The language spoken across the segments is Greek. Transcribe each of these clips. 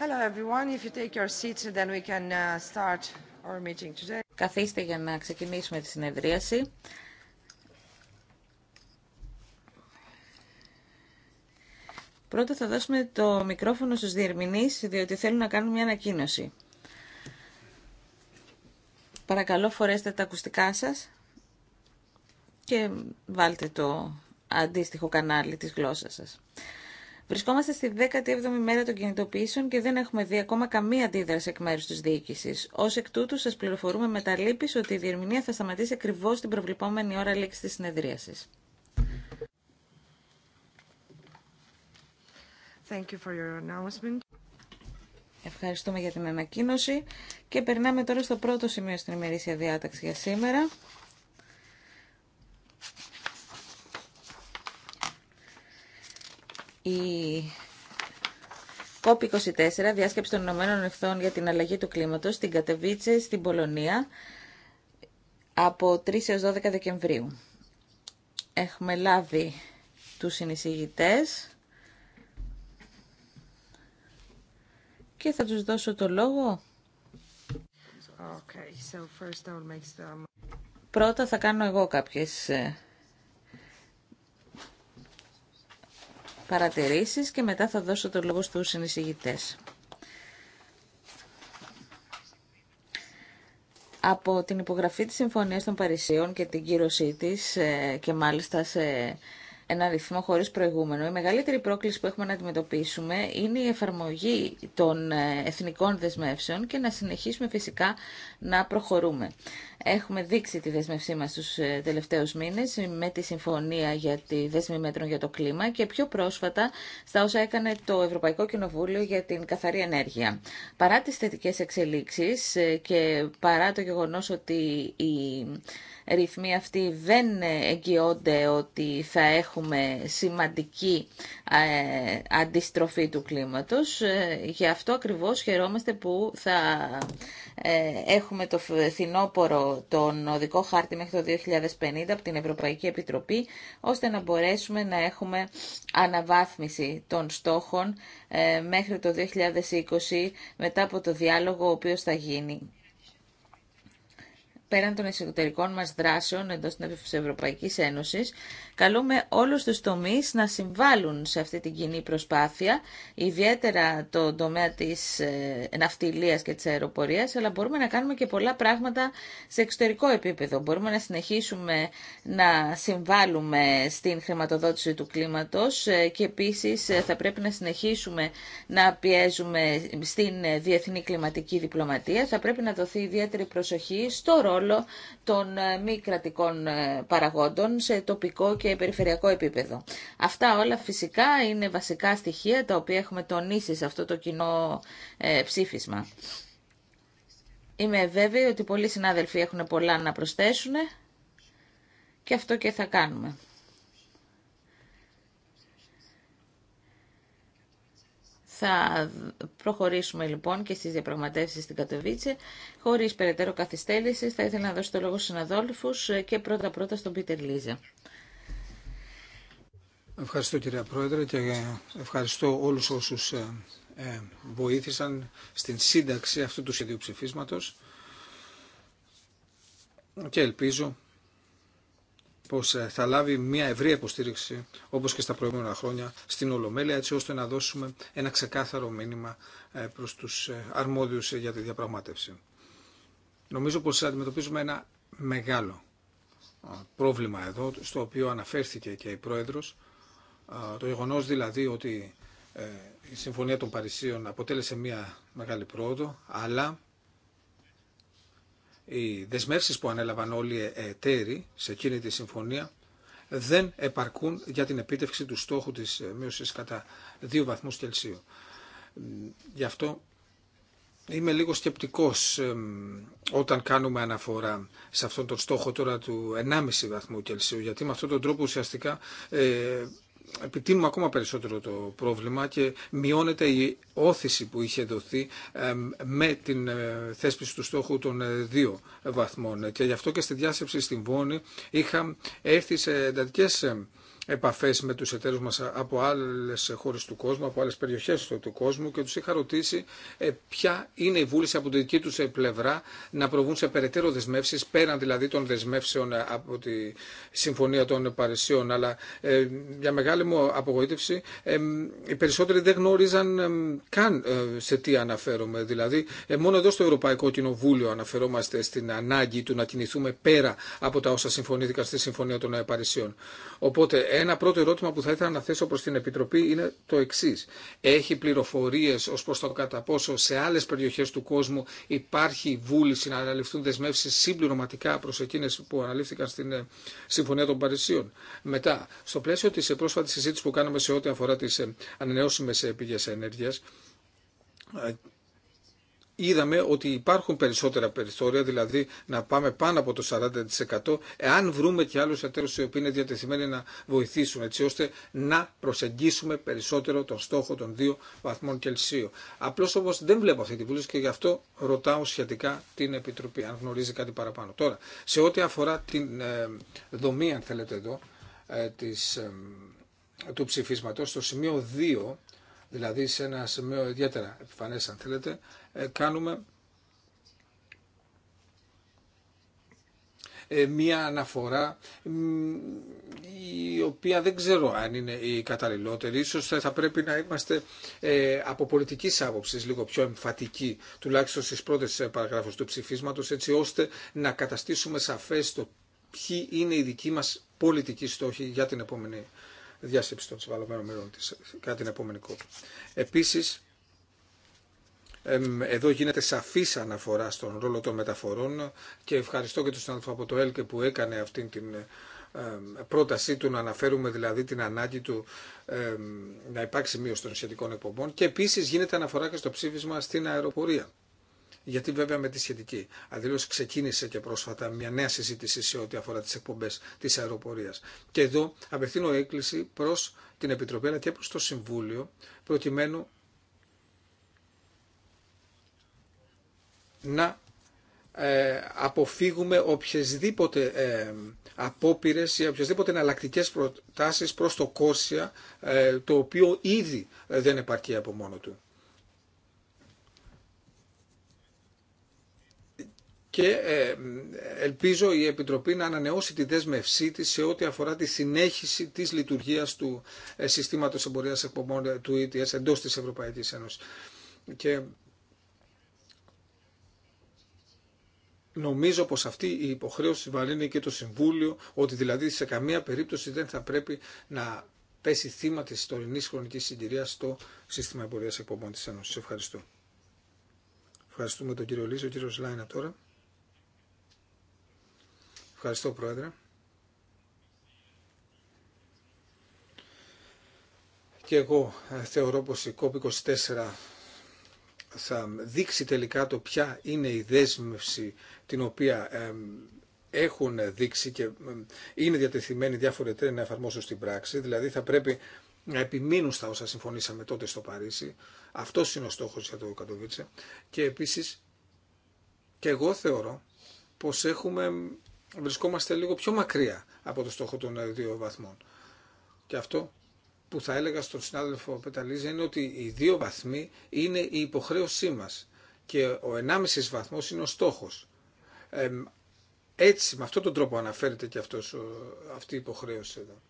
Hello everyone. If you take your seats, then we can uh, start our meeting today. Καθίστε για να ξεκινήσουμε τη συνεδρίαση. Πρώτα θα δώσουμε το μικρόφωνο στους διερμηνείς, διότι θέλουν να κάνουν μια ανακοίνωση. Παρακαλώ φορέστε τα ακουστικά σας και βάλτε το αντίστοιχο κανάλι της γλώσσας σας. Βρισκόμαστε στη 17η μέρα των κινητοποιήσεων και δεν έχουμε δει ακόμα καμία αντίδραση εκ μέρου τη διοίκηση. Ω εκ τούτου, σα πληροφορούμε με τα λύπη ότι η διερμηνία θα σταματήσει ακριβώ την προβλεπόμενη ώρα λήξη τη συνεδρίαση. Ευχαριστούμε για την ανακοίνωση και περνάμε τώρα στο πρώτο σημείο στην ημερήσια διάταξη για σήμερα. Η COP24, διάσκεψη των Ηνωμένων Εθνών για την αλλαγή του κλίματος, στην Κατεβίτσε, στην Πολωνία, από 3 έως 12 Δεκεμβρίου. Έχουμε λάβει τους συνεισηγητές και θα τους δώσω το λόγο. Okay, so first I'll make Πρώτα θα κάνω εγώ κάποιες ε, παρατηρήσεις και μετά θα δώσω το λόγο στους συνεισηγητές. Από την υπογραφή της Συμφωνίας των Παρισίων και την κύρωσή της ε, και μάλιστα σε ένα ρυθμό χωρίς προηγούμενο. Η μεγαλύτερη πρόκληση που έχουμε να αντιμετωπίσουμε είναι η εφαρμογή των ε, εθνικών δεσμεύσεων και να συνεχίσουμε φυσικά να προχωρούμε. Έχουμε δείξει τη δέσμευσή μας τους ε, τελευταίους μήνες με τη Συμφωνία για τη Δέσμη Μέτρων για το Κλίμα και πιο πρόσφατα στα όσα έκανε το Ευρωπαϊκό Κοινοβούλιο για την Καθαρή Ενέργεια. Παρά τις θετικές εξελίξεις ε, και παρά το γεγονός ότι η ρυθμοί αυτοί δεν εγγυώνται ότι θα έχουμε σημαντική ε, αντιστροφή του κλίματος. Ε, γι' αυτό ακριβώς χαιρόμαστε που θα ε, έχουμε το φθινόπορο τον οδικό χάρτη μέχρι το 2050 από την Ευρωπαϊκή Επιτροπή, ώστε να μπορέσουμε να έχουμε αναβάθμιση των στόχων μέχρι το 2020 μετά από το διάλογο ο οποίος θα γίνει πέραν των εσωτερικών μας δράσεων εντός της Ευρωπαϊκής Ένωσης, καλούμε όλους τους τομείς να συμβάλλουν σε αυτή την κοινή προσπάθεια, ιδιαίτερα το τομέα της ε, ναυτιλίας και της αεροπορίας, αλλά μπορούμε να κάνουμε και πολλά πράγματα σε εξωτερικό επίπεδο. Μπορούμε να συνεχίσουμε να συμβάλλουμε στην χρηματοδότηση του κλίματος ε, και επίσης ε, θα πρέπει να συνεχίσουμε να πιέζουμε στην διεθνή κλιματική διπλωματία. Θα πρέπει να δοθεί ιδιαίτερη προσοχή στο ρόλο των ε, μη κρατικών ε, παραγόντων σε τοπικό και περιφερειακό επίπεδο. Αυτά όλα φυσικά είναι βασικά στοιχεία τα οποία έχουμε τονίσει σε αυτό το κοινό ε, ψήφισμα. Είμαι βέβαιη ότι πολλοί συνάδελφοι έχουν πολλά να προσθέσουν και αυτό και θα κάνουμε. Θα προχωρήσουμε λοιπόν και στις διαπραγματεύσεις στην Κατοβίτσε. Χωρίς περαιτέρω καθυστέρηση θα ήθελα να δώσω το λόγο στους συναδόλφους και πρώτα-πρώτα στον Πίτερ Λίζα. Ευχαριστώ κυρία Πρόεδρε και ευχαριστώ όλους όσους ε, ε, βοήθησαν στην σύνταξη αυτού του σχεδίου ψηφίσματος και ελπίζω πως ε, θα λάβει μια ευρία υποστήριξη όπως και στα προηγούμενα χρόνια στην Ολομέλεια έτσι ώστε να δώσουμε ένα ξεκάθαρο μήνυμα ε, προς τους ε, αρμόδιους για τη διαπραγμάτευση. Νομίζω πως αντιμετωπίζουμε ένα μεγάλο πρόβλημα εδώ στο οποίο αναφέρθηκε και η Πρόεδρος το γεγονό δηλαδή ότι η Συμφωνία των Παρισίων αποτέλεσε μια μεγάλη πρόοδο αλλά οι δεσμεύσεις που ανέλαβαν όλοι οι εταίροι σε εκείνη τη συμφωνία δεν επαρκούν για την επίτευξη του στόχου της μείωσης κατά 2 βαθμούς Κελσίου. Γι' αυτό είμαι λίγο σκεπτικός όταν κάνουμε αναφορά σε αυτόν τον στόχο τώρα του 1,5 βαθμού Κελσίου, γιατί με αυτόν τον τρόπο ουσιαστικά ε, επιτείνουμε ακόμα περισσότερο το πρόβλημα και μειώνεται η όθηση που είχε δοθεί με την ε, θέσπιση του στόχου των ε, δύο βαθμών. Και γι' αυτό και στη διάσκεψη στην Βόνη είχα έρθει σε εντατικές επαφέ με τους εταίρους μας από άλλες χώρε του κόσμου, από άλλε περιοχέ του κόσμου και του είχα ρωτήσει ε, ποια είναι η βούληση από τη δική του ε, πλευρά να προβούν σε περαιτέρω δεσμεύσει πέραν δηλαδή των δεσμεύσεων ε, από τη Συμφωνία των Παρισιών. Αλλά για μεγάλη μου απογοήτευση οι περισσότεροι δεν γνώριζαν καν σε τι αναφέρομαι. Δηλαδή μόνο εδώ στο Ευρωπαϊκό Κοινοβούλιο αναφερόμαστε στην ανάγκη του να κινηθούμε πέρα από τα όσα συμφωνήθηκαν στη Συμφωνία των Παρισιών. Οπότε ένα πρώτο ερώτημα που θα ήθελα να θέσω προς την Επιτροπή είναι το εξής. Έχει πληροφορίες ως προς το κατά πόσο σε άλλες περιοχές του κόσμου υπάρχει βούληση να αναλυφθούν δεσμεύσεις συμπληρωματικά προς εκείνες που αναλύφθηκαν στην ε, Συμφωνία των Παρισίων. Μετά, στο πλαίσιο της ε, πρόσφατης συζήτησης που κάναμε σε ό,τι αφορά τις ε, ανανεώσιμες πηγές ενέργειας, είδαμε ότι υπάρχουν περισσότερα περιθώρια, δηλαδή να πάμε πάνω από το 40% εάν βρούμε και άλλους εταίρους οι οποίοι είναι διατεθειμένοι να βοηθήσουν έτσι ώστε να προσεγγίσουμε περισσότερο τον στόχο των 2 βαθμών Κελσίου. Απλώς όμως δεν βλέπω αυτή τη βούληση και γι' αυτό ρωτάω σχετικά την Επιτροπή αν γνωρίζει κάτι παραπάνω. Τώρα, σε ό,τι αφορά την ε, δομή αν θέλετε εδώ ε, της, ε, του ψηφίσματος, στο σημείο 2 δηλαδή σε ένα σημείο ιδιαίτερα επιφανές αν θέλετε, ε, κάνουμε ε, μία αναφορά η οποία δεν ξέρω αν είναι η καταλληλότερη. Ίσως θα πρέπει να είμαστε ε, από πολιτική άποψη λίγο πιο εμφατικοί, τουλάχιστον στις πρώτες παραγράφους του ψηφίσματος, έτσι ώστε να καταστήσουμε σαφές το ποιοι είναι οι δικοί μας πολιτικοί στόχοι για την επόμενη διάσκεψη των συμβαλωμένων μερών της κατά την επόμενη κόπη. Επίσης, εδώ γίνεται σαφής αναφορά στον ρόλο των μεταφορών και ευχαριστώ και τον συνάδελφο από το ΕΛΚΕ που έκανε αυτή την πρότασή του να αναφέρουμε δηλαδή την ανάγκη του να υπάρξει μείωση των σχετικών εκπομπών και επίσης γίνεται αναφορά και στο ψήφισμα στην αεροπορία γιατί βέβαια με τη σχετική αδήλωση ξεκίνησε και πρόσφατα μια νέα συζήτηση σε ό,τι αφορά τις εκπομπές της αεροπορίας. Και εδώ απευθύνω έκκληση προς την Επιτροπή αλλά και προς το Συμβούλιο προκειμένου να ε, αποφύγουμε οποιασδήποτε ε, απόπειρε ή οποιασδήποτε εναλλακτικέ προτάσεις προς το Κόρσια, ε, το οποίο ήδη δεν επαρκεί από μόνο του. και ε, ελπίζω η Επιτροπή να ανανεώσει τη δέσμευσή της σε ό,τι αφορά τη συνέχιση της λειτουργίας του ε, συστήματος εμπορίας εκπομπών ε, του ETS εντός της Ευρωπαϊκής Ένωσης. Και Νομίζω πως αυτή η υποχρέωση βαρύνει και το Συμβούλιο, ότι δηλαδή σε καμία περίπτωση δεν θα πρέπει να πέσει θύμα της τωρινής χρονικής συντηρίας στο σύστημα εμπορίας εκπομπών της Ένωσης. Ευχαριστώ. Ευχαριστούμε τον κύριο Λίζο, κύριο κύριος Λάινα τώρα. Ευχαριστώ, Πρόεδρε. Και εγώ ε, θεωρώ πως η COP24 θα δείξει τελικά το ποια είναι η δέσμευση την οποία έχουν δείξει και είναι διατεθειμένοι διάφοροι εταίροι να εφαρμόσουν στην πράξη. Δηλαδή θα πρέπει να επιμείνουν στα όσα συμφωνήσαμε τότε στο Παρίσι. Αυτό είναι ο στόχος για το Κατοβίτσε. Και επίσης και εγώ θεωρώ πως έχουμε βρισκόμαστε λίγο πιο μακριά από το στόχο των ε, δύο βαθμών. Και αυτό που θα έλεγα στον συνάδελφο Πεταλίζα είναι ότι οι δύο βαθμοί είναι η υποχρέωσή μας και ο ενάμιση βαθμός είναι ο στόχος. Ε, έτσι, με αυτόν τον τρόπο αναφέρεται και αυτός, αυτή η υποχρέωση εδώ.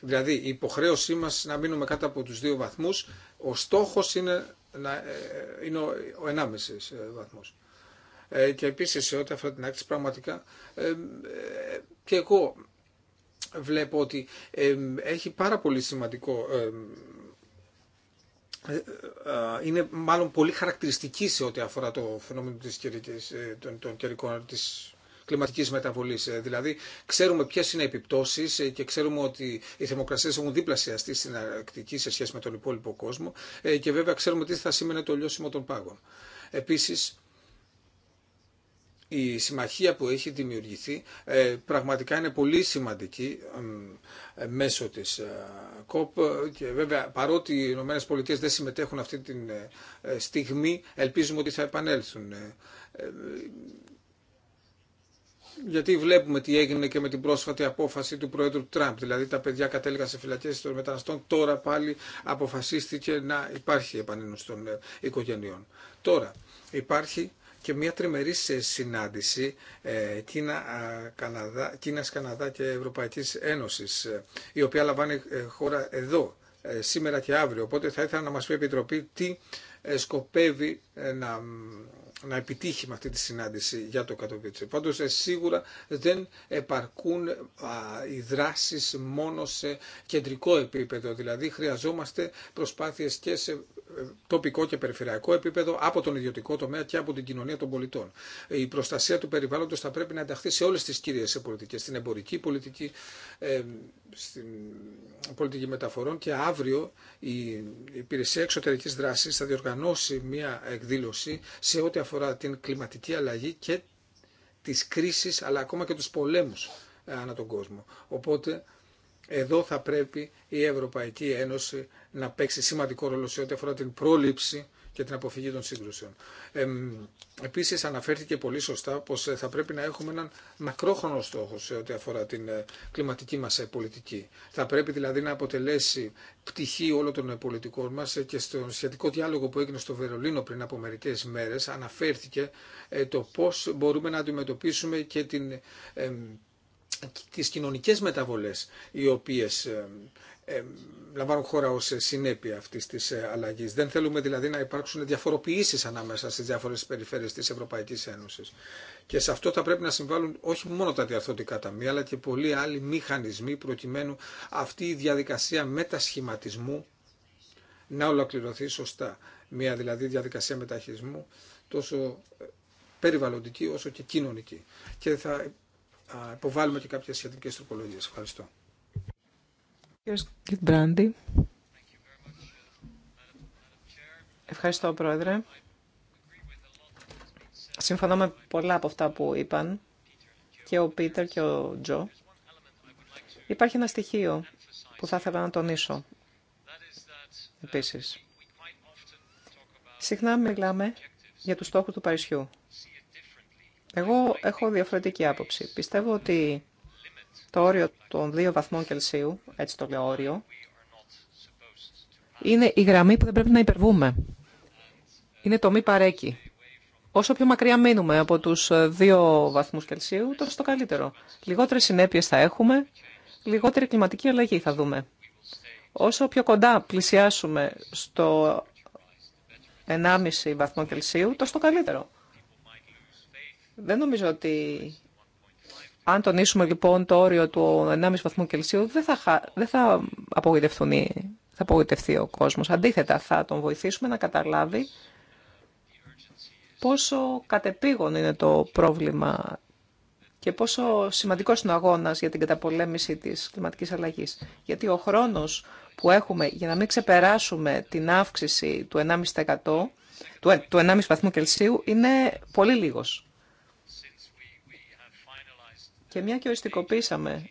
Δηλαδή, η υποχρέωσή μας να μείνουμε κάτω από τους δύο βαθμούς, ο στόχος είναι, να, ε, ε, είναι ο 1,5 βαθμός. Ε, και επίση σε ό,τι αφορά την άκρηση πραγματικά ε, ε, και εγώ βλέπω ότι έχει πάρα πολύ σημαντικό είναι μάλλον πολύ χαρακτηριστική σε ό,τι αφορά το φαινόμενο της καιρικής, των, των καιρικών της κλιματικής μεταβολής. Δηλαδή, ξέρουμε ποιες είναι οι επιπτώσεις και ξέρουμε ότι οι θερμοκρασίες έχουν διπλασιαστεί στην Αρκτική σε σχέση με τον υπόλοιπο κόσμο και βέβαια ξέρουμε τι θα σήμαινε το λιώσιμο των πάγων. Επίσης, η συμμαχία που έχει δημιουργηθεί ε, πραγματικά είναι πολύ σημαντική ε, μέσω της ε, ΚΟΠ και βέβαια παρότι οι Ηνωμένες Πολιτείες δεν συμμετέχουν αυτή τη στιγμή ελπίζουμε ότι θα επανέλθουν γιατί βλέπουμε τι έγινε και με την πρόσφατη απόφαση του Πρόεδρου Τραμπ. Δηλαδή τα παιδιά κατέληγαν σε φυλακέ των μεταναστών. Τώρα πάλι αποφασίστηκε να υπάρχει επανένωση των οικογενειών. Τώρα υπάρχει και μια τριμερη ε, συνάντηση ε, Κίνα, Καναδά, Κίνας, Καναδά και Ευρωπαϊκής Ένωσης, ε, η οποία λαμβάνει χώρα εδώ, σήμερα και αύριο. Οπότε θα ήθελα να μας πει η Επιτροπή τι σκοπεύει να να επιτύχει με αυτή τη συνάντηση για το Πάντω Πάντως ε, σίγουρα δεν επαρκούν οι δράσει μόνο σε κεντρικό επίπεδο. Δηλαδή χρειαζόμαστε προσπάθειες και σε ε, τοπικό και περιφερειακό επίπεδο, από τον ιδιωτικό τομέα και από την κοινωνία των πολιτών. Η προστασία του περιβάλλοντος θα πρέπει να ενταχθεί σε όλες τις κύριες πολιτικές, στην εμπορική πολιτική, ε, στην πολιτική μεταφορών και αύριο η υπηρεσία εξωτερικής δράσης θα διοργανώσει μια εκδήλωση σε ό,τι αφορά αφορά την κλιματική αλλαγή και τις κρίσεις αλλά ακόμα και τους πολέμους ε, ανά τον κόσμο. Οπότε εδώ θα πρέπει η Ευρωπαϊκή Ένωση να παίξει σημαντικό ρόλο σε ό,τι αφορά την πρόληψη και την αποφυγή των σύγκρουσεων. Ε, επίσης αναφέρθηκε πολύ σωστά πως ε, θα πρέπει να έχουμε έναν μακρόχρονο στόχο σε ό,τι αφορά την ε, κλιματική μας ε, πολιτική. Θα πρέπει δηλαδή να αποτελέσει πτυχή όλων των πολιτικών μας και στον σχετικό διάλογο που έγινε στο Βερολίνο πριν από μερικέ μέρες αναφέρθηκε το πώ μπορούμε να αντιμετωπίσουμε και την τις κοινωνικές μεταβολές οι οποίες ε, ε, λαμβάνουν χώρα ως συνέπεια αυτής της ε, αλλαγής. Δεν θέλουμε δηλαδή να υπάρξουν διαφοροποιήσεις ανάμεσα στις διάφορες περιφέρειες της Ευρωπαϊκής Ένωσης. Και σε αυτό θα πρέπει να συμβάλλουν όχι μόνο τα διαρθώτικα ταμεία, αλλά και πολλοί άλλοι μηχανισμοί προκειμένου αυτή η διαδικασία μετασχηματισμού να ολοκληρωθεί σωστά. Μια δηλαδή διαδικασία μεταχειρισμού τόσο ε, περιβαλλοντική όσο και κοινωνική. Και θα υποβάλουμε και κάποιες σχετικές τροπολογίες. Ευχαριστώ. Ευχαριστώ, Πρόεδρε. Συμφωνώ με πολλά από αυτά που είπαν και ο Πίτερ και ο Τζο. Υπάρχει ένα στοιχείο που θα ήθελα να τονίσω επίσης. Συχνά μιλάμε για τους στόχους του Παρισιού εγώ έχω διαφορετική άποψη. Πιστεύω ότι το όριο των δύο βαθμών Κελσίου, έτσι το λέω όριο, είναι η γραμμή που δεν πρέπει να υπερβούμε. Είναι το μη παρέκει. Όσο πιο μακριά μείνουμε από τους ε, δύο βαθμούς Κελσίου, τόσο το καλύτερο. Λιγότερες συνέπειες θα έχουμε, λιγότερη κλιματική αλλαγή θα δούμε. Όσο πιο κοντά πλησιάσουμε στο 1,5 βαθμό Κελσίου, τόσο το καλύτερο. Δεν νομίζω ότι αν τονίσουμε λοιπόν το όριο του 1,5 βαθμού Κελσίου δεν θα, θα, θα απογοητευτεί ο κόσμος. Αντίθετα θα τον βοηθήσουμε να καταλάβει πόσο κατεπήγον είναι το πρόβλημα και πόσο σημαντικός είναι ο αγώνας για την καταπολέμηση της κλιματικής αλλαγής. Γιατί ο χρόνος που έχουμε για να μην ξεπεράσουμε την αύξηση του 1,5%, του 1,5 βαθμού Κελσίου είναι πολύ λίγος. Και μια και οριστικοποίησαμε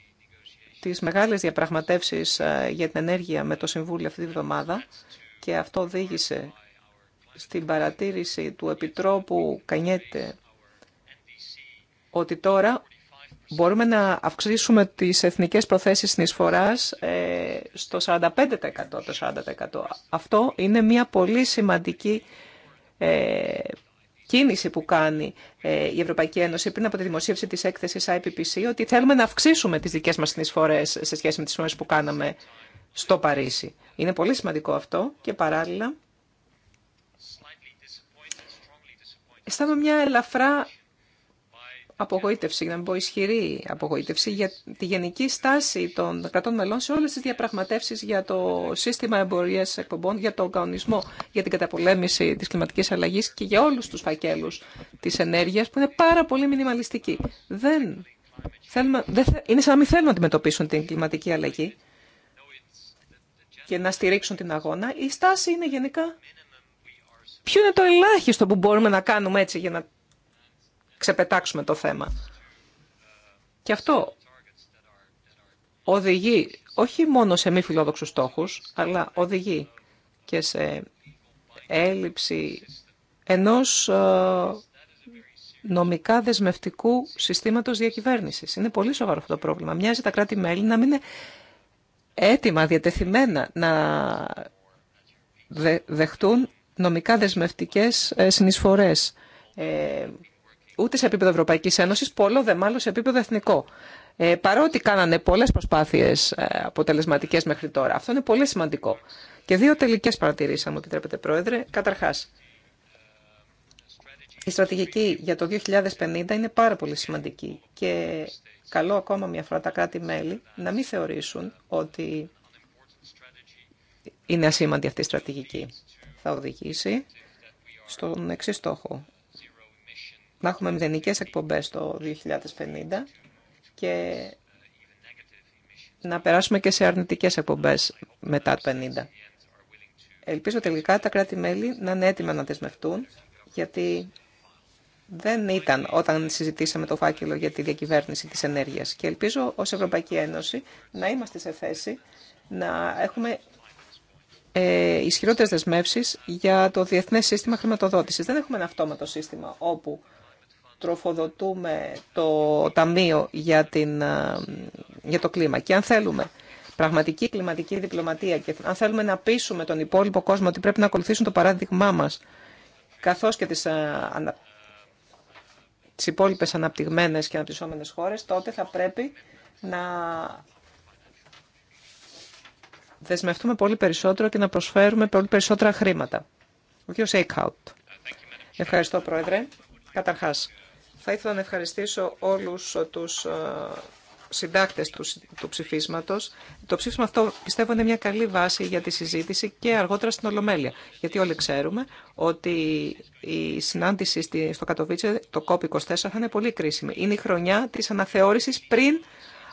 τις μεγάλες διαπραγματεύσεις ε, για την ενέργεια με το Συμβούλιο αυτή τη βδομάδα και αυτό οδήγησε στην παρατήρηση του Επιτρόπου Κανιέτε ότι τώρα μπορούμε να αυξήσουμε τις εθνικές προθέσεις συνεισφοράς ε, στο 45%. Το 40%. Αυτό είναι μια πολύ σημαντική ε, κίνηση που κάνει ε, η Ευρωπαϊκή Ένωση πριν από τη δημοσίευση της έκθεσης IPPC ότι θέλουμε να αυξήσουμε τις δικές μας συνεισφορές σε σχέση με τις συνεισφορέ που κάναμε στο Παρίσι. Είναι πολύ σημαντικό αυτό και παράλληλα αισθάνομαι μια ελαφρά απογοήτευση, για να μην πω ισχυρή απογοήτευση, για τη γενική στάση των κρατών μελών σε όλες τις διαπραγματεύσεις για το σύστημα εμπορίας εκπομπών, για τον καονισμό, για την καταπολέμηση της κλιματικής αλλαγής και για όλους τους φακέλους της ενέργειας που είναι πάρα πολύ μινιμαλιστικοί. Δεν θέλουμε, είναι σαν να μην θέλουν να αντιμετωπίσουν την κλιματική αλλαγή και να στηρίξουν την αγώνα. Η στάση είναι γενικά... Ποιο είναι το ελάχιστο που μπορούμε να κάνουμε έτσι για να ξεπετάξουμε το θέμα. Και αυτό οδηγεί όχι μόνο σε μη φιλόδοξους στόχους, αλλά οδηγεί και σε έλλειψη ενός ε, νομικά δεσμευτικού συστήματος διακυβέρνησης. Είναι πολύ σοβαρό αυτό το πρόβλημα. Μοιάζει τα κράτη-μέλη να μην είναι έτοιμα, διατεθειμένα να δεχτούν νομικά δεσμευτικές ε, συνεισφορές ε, ούτε σε επίπεδο Ευρωπαϊκής Ένωση πολλό δε μάλλον σε επίπεδο εθνικό. Ε, παρότι κάνανε πολλές προσπάθειες αποτελεσματικέ αποτελεσματικές μέχρι τώρα. Αυτό είναι πολύ σημαντικό. Και δύο τελικές παρατηρήσει, αν μου επιτρέπετε Πρόεδρε. Καταρχάς, η στρατηγική για το 2050 είναι πάρα πολύ σημαντική και καλό ακόμα μια φορά τα κράτη-μέλη να μην θεωρήσουν ότι είναι ασήμαντη αυτή η στρατηγική. Θα οδηγήσει στον εξή στόχο να έχουμε μηδενικές εκπομπές το 2050 και να περάσουμε και σε αρνητικές εκπομπές μετά το 50. Ελπίζω τελικά τα κράτη-μέλη να είναι έτοιμα να δεσμευτούν, γιατί δεν ήταν όταν συζητήσαμε το φάκελο για τη διακυβέρνηση της ενέργειας. Και ελπίζω ως Ευρωπαϊκή Ένωση να είμαστε σε θέση να έχουμε ε, ισχυρότερες δεσμεύσεις για το Διεθνές Σύστημα Χρηματοδότησης. Δεν έχουμε ένα αυτόματο σύστημα όπου τροφοδοτούμε το Ταμείο για, την, ε, για το κλίμα. Και αν θέλουμε πραγματική κλιματική διπλωματία και αν θέλουμε να πείσουμε τον υπόλοιπο κόσμο ότι πρέπει να ακολουθήσουν το παράδειγμά μας, καθώς και τις, ε, ανα, τις υπόλοιπες αναπτυγμένες και αναπτυσσόμενες χώρες, τότε θα πρέπει να δεσμευτούμε πολύ περισσότερο και να προσφέρουμε πολύ περισσότερα χρήματα. Ο κ. Σέικχαουτ. Ευχαριστώ, Πρόεδρε. Καταρχάς, θα ήθελα να ευχαριστήσω όλους τους ε, συντάκτες του, του ψηφίσματος. Το ψήφισμα αυτό πιστεύω είναι μια καλή βάση για τη συζήτηση και αργότερα στην Ολομέλεια. Γιατί όλοι ξέρουμε ότι η συνάντηση στο Κατοβίτσε, το COP24, θα είναι πολύ κρίσιμη. Είναι η χρονιά της αναθεώρησης πριν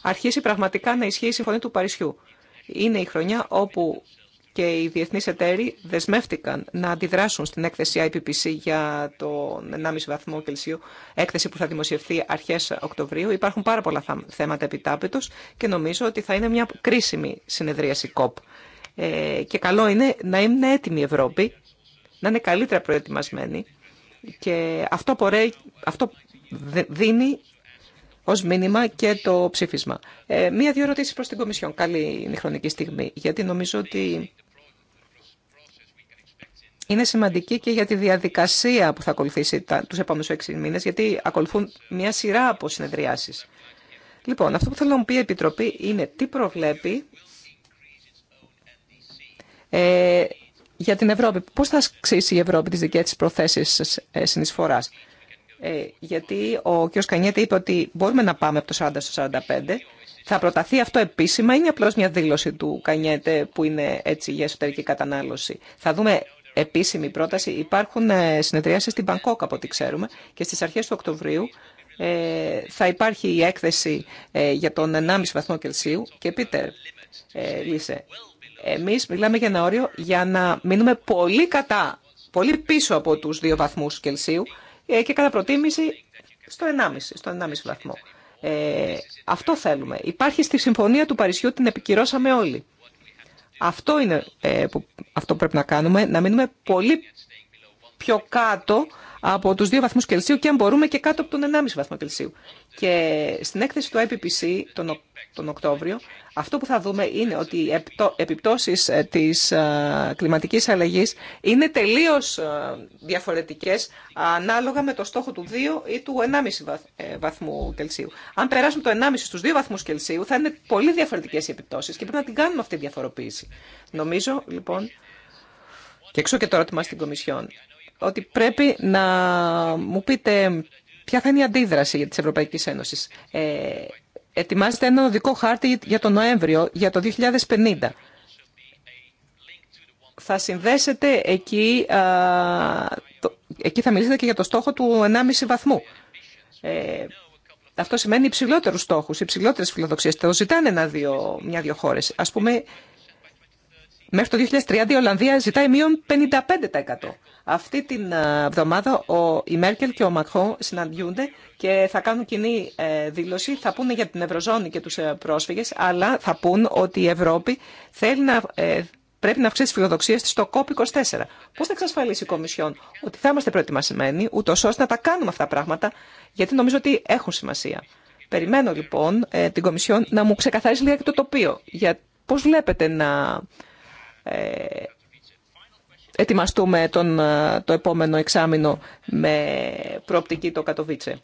αρχίσει πραγματικά να ισχύει η Συμφωνία του Παρισιού. Είναι η χρονιά όπου και οι διεθνείς εταίροι δεσμεύτηκαν να αντιδράσουν στην έκθεση IPPC για τον 1,5 βαθμό Κελσίου, έκθεση που θα δημοσιευθεί αρχές Οκτωβρίου. Υπάρχουν πάρα πολλά θέματα επιτάπητος και νομίζω ότι θα είναι μια κρίσιμη συνεδρίαση COP. Ε, και καλό είναι να είναι έτοιμη η Ευρώπη, να είναι καλύτερα προετοιμασμένη και αυτό, αυτό δίνει Ω μήνυμα και το ψήφισμα. Ε, Μία-δύο ερωτήσει προ την Κομισιόν. Καλή είναι η χρονική στιγμή, γιατί νομίζω ότι είναι σημαντική και για τη διαδικασία που θα ακολουθήσει του επόμενου έξι μήνε, γιατί ακολουθούν μια σειρά από συνεδριάσει. Λοιπόν, αυτό που θέλω να μου πει η Επιτροπή είναι τι προβλέπει ε, για την Ευρώπη. Πώς θα αυξήσει η Ευρώπη τις δικές της προθέσεις ε, συνεισφοράς. Ε, γιατί ο κ. Κανιέται είπε ότι μπορούμε να πάμε από το 40 στο 45. Θα προταθεί αυτό επίσημα, η είναι απλώς μια δήλωση του Κανιέται που είναι έτσι για εσωτερική κατανάλωση. Θα δούμε επίσημη πρόταση. Υπάρχουν ε, συνεδριάσεις στην Πανκόκα, από ό,τι ξέρουμε και στις αρχές του Οκτωβρίου ε, θα υπάρχει η έκθεση για τον 1,5 βαθμό Κελσίου και Πίτερ ε, Λίσε. Εμείς μιλάμε για ένα όριο για να μείνουμε πολύ κατά, πολύ πίσω από τους δύο βαθμούς Κελσίου ε, και κατά προτίμηση στο 1,5, στο 1,5 βαθμό. Ε, αυτό θέλουμε. Υπάρχει στη Συμφωνία του Παρισιού, την επικυρώσαμε όλοι. Αυτό είναι ε, που αυτό πρέπει να κάνουμε, να μείνουμε πολύ πιο κάτω από τους 2 βαθμούς Κελσίου και αν μπορούμε και κάτω από τον 1,5 βαθμό Κελσίου. Και στην έκθεση του IPPC τον, τον Οκτώβριο, αυτό που θα δούμε είναι ότι οι επιπτώσεις ε, της ε, κλιματικής αλλαγής είναι τελείως ε, διαφορετικές ανάλογα με το στόχο του 2 ή του 1,5 βαθμού Κελσίου. Αν περάσουμε το 1,5 στους 2 βαθμούς Κελσίου θα είναι πολύ διαφορετικές οι επιπτώσεις και πρέπει να την κάνουμε αυτή τη διαφοροποίηση. Νομίζω λοιπόν και εξώ και το ερώτημα στην Κομισιόν ότι πρέπει να μου πείτε ποια θα είναι η αντίδραση της Ευρωπαϊκής Ένωσης. Ε, ετοιμάζεται ένα οδικό χάρτη για τον Νοέμβριο, για το 2050. Θα συνδέσετε εκεί, α, το, εκεί θα μιλήσετε και για το στόχο του 1,5 βαθμού. Ε, αυτό σημαίνει υψηλότερου στόχου, υψηλότερε φιλοδοξίε. Το ζητάνε ένα-δύο, μια-δύο χώρε. Α πούμε, Μέχρι το 2030 η Ολλανδία ζητάει μείον 55%. Αυτή την ε, εβδομάδα ο, η Μέρκελ και ο Μακχό συναντιούνται και θα κάνουν κοινή ε, δήλωση. Θα πούνε για την Ευρωζώνη και τους ε, πρόσφυγες, αλλά θα πούν ότι η Ευρώπη θέλει να, πρέπει να αυξήσει τις φιλοδοξίες της στο COP24. Πώς θα εξασφαλίσει η Κομισιόν ότι θα είμαστε προετοιμασμένοι, ούτω ώστε να τα κάνουμε αυτά τα πράγματα, γιατί νομίζω ότι έχουν σημασία. Περιμένω λοιπόν την Κομισιόν να μου ξεκαθαρίσει λίγα και το τοπίο, για πώς βλέπετε να ε, ετοιμαστούμε τον, ε, το επόμενο εξάμεινο με προοπτική το Κατοβίτσε.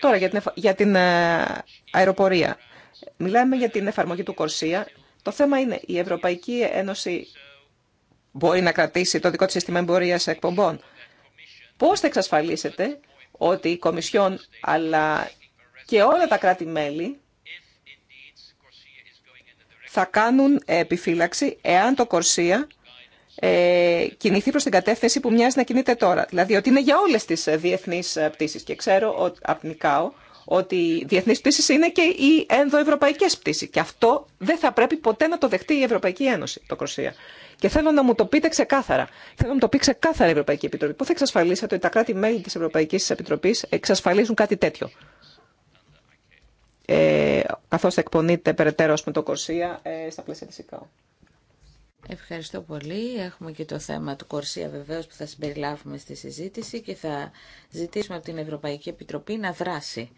Τώρα για την, για την ε, αεροπορία. Μιλάμε για την εφαρμογή του Κορσία. Το θέμα είναι η Ευρωπαϊκή Ένωση μπορεί να κρατήσει το δικό της σύστημα εμπορίας εκπομπών. Πώς θα εξασφαλίσετε ότι η Κομισιόν αλλά και όλα τα κράτη-μέλη θα κάνουν επιφύλαξη εάν το Κορσία ε, κινηθεί προς την κατεύθυνση που μοιάζει να κινείται τώρα. Δηλαδή ότι είναι για όλες τις ε, διεθνείς ε, πτήσεις. Και ξέρω από την ότι οι διεθνείς πτήσεις είναι και οι ενδοευρωπαϊκές πτήσεις. Και αυτό δεν θα πρέπει ποτέ να το δεχτεί η Ευρωπαϊκή Ένωση, το Κορσία. Και θέλω να μου το πείτε ξεκάθαρα. Θέλω να μου το πει ξεκάθαρα η Ευρωπαϊκή Επιτροπή. Πού θα εξασφαλίσετε ότι τα κράτη-μέλη τη Ευρωπαϊκή Επιτροπή εξασφαλίζουν κάτι τέτοιο ε, καθώς εκπονείται περαιτέρω με το Κορσία ε, στα πλαίσια της ΕΚΑΟ. Ευχαριστώ πολύ. Έχουμε και το θέμα του Κορσία βεβαίως που θα συμπεριλάβουμε στη συζήτηση και θα ζητήσουμε από την Ευρωπαϊκή Επιτροπή να δράσει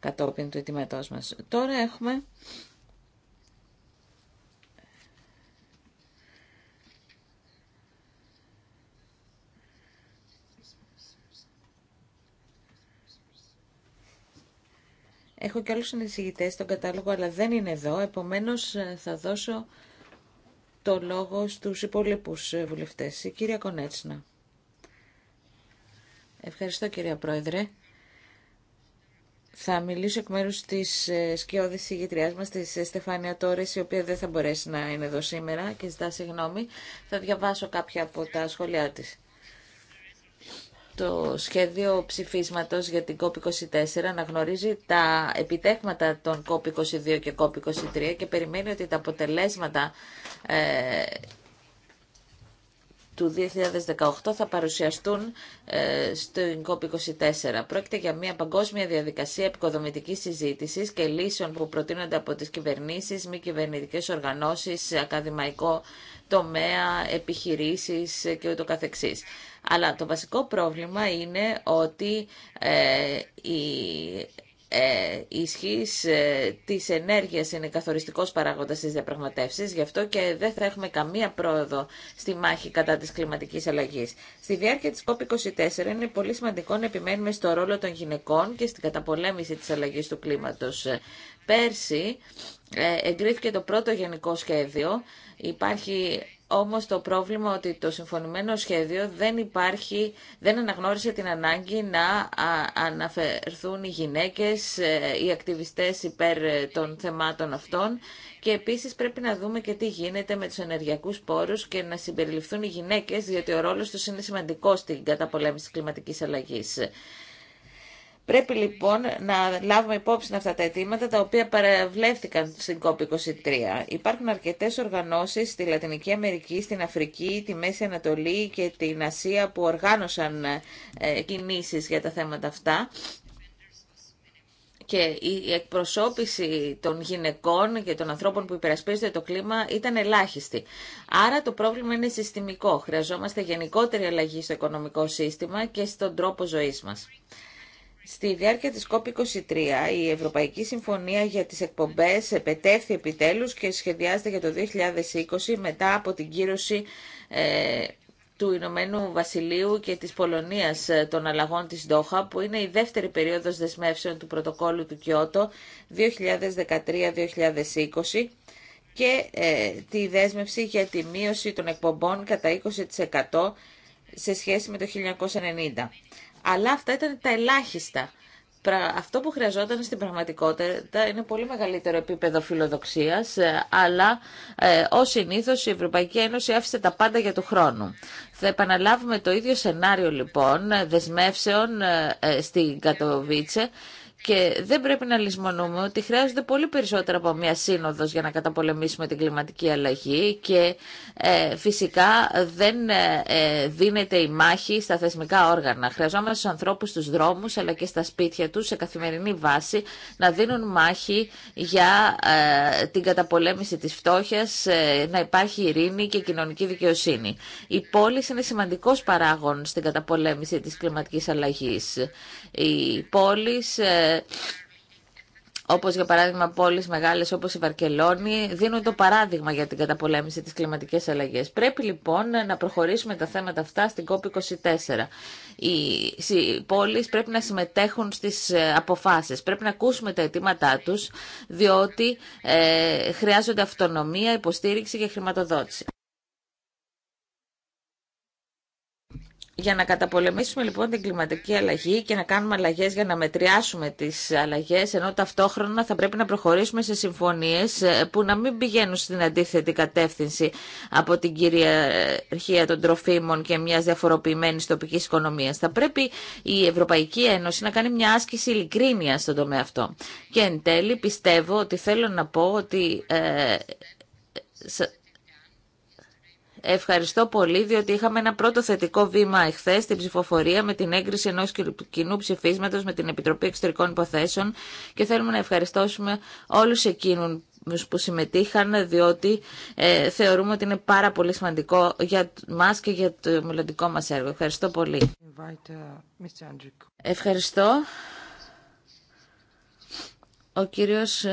κατόπιν του αιτήματός μας. Τώρα έχουμε Έχω και άλλους συνεισηγητές στον κατάλογο, αλλά δεν είναι εδώ. Επομένως, ε, θα δώσω το λόγο στους υπόλοιπους ε, βουλευτές. Η κυρία Κονέτσινα. Ευχαριστώ, κυρία Πρόεδρε. Θα μιλήσω εκ μέρους της ε, σκιώδης ηγητριάς μας, της Στεφάνια Τόρες, η οποία δεν θα μπορέσει να είναι εδώ σήμερα και ζητά συγγνώμη. Θα διαβάσω κάποια από τα σχόλιά της. Το σχέδιο ψηφίσματος για την COP24 αναγνωρίζει τα επιτέχματα των COP22 και COP23 και περιμένει ότι τα αποτελέσματα ε, του 2018 θα παρουσιαστούν ε, στην COP24. Πρόκειται για μια παγκόσμια διαδικασία επικοδομητικής συζήτησης και λύσεων που προτείνονται από τις κυβερνήσεις, μη κυβερνητικές οργανώσεις, ακαδημαϊκό τομέα, επιχειρήσεις και ούτω καθεξής. Αλλά το βασικό πρόβλημα είναι ότι ε, η ε, ισχύς ε, της ενέργειας είναι καθοριστικός παράγοντας στις διαπραγματεύσεις, γι' αυτό και δεν θα έχουμε καμία πρόοδο στη μάχη κατά της κλιματικής αλλαγής. Στη διάρκεια της COP24 είναι πολύ σημαντικό να επιμένουμε στο ρόλο των γυναικών και στην καταπολέμηση της αλλαγής του κλίματος. Πέρσι ε, εγκρίθηκε το πρώτο γενικό σχέδιο. Υπάρχει όμως το πρόβλημα ότι το συμφωνημένο σχέδιο δεν υπάρχει, δεν αναγνώρισε την ανάγκη να αναφερθούν οι γυναίκες, ε, οι ακτιβιστές υπέρ ε, των θεμάτων αυτών και επίσης πρέπει να δούμε και τι γίνεται με τους ενεργειακούς πόρους και να συμπεριληφθούν οι γυναίκες, διότι ο ρόλος τους είναι σημαντικός στην καταπολέμηση της κλιματικής αλλαγής. Πρέπει λοιπόν να λάβουμε υπόψη αυτά τα αιτήματα τα οποία παραβλέφθηκαν στην COP23. Υπάρχουν αρκετέ οργανώσει στη Λατινική Αμερική, στην Αφρική, τη Μέση Ανατολή και την Ασία που οργάνωσαν ε, κινήσει για τα θέματα αυτά και η εκπροσώπηση των γυναικών και των ανθρώπων που υπερασπίζονται το κλίμα ήταν ελάχιστη. Άρα το πρόβλημα είναι συστημικό. Χρειαζόμαστε γενικότερη αλλαγή στο οικονομικό σύστημα και στον τρόπο ζωής μας. Στη διάρκεια της COP23 η Ευρωπαϊκή Συμφωνία για τις εκπομπές επετέφθη επιτέλους και σχεδιάζεται για το 2020 μετά από την κύρωση ε, του Ηνωμένου Βασιλείου και της Πολωνίας ε, των αλλαγών της Ντόχα, που είναι η δεύτερη περίοδος δεσμεύσεων του πρωτοκόλλου του Κιώτο 2013-2020 και ε, τη δέσμευση για τη μείωση των εκπομπών κατά 20% σε σχέση με το 1990. Αλλά αυτά ήταν τα ελάχιστα. Αυτό που χρειαζόταν στην πραγματικότητα είναι πολύ μεγαλύτερο επίπεδο φιλοδοξίας, ε, αλλά ε, ως συνήθως η Ευρωπαϊκή Ένωση άφησε τα πάντα για του χρόνου. Θα επαναλάβουμε το ίδιο σενάριο λοιπόν ε, δεσμεύσεων ε, στην Κατοβίτσε και δεν πρέπει να λησμονούμε ότι χρειάζονται πολύ περισσότερα από μία σύνοδος για να καταπολεμήσουμε την κλιματική αλλαγή και ε, φυσικά δεν ε, ε, δίνεται η μάχη στα θεσμικά όργανα. Χρειαζόμαστε στους ανθρώπους στους δρόμους αλλά και στα σπίτια τους σε καθημερινή βάση να δίνουν μάχη για ε, την καταπολέμηση της φτώχειας, να υπάρχει ειρήνη και κοινωνική δικαιοσύνη. Η πόλη είναι σημαντικός παράγων στην καταπολέμηση της κλιματικής αλλαγής. Οι πόλεις όπως για παράδειγμα πόλεις μεγάλες όπως η Βαρκελόνη, δίνουν το παράδειγμα για την καταπολέμηση της κλιματικής αλλαγής. Πρέπει λοιπόν να προχωρήσουμε τα θέματα αυτά στην COP24. Οι πόλεις πρέπει να συμμετέχουν στις ε, αποφάσεις, πρέπει να ακούσουμε τα αιτήματά τους, διότι ε, χρειάζονται αυτονομία, υποστήριξη και χρηματοδότηση. Για να καταπολεμήσουμε λοιπόν την κλιματική αλλαγή και να κάνουμε αλλαγές για να μετριάσουμε τις αλλαγές, ενώ ταυτόχρονα θα πρέπει να προχωρήσουμε σε συμφωνίες ε, που να μην πηγαίνουν στην αντίθετη κατεύθυνση από την κυριαρχία των τροφίμων και μιας διαφοροποιημένης τοπικής οικονομίας. Θα πρέπει η Ευρωπαϊκή Ένωση να κάνει μια άσκηση ειλικρίνειας στον τομέα αυτό. Και εν τέλει πιστεύω ότι θέλω να πω ότι... Ε, ευχαριστώ πολύ διότι είχαμε ένα πρώτο θετικό βήμα εχθές στην ψηφοφορία με την έγκριση ενός κοινού ψηφίσματος με την Επιτροπή Εξωτερικών Υποθέσεων και θέλουμε να ευχαριστώσουμε όλους εκείνους που συμμετείχαν διότι ε, θεωρούμε ότι είναι πάρα πολύ σημαντικό για μας και για το μελλοντικό μας έργο. Ευχαριστώ πολύ. Ευχαριστώ. Ο κύριος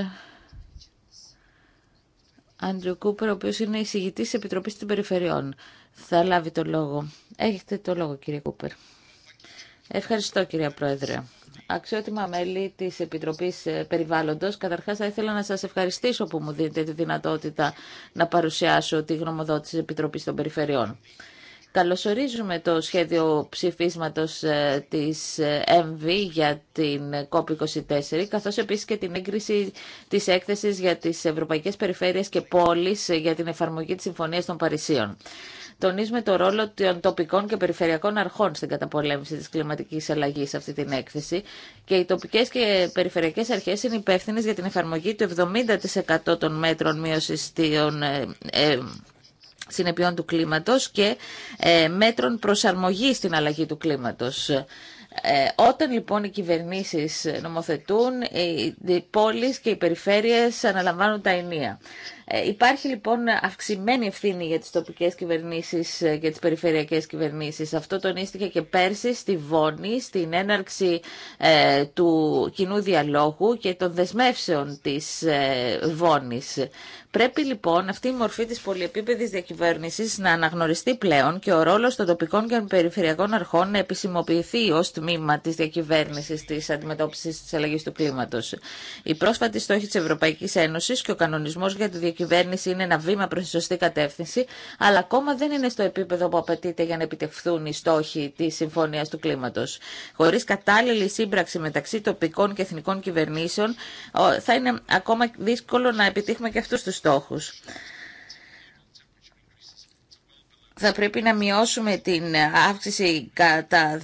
Άντριο Κούπερ, ο οποίος είναι εισηγητής της Επιτροπής των Περιφερειών. Θα λάβει το λόγο. Έχετε το λόγο κύριε Κούπερ. Ευχαριστώ κυρία Πρόεδρε. Αξιότιμα μέλη της Επιτροπής ε, Περιβάλλοντος, καταρχάς θα ήθελα να σας ευχαριστήσω που μου δίνετε τη δυνατότητα να παρουσιάσω τη γνωμοδότηση της Επιτροπής των Περιφερειών. Καλωσορίζουμε το σχέδιο ψηφίσματος ε, της ε, MV για την COP24, καθώς επίσης και την έγκριση της έκθεσης για τις Ευρωπαϊκές Περιφέρειες και Πόλεις ε, για την εφαρμογή της Συμφωνίας των Παρισίων. Τονίζουμε το ρόλο των τοπικών και περιφερειακών αρχών στην καταπολέμηση της κλιματικής αλλαγής σε αυτή την έκθεση και οι τοπικές και περιφερειακές αρχές είναι υπεύθυνε για την εφαρμογή του 70% των μέτρων μείωσης των συνεπειών του κλίματος και ε, μέτρων προσαρμογής στην αλλαγή του κλίματος. Ε, όταν λοιπόν οι κυβερνήσεις νομοθετούν, οι πόλεις και οι περιφέρειες αναλαμβάνουν τα ενία. Ε, υπάρχει λοιπόν αυξημένη ευθύνη για τις τοπικές κυβερνήσεις και ε, τις περιφερειακές κυβερνήσεις. Αυτό τονίστηκε και πέρσι στη Βόνη, στην έναρξη ε, του κοινού διαλόγου και των δεσμεύσεων της ε, Βόνης. Πρέπει λοιπόν αυτή η μορφή της πολυεπίπεδης διακυβέρνησης να αναγνωριστεί πλέον και ο ρόλος των τοπικών και περιφερειακών αρχών να επισημοποιηθεί ως τμήμα της διακυβέρνησης της αντιμετώπισης της αλλαγής του κλίματος. Η πρόσφατη στόχη της Ευρωπαϊκής Ένωσης και ο κανονισμός για τη διακυβέρνηση κυβέρνηση είναι ένα βήμα προς τη σωστή κατεύθυνση, αλλά ακόμα δεν είναι στο επίπεδο που απαιτείται για να επιτευχθούν οι στόχοι της συμφωνία του Κλίματος. Χωρίς κατάλληλη σύμπραξη μεταξύ τοπικών και εθνικών κυβερνήσεων, θα είναι ακόμα δύσκολο να επιτύχουμε και αυτού του στόχους θα πρέπει να μειώσουμε την αύξηση κατά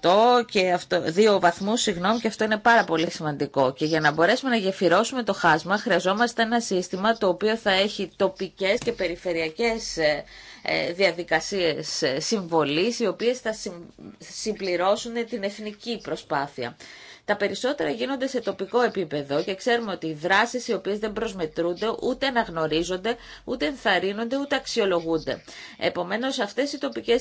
2% και αυτό, 2 βαθμούς, συγγνώμη, και αυτό είναι πάρα πολύ σημαντικό. Και για να μπορέσουμε να γεφυρώσουμε το χάσμα, χρειαζόμαστε ένα σύστημα το οποίο θα έχει τοπικές και περιφερειακές ε, ε, διαδικασίες ε, συμβολής, οι οποίες θα συμπληρώσουν την εθνική προσπάθεια. Τα περισσότερα γίνονται σε τοπικό επίπεδο και ξέρουμε ότι οι δράσει οι οποίε δεν προσμετρούνται, ούτε αναγνωρίζονται, ούτε ενθαρρύνονται, ούτε αξιολογούνται. Επομένω, αυτέ οι τοπικέ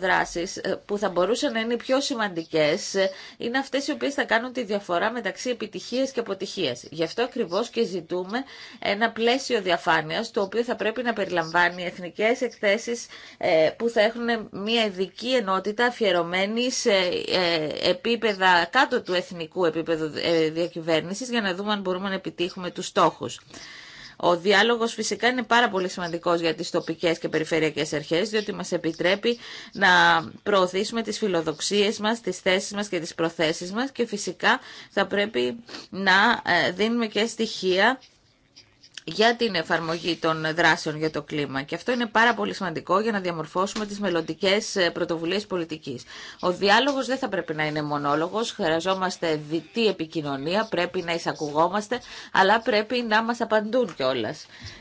δράσει ε, που θα μπορούσαν να είναι πιο σημαντικέ, ε, είναι αυτέ οι οποίε θα κάνουν τη διαφορά μεταξύ επιτυχία και αποτυχία. Γι' αυτό ακριβώ και ζητούμε ένα πλαίσιο διαφάνεια, το οποίο θα πρέπει να περιλαμβάνει εθνικέ εκθέσει ε, που θα έχουν μια ειδική ενότητα αφιερωμένη σε επίπεδα κάτω του εθνικού γενικού επίπεδου ε, για να δούμε αν μπορούμε να επιτύχουμε τους στόχους. Ο διάλογος φυσικά είναι πάρα πολύ σημαντικός για τις τοπικές και περιφερειακές αρχές, διότι μας επιτρέπει να προωθήσουμε τις φιλοδοξίες μας, τις θέσεις μας και τις προθέσεις μας και φυσικά θα πρέπει να ε, δίνουμε και στοιχεία για την εφαρμογή των δράσεων για το κλίμα. Και αυτό είναι πάρα πολύ σημαντικό για να διαμορφώσουμε τι μελλοντικέ ε, πρωτοβουλίε πολιτική. Ο διάλογο δεν θα πρέπει να είναι μονόλογο. χρειαζόμαστε διτή επικοινωνία, πρέπει να εισακουγόμαστε, αλλά πρέπει να μα απαντούν κιόλα.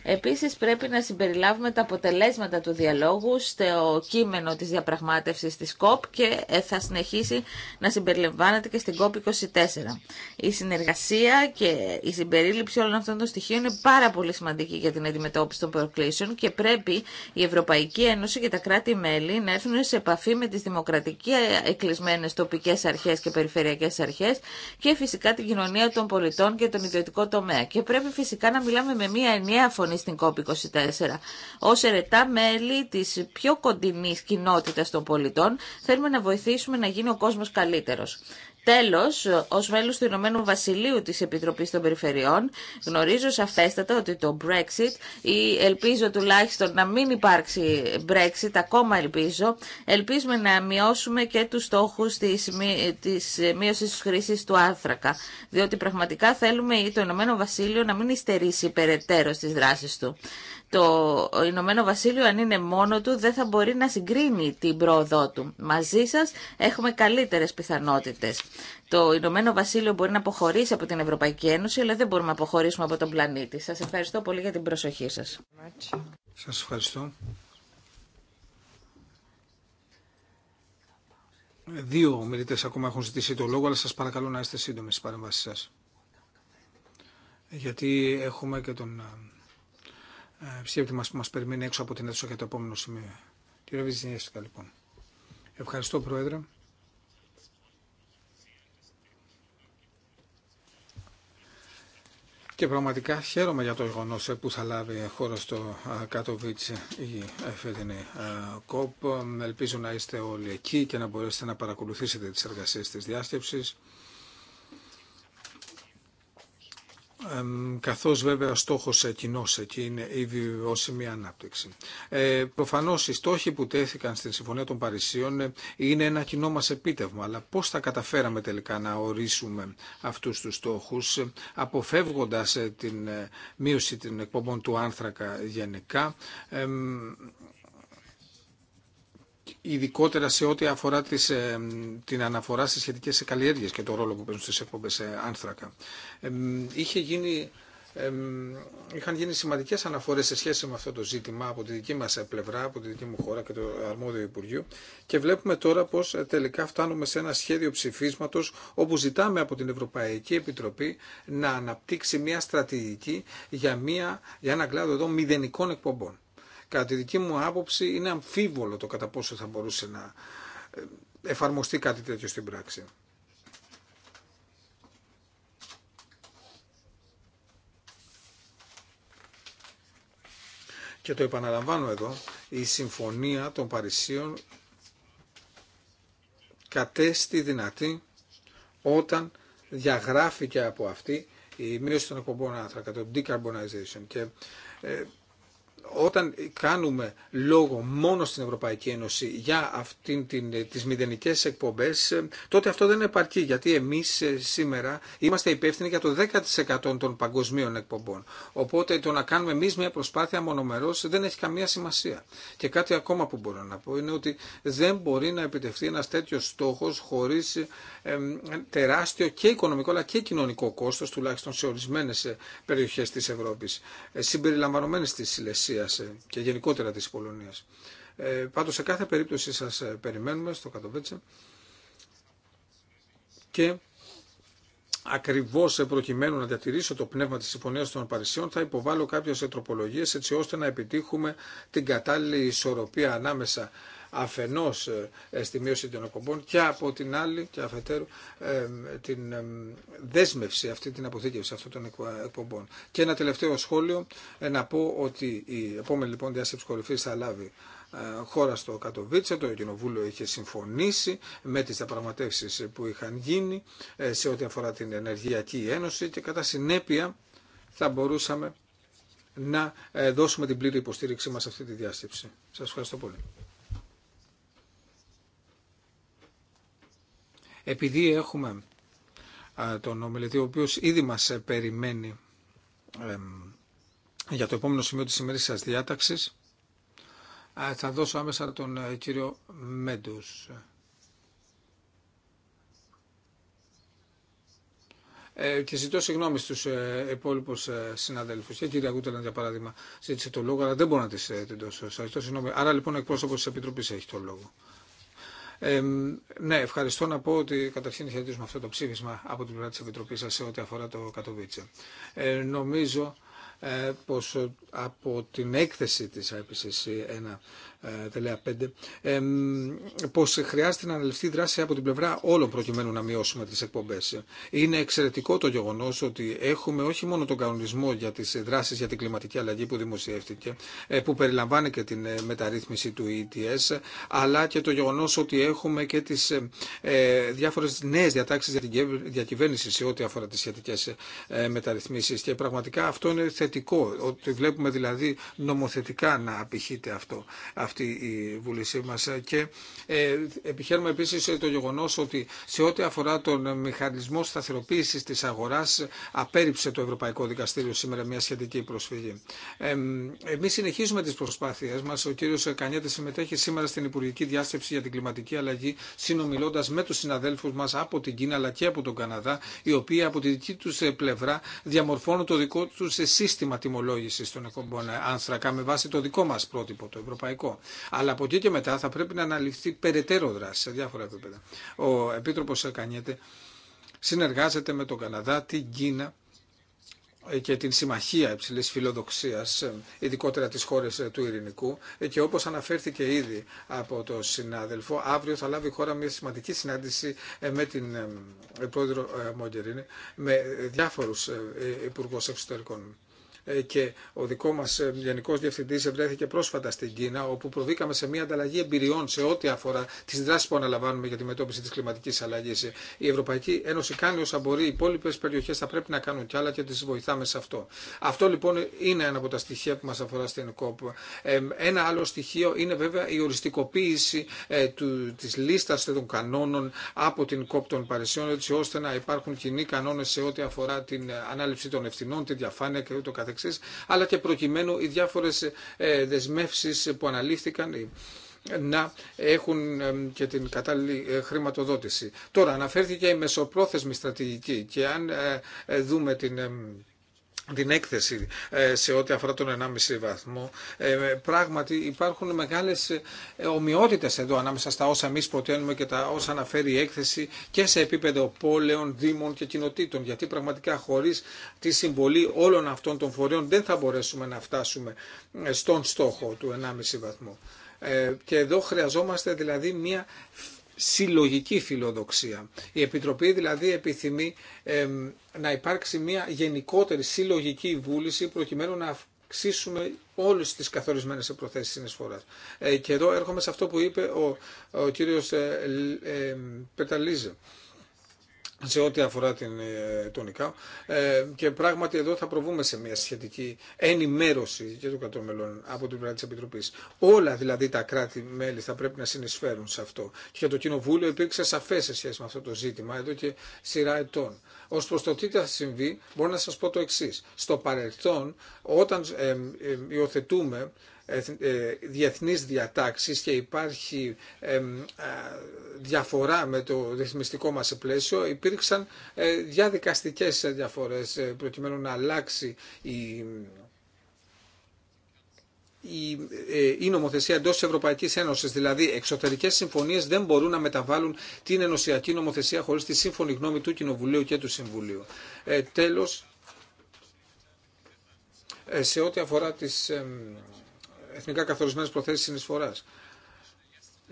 Επίση πρέπει να συμπεριλάβουμε τα αποτελέσματα του διαλόγου στο κείμενο τη διαπραγματεύση τη ΚΟΠ και ε, θα συνεχίσει να συμπεριλαμβάνεται και στην ΚΟΠ 24. Η συνεργασία και η συμπερίληψη όλων αυτών των στοιχείων είναι πάρα πολύ σημαντική για την αντιμετώπιση των προκλήσεων και πρέπει η Ευρωπαϊκή Ένωση και τα κράτη-μέλη να έρθουν σε επαφή με τι δημοκρατικέ ε, εκκλησμένε τοπικέ αρχέ και περιφερειακέ αρχέ και φυσικά την κοινωνία των πολιτών και τον ιδιωτικό τομέα. Και πρέπει φυσικά να μιλάμε με μία ενιαία φωνή στην COP24. ω ερετά μέλη τη πιο κοντινή κοινότητα των πολιτών θέλουμε να βοηθήσουμε να γίνει ο κόσμος καλύτερος. Τέλος, ως μέλος του Ηνωμένου Βασιλείου της Επιτροπής των Περιφερειών, γνωρίζω σαφέστατα ότι το Brexit, ή ελπίζω τουλάχιστον να μην υπάρξει Brexit, ακόμα ελπίζω, ελπίζουμε να μειώσουμε και του στόχους της, μείωση μείωσης χρήση χρήσης του άνθρακα, διότι πραγματικά θέλουμε το Ηνωμένο Βασίλειο να μην υστερήσει περαιτέρω στις δράσεις του το Ηνωμένο Βασίλειο αν είναι μόνο του δεν θα μπορεί να συγκρίνει την πρόοδό του. Μαζί σας έχουμε καλύτερες πιθανότητες. Το Ηνωμένο Βασίλειο μπορεί να αποχωρήσει από την Ευρωπαϊκή Ένωση, αλλά δεν μπορούμε να αποχωρήσουμε από τον πλανήτη. Σας ευχαριστώ πολύ για την προσοχή σας. Σας ευχαριστώ. Δύο μιλητές ακόμα έχουν ζητήσει το λόγο, αλλά σας παρακαλώ να είστε σύντομοι στις παρεμβάσεις σας. Γιατί έχουμε και τον ε, ψήφι μας που μας περιμένει έξω από την αίθουσα για το επόμενο σημείο. Κύριε Βυζινιέστηκα λοιπόν. Ευχαριστώ Πρόεδρε. Και πραγματικά χαίρομαι για το γεγονό ε, που θα λάβει χώρα στο ε, Κάτοβιτς η φετινή κόπ. Ελπίζω να είστε όλοι εκεί και να μπορέσετε να παρακολουθήσετε τις εργασίες της διάσκεψης. καθώς βέβαια στόχος κοινός εκεί είναι η βιώσιμη ανάπτυξη. Ε, προφανώς οι στόχοι που τέθηκαν στην Συμφωνία των Παρισίων ε, είναι ένα κοινό μας επίτευγμα, αλλά πώς θα καταφέραμε τελικά να ορίσουμε αυτούς τους στόχους, ε, αποφεύγοντας ε, την μείωση των εκπομπών του άνθρακα γενικά, ειδικότερα σε ό,τι αφορά τις, ε, την αναφορά στις σχετικές καλλιέργειες και το ρόλο που παίζουν στις εκπομπές ε, άνθρακα. είχε γίνει είχαν γίνει σημαντικές αναφορές σε σχέση με αυτό το ζήτημα από τη δική μας ε, πλευρά, από τη δική μου χώρα και το αρμόδιο Υπουργείο και βλέπουμε τώρα πως τελικά φτάνουμε σε ένα σχέδιο ψηφίσματος όπου ζητάμε από την Ευρωπαϊκή Επιτροπή να αναπτύξει μια στρατηγική για, μια, για ένα κλάδο εδώ μηδενικών εκπομπών κατά τη δική μου άποψη είναι αμφίβολο το κατά πόσο θα μπορούσε να ε, εφαρμοστεί κάτι τέτοιο στην πράξη. Και το επαναλαμβάνω εδώ, η Συμφωνία των Παρισίων κατέστη δυνατή όταν διαγράφηκε από αυτή η μείωση των εκπομπών άνθρακα, το decarbonization. Και ε, όταν κάνουμε λόγο μόνο στην Ευρωπαϊκή Ένωση για αυτήν την, ε, τις μηδενικές εκπομπές, ε, τότε αυτό δεν επαρκεί, γιατί εμείς ε, σήμερα είμαστε υπεύθυνοι για το 10% των παγκοσμίων εκπομπών. Οπότε το να κάνουμε εμείς μια προσπάθεια μονομερός δεν έχει καμία σημασία. Και κάτι ακόμα που μπορώ να πω είναι ότι δεν μπορεί να επιτευχθεί ένας τέτοιος στόχος χωρίς τεράστιο και οικονομικό αλλά και κοινωνικό κόστος, τουλάχιστον σε ορισμένες περιοχές της Ευρώπης, ε, συμπεριλαμβανομένες της ε, και γενικότερα της Πολωνίας. Ε, πάντως σε κάθε περίπτωση σας ε, περιμένουμε στο Κατοβέτσε και ακριβώ ε, προκειμένου να διατηρήσω το πνεύμα τη Συμφωνία των Παρισιών, θα υποβάλω κάποιε τροπολογίε έτσι ώστε να επιτύχουμε την κατάλληλη ισορροπία ανάμεσα αφενός ε, στη μείωση των εκπομπών και από την άλλη και αφετέρου ε, την ε, δέσμευση αυτή, την αποθήκευση αυτών των εκπομπών. Και ένα τελευταίο σχόλιο να πω ότι η επόμενη λοιπόν διάσκεψη κορυφής θα λάβει χώρα στο Κατοβίτσα. Το Κοινοβούλιο είχε συμφωνήσει με τις διαπραγματεύσει που είχαν γίνει σε ό,τι αφορά την Ενεργειακή Ένωση και κατά συνέπεια θα μπορούσαμε να δώσουμε την πλήρη υποστήριξή μας σε αυτή τη διάσκεψη. Σας ευχαριστώ πολύ. επειδή έχουμε τον ομιλητή ο οποίος ήδη μας ε, περιμένει για το επόμενο σημείο της σημερινής σας διάταξης, θα δώσω άμεσα τον ε, κύριο Μέντους. Ε, και ζητώ συγγνώμη στου ε, υπόλοιπου συναδέλφου. Και η κυρία Γούτελαν, για παράδειγμα, ζήτησε το λόγο, αλλά δεν μπορώ να τη ε, την δώσω. Συγγνώμη. Άρα λοιπόν ο εκπρόσωπο τη Επιτροπή έχει το λόγο ναι, ευχαριστώ να πω ότι καταρχήν χαιρετίζουμε αυτό το ψήφισμα από την πλευρά τη Επιτροπή σα σε ό,τι αφορά το Κατοβίτσε. Ε, νομίζω ε, πως ε, από την έκθεση της IPCC ένα 5, πως χρειάζεται να αναλυφθεί δράση από την πλευρά όλων προκειμένου να μειώσουμε τις εκπομπές. Είναι εξαιρετικό το γεγονός ότι έχουμε όχι μόνο τον κανονισμό για τις δράσεις για την κλιματική αλλαγή που δημοσιεύτηκε, ε, που περιλαμβάνει και την ε, μεταρρύθμιση του ETS, αλλά και το γεγονός ότι έχουμε και τις ε, διάφορες νέες διατάξεις για την διακυβέρνηση σε ό,τι αφορά τις σχετικές μεταρρυθμίσεις. Και πραγματικά αυτό είναι θετικό, ότι βλέπουμε δηλαδή νομοθετικά να απηχείται αυτό αυτή η βούλησή μα και ε, επιχαίρουμε επίση το γεγονό ότι σε ό,τι αφορά τον μηχανισμό σταθεροποίηση τη αγορά, απέρριψε το Ευρωπαϊκό Δικαστήριο σήμερα μια σχετική προσφυγή. Ε, εμείς συνεχίζουμε τι προσπάθειε μα, Ο κύριο Κανιέτη συμμετέχει σήμερα στην Υπουργική Διάσκεψη για την Κλιματική Αλλαγή συνομιλώντα με του συναδέλφου μα από την Κίνα αλλά και από τον Καναδά οι οποίοι από τη δική του πλευρά διαμορφώνουν το δικό του σύστημα τιμολόγηση των εκπομπών άνθρακα με βάση το δικό μα πρότυπο, το ευρωπαϊκό. Αλλά από εκεί και μετά θα πρέπει να αναλυθεί περαιτέρω δράση σε διάφορα επίπεδα. Ο Επίτροπος Κανιέται συνεργάζεται με τον Καναδά, την Κίνα και την συμμαχία υψηλή φιλοδοξία, ειδικότερα τι χώρε του Ειρηνικού. Και όπω αναφέρθηκε ήδη από τον συνάδελφο, αύριο θα λάβει η χώρα μια σημαντική συνάντηση ε, με την ε, πρόεδρο ε, Μογκερίνη, με διάφορου υπουργού εξωτερικών. Ε, και ο δικό μα ε, Γενικό Διευθυντή βρέθηκε πρόσφατα στην Κίνα, όπου προβήκαμε σε μια ανταλλαγή εμπειριών σε ό,τι αφορά τι δράσει που αναλαμβάνουμε για τη μετώπιση τη κλιματική αλλαγή. Η Ευρωπαϊκή Ένωση κάνει όσα μπορεί, οι υπόλοιπε περιοχέ θα πρέπει να κάνουν κι άλλα και τι βοηθάμε σε αυτό. Αυτό λοιπόν είναι ένα από τα στοιχεία που μα αφορά στην ΚΟΠ. Ε, ένα άλλο στοιχείο είναι βέβαια η οριστικοποίηση τη λίστα των κανόνων από την ΚΟΠ των Παρισιών, έτσι ώστε να υπάρχουν κοινοί κανόνε σε ό,τι αφορά την ανάληψη των ευθυνών, τη διαφάνεια και αλλά και προκειμένου οι διάφορες ε, δεσμεύσεις που αναλήφθηκαν ε, να έχουν ε, και την κατάλληλη χρηματοδότηση. Τώρα αναφέρθηκε η μεσοπρόθεσμη στρατηγική και αν δούμε την την έκθεση ε, σε ό,τι αφορά τον 1,5 βαθμό. Ε, πράγματι υπάρχουν μεγάλες ε, ομοιότητες εδώ ανάμεσα στα όσα εμεί προτείνουμε και τα όσα αναφέρει η έκθεση και σε επίπεδο πόλεων, δήμων και κοινοτήτων. Γιατί πραγματικά χωρίς τη συμβολή όλων αυτών των φορέων δεν θα μπορέσουμε να φτάσουμε στον στόχο του 1,5 βαθμού. Και εδώ χρειαζόμαστε δηλαδή μια συλλογική φιλοδοξία. Η Επιτροπή δηλαδή επιθυμεί να υπάρξει μια γενικότερη συλλογική βούληση προκειμένου να αυξήσουμε όλες τις καθορισμένες προθέσεις συνεισφοράς. Ε, και εδώ έρχομαι σε αυτό που είπε ο, ο κύριος ε, ε, ε, Πεταλίζε σε ό,τι αφορά την, ε, τονικά. ε, και πράγματι εδώ θα προβούμε σε μια σχετική ενημέρωση και των κρατών από την πλευρά τη Επιτροπή. Όλα δηλαδή τα κράτη-μέλη θα πρέπει να συνεισφέρουν σε αυτό. Και για το Κοινοβούλιο υπήρξε σαφέ σε σχέση με αυτό το ζήτημα εδώ και σειρά ετών. Ω προ το τι θα συμβεί, μπορώ να σα πω το εξή. Στο παρελθόν, όταν ε, ε υιοθετούμε ε, διεθνείς διατάξεις και υπάρχει διαφορά με το ρυθμιστικό μας πλαίσιο, υπήρξαν ε, διαδικαστικές διαφορές ε, προκειμένου να αλλάξει η η νομοθεσία εντό Ευρωπαϊκή Ένωση. Δηλαδή, εξωτερικέ συμφωνίε δεν μπορούν να μεταβάλουν την ενωσιακή νομοθεσία χωρί τη σύμφωνη γνώμη του Κοινοβουλίου και του Συμβουλίου. Ε, Τέλο, σε ό,τι αφορά τις εθνικά καθορισμένες προθέσεις συνεισφοράς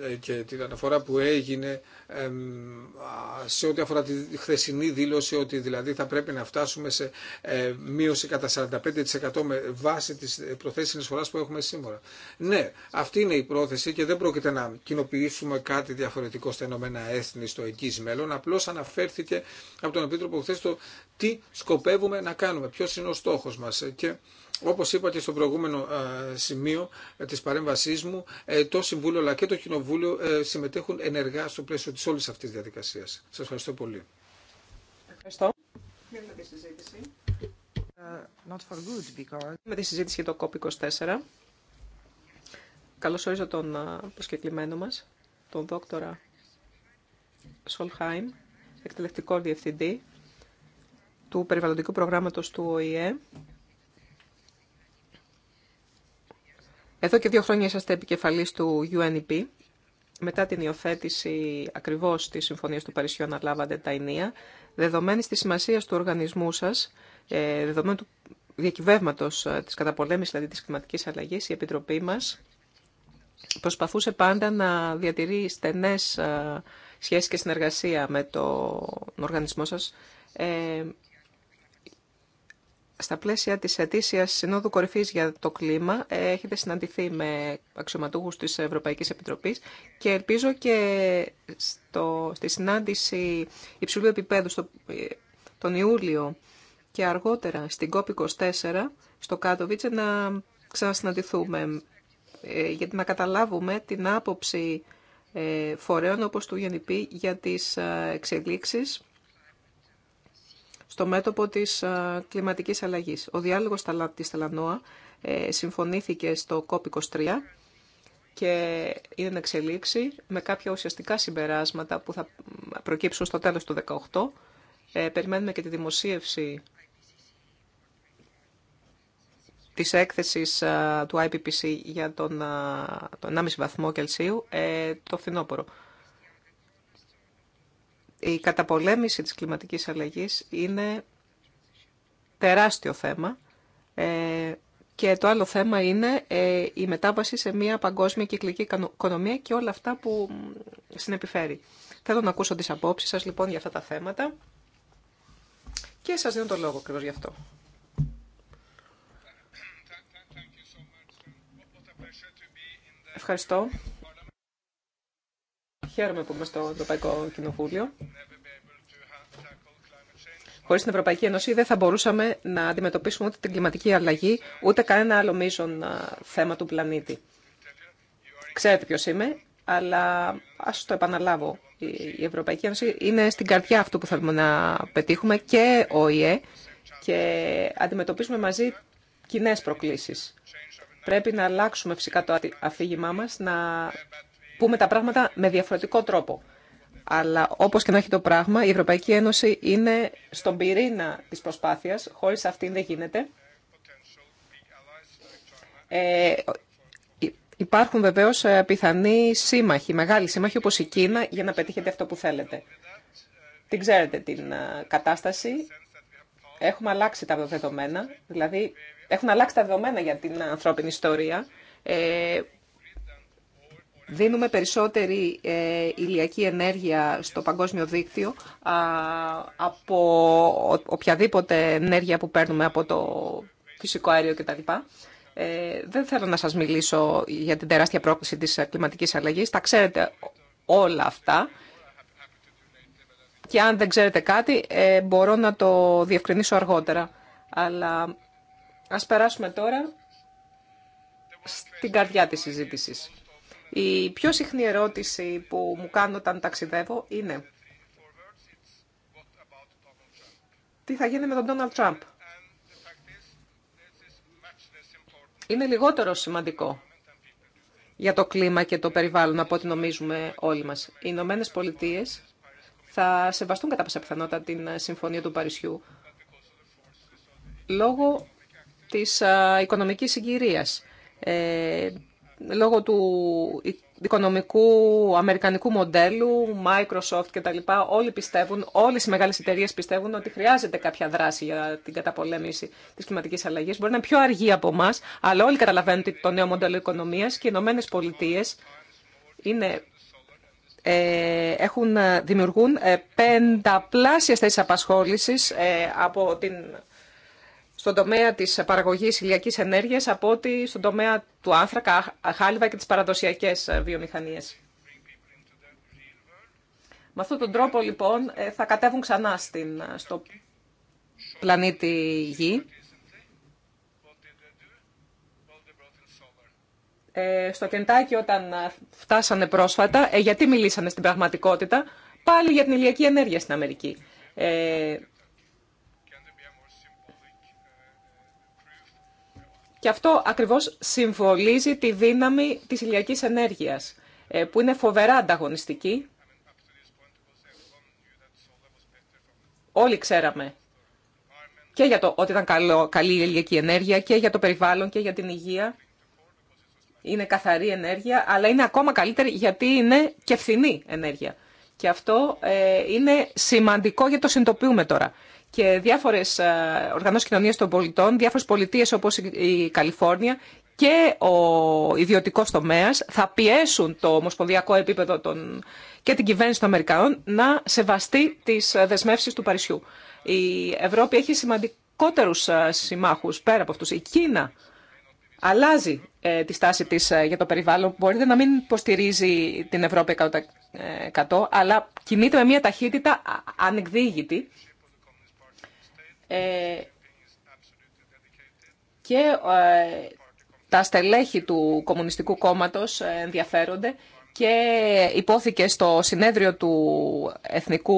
ε, και την αναφορά που έγινε σε ό,τι αφορά τη χθεσινή δήλωση ότι δηλαδή θα πρέπει να φτάσουμε σε ε, μείωση κατά 45% με βάση τις ε, προθέσεις συνεισφοράς που έχουμε σήμερα. Ναι, αυτή είναι η πρόθεση και δεν πρόκειται να κοινοποιήσουμε κάτι διαφορετικό στα Ηνωμένα Έθνη στο εγγύς μέλλον, απλώς αναφέρθηκε από τον Επίτροπο χθε το τι σκοπεύουμε να κάνουμε, ποιος είναι ο στόχος μας. Και όπως και στο προηγούμενο σημείο ε, της παρέμβασής μου, ε, το Συμβούλιο αλλά και το Κοινοβούλιο ε, συμμετέχουν ενεργά στο πλαίσιο της όλης αυτής της διαδικασίας. Σας ευχαριστώ πολύ. Ευχαριστώ. Not for good because... Με τη συζήτηση για το COP24, καλώς ορίζω τον προσκεκλημένο μας, τον δόκτορα Σολχάιμ, εκτελεκτικό διευθυντή του περιβαλλοντικού προγράμματος του ΟΗΕ Εδώ και δύο χρόνια είσαστε επικεφαλής του UNEP. Μετά την υιοθέτηση ακριβώς της Συμφωνίας του Παρισιού αναλάβατε τα ενία. Δεδομένης της σημασίας του οργανισμού σας, ε, δεδομένου του διακυβεύματος ε, της καταπολέμησης, δηλαδή της κλιματικής αλλαγής, η Επιτροπή μας προσπαθούσε πάντα να διατηρεί στενές ε, σχέσεις και συνεργασία με τον οργανισμό σας στα πλαίσια της ετήσιας Συνόδου Κορυφής για το Κλίμα ε, έχετε συναντηθεί με αξιωματούχους της Ευρωπαϊκής Επιτροπής και ελπίζω και στο, στη συνάντηση υψηλού επίπεδου ε, τον Ιούλιο και αργότερα στην COP24 στο Κάτοβιτσε να ξανασυναντηθούμε ε, γιατί να καταλάβουμε την άποψη φορέων όπως του UNDP για τις εξελίξεις στο μέτωπο της κλιματικής αλλαγής. Ο διάλογος της Ταλανοά ε, συμφωνήθηκε στο COP23 και είναι να εξελίξει με κάποια ουσιαστικά συμπεράσματα που θα προκύψουν στο τέλος του 2018. Ε, περιμένουμε και τη δημοσίευση της έκθεσης του IPPC για τον, τον 1,5 βαθμό Κελσίου ε, το φθινόπωρο η καταπολέμηση της κλιματικής αλλαγής είναι τεράστιο θέμα ε, και το άλλο θέμα είναι ε, η μετάβαση σε μια παγκόσμια κυκλική οικονομία και όλα αυτά που συνεπιφέρει. Θέλω να ακούσω τις απόψεις σας λοιπόν για αυτά τα θέματα και σας δίνω το λόγο ακριβώ γι' αυτό. Ευχαριστώ. Χαίρομαι που είμαι στο Ευρωπαϊκό Κοινοβούλιο. Χωρίς την Ευρωπαϊκή Ένωση δεν θα μπορούσαμε να αντιμετωπίσουμε ούτε την κλιματική αλλαγή, ούτε κανένα άλλο μείζον θέμα του πλανήτη. Ξέρετε ποιος είμαι, αλλά ας το επαναλάβω. Η Ευρωπαϊκή Ένωση είναι στην καρδιά αυτού που θέλουμε να πετύχουμε και ο ΙΕ και αντιμετωπίζουμε μαζί κοινέ προκλήσεις. Πρέπει να αλλάξουμε φυσικά το αφήγημά μας, να πούμε τα πράγματα με διαφορετικό τρόπο. Αλλά όπω και να έχει το πράγμα, η Ευρωπαϊκή Ένωση είναι στον πυρήνα τη προσπάθεια. Χωρί αυτή δεν γίνεται. Ε, υπάρχουν βεβαίω ε, πιθανοί σύμμαχοι, μεγάλοι σύμμαχοι όπω η Κίνα, για να πετύχετε αυτό που θέλετε. Την ξέρετε την ε, κατάσταση. Έχουμε αλλάξει τα δεδομένα. Δηλαδή, έχουν αλλάξει τα δεδομένα για την ανθρώπινη ιστορία. Ε, Δίνουμε περισσότερη ε, ηλιακή ενέργεια στο παγκόσμιο δίκτυο από οποιαδήποτε ενέργεια που παίρνουμε από το φυσικό αέριο κτλ. Ε, δεν θέλω να σας μιλήσω για την τεράστια πρόκληση της κλιματικής αλλαγής. Τα ξέρετε όλα αυτά. Και αν δεν ξέρετε κάτι, ε, μπορώ να το διευκρινίσω αργότερα. Αλλά ας περάσουμε τώρα στην καρδιά της συζήτησης. Η πιο συχνή ερώτηση που μου κάνω όταν ταξιδεύω είναι τι θα γίνει με τον Donald Τραμπ. Είναι λιγότερο σημαντικό για το κλίμα και το περιβάλλον από ό,τι νομίζουμε όλοι μας. Οι Ηνωμένε Πολιτείε θα σεβαστούν κατά πάσα πιθανότητα την Συμφωνία του Παρισιού λόγω της οικονομικής συγκυρίας ε, λόγω του οικονομικού αμερικανικού μοντέλου, Microsoft κτλ. Όλοι πιστεύουν, όλες οι μεγάλες εταιρείε πιστεύουν ότι χρειάζεται κάποια δράση για την καταπολέμηση της κλιματική αλλαγή. Μπορεί να είναι πιο αργή από εμά, αλλά όλοι καταλαβαίνουν ότι το νέο μοντέλο οικονομίας και οι Ηνωμένε Πολιτείε ε, έχουν, δημιουργούν πενταπλάσια πενταπλάσιες θέσεις απασχόλησης ε, από την στον τομέα της παραγωγή ηλιακή ενέργειας από ότι στον τομέα του άνθρακα, χάλιβα και τι παραδοσιακέ ε, βιομηχανίε. Με αυτόν τον τρόπο λοιπόν ε, θα κατέβουν ξανά στην, ε, στο πλανήτη Γη. στο Κεντάκι όταν φτάσανε πρόσφατα, γιατί μιλήσανε στην πραγματικότητα, πάλι για την ηλιακή ενέργεια στην Αμερική. Και αυτό ακριβώς συμβολίζει τη δύναμη της ηλιακής ενέργειας, ε, που είναι φοβερά ανταγωνιστική. Όλοι ξέραμε και για το ότι ήταν καλό, καλή η ηλιακή ενέργεια και για το περιβάλλον και για την υγεία. Είναι καθαρή ενέργεια, αλλά είναι ακόμα καλύτερη γιατί είναι και φθηνή ενέργεια. Και αυτό ε, είναι σημαντικό γιατί το συνειδητοποιούμε τώρα και διάφορε οργανώσει κοινωνία των πολιτών, διάφορε πολιτείε όπω η Καλιφόρνια και ο ιδιωτικό τομέα θα πιέσουν το ομοσπονδιακό επίπεδο των... και την κυβέρνηση των Αμερικανών να σεβαστεί τι ε, δεσμεύσει του Παρισιού. Η Ευρώπη έχει σημαντικότερου ε, συμμάχους πέρα από αυτού. Η Κίνα αλλάζει ε, τη στάση της για το περιβάλλον. Μπορείτε να μην υποστηρίζει την Ευρώπη 100%, αλλά κινείται με μια ταχύτητα ανεκδίγητη ε, και ε, τα στελέχη του Κομμουνιστικού Κόμματος ε, ενδιαφέρονται και υπόθηκε στο συνέδριο του Εθνικού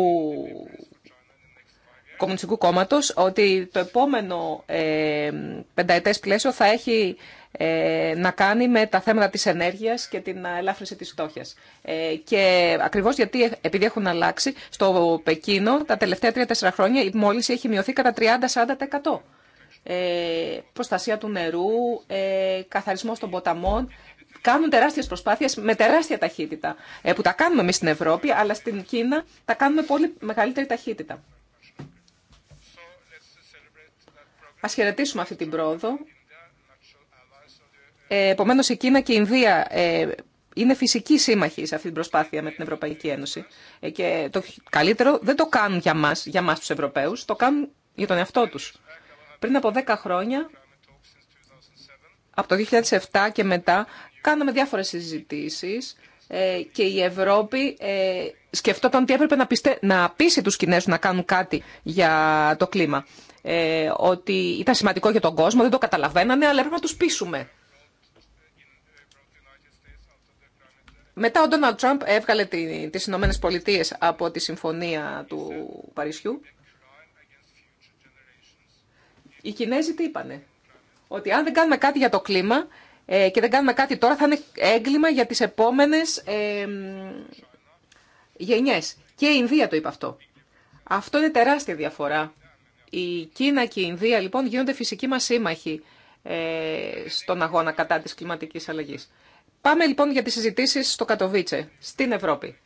Κομμουνιστικού Κόμματος ότι το επόμενο ε, πενταετές πλαίσιο θα έχει ε, να κάνει με τα θέματα της ενέργειας και την ελάφρυνση της φτώχειας. Ε, και ακριβώς γιατί επειδή έχουν αλλάξει στο Πεκίνο τα τελευταια τρια 3-4 χρόνια η μολις εχει έχει μειωθεί κατά 30-40%. Ε, προστασία του νερού, ε, καθαρισμός των ποταμών, κάνουν τεράστιες προσπάθειες με τεράστια ταχύτητα, ε, που τα κάνουμε εμείς στην Ευρώπη, αλλά στην Κίνα τα κάνουμε πολύ μεγαλύτερη ταχύτητα. Ας χαιρετήσουμε αυτή την πρόοδο. Ε, επομένως, η Κίνα και η Ινδία ε, είναι φυσικοί σύμμαχοι σε αυτή την προσπάθεια με την Ευρωπαϊκή Ένωση. Ε, και το καλύτερο δεν το κάνουν για μας, για μας τους Ευρωπαίους, το κάνουν για τον εαυτό τους. Πριν από 10 χρόνια, από το 2007 και μετά, κάναμε διάφορες συζητήσεις ε, και η Ευρώπη ε, σκεφτόταν ότι έπρεπε να, πιστε... να πείσει τους Κινέζους να κάνουν κάτι για το κλίμα. Ε, ότι ήταν σημαντικό για τον κόσμο, δεν το καταλαβαίνανε, αλλά έπρεπε να τους πείσουμε. Μετά ο Ντόναλτ Τραμπ έβγαλε τις Ηνωμένε Πολιτείες από τη συμφωνία του Παρισιού. Οι Κινέζοι τι είπανε. Ότι αν δεν κάνουμε κάτι για το κλίμα ε, και δεν κάνουμε κάτι τώρα θα είναι έγκλημα για τις επόμενες ε, γενιές. Και η Ινδία το είπε αυτό. Αυτό είναι τεράστια διαφορά η Κίνα και η Ινδία λοιπόν γίνονται φυσικοί μας σύμμαχοι ε, στον αγώνα κατά της κλιματικής αλλαγής. Πάμε λοιπόν για τις συζητήσεις στο Κατοβίτσε, στην Ευρώπη.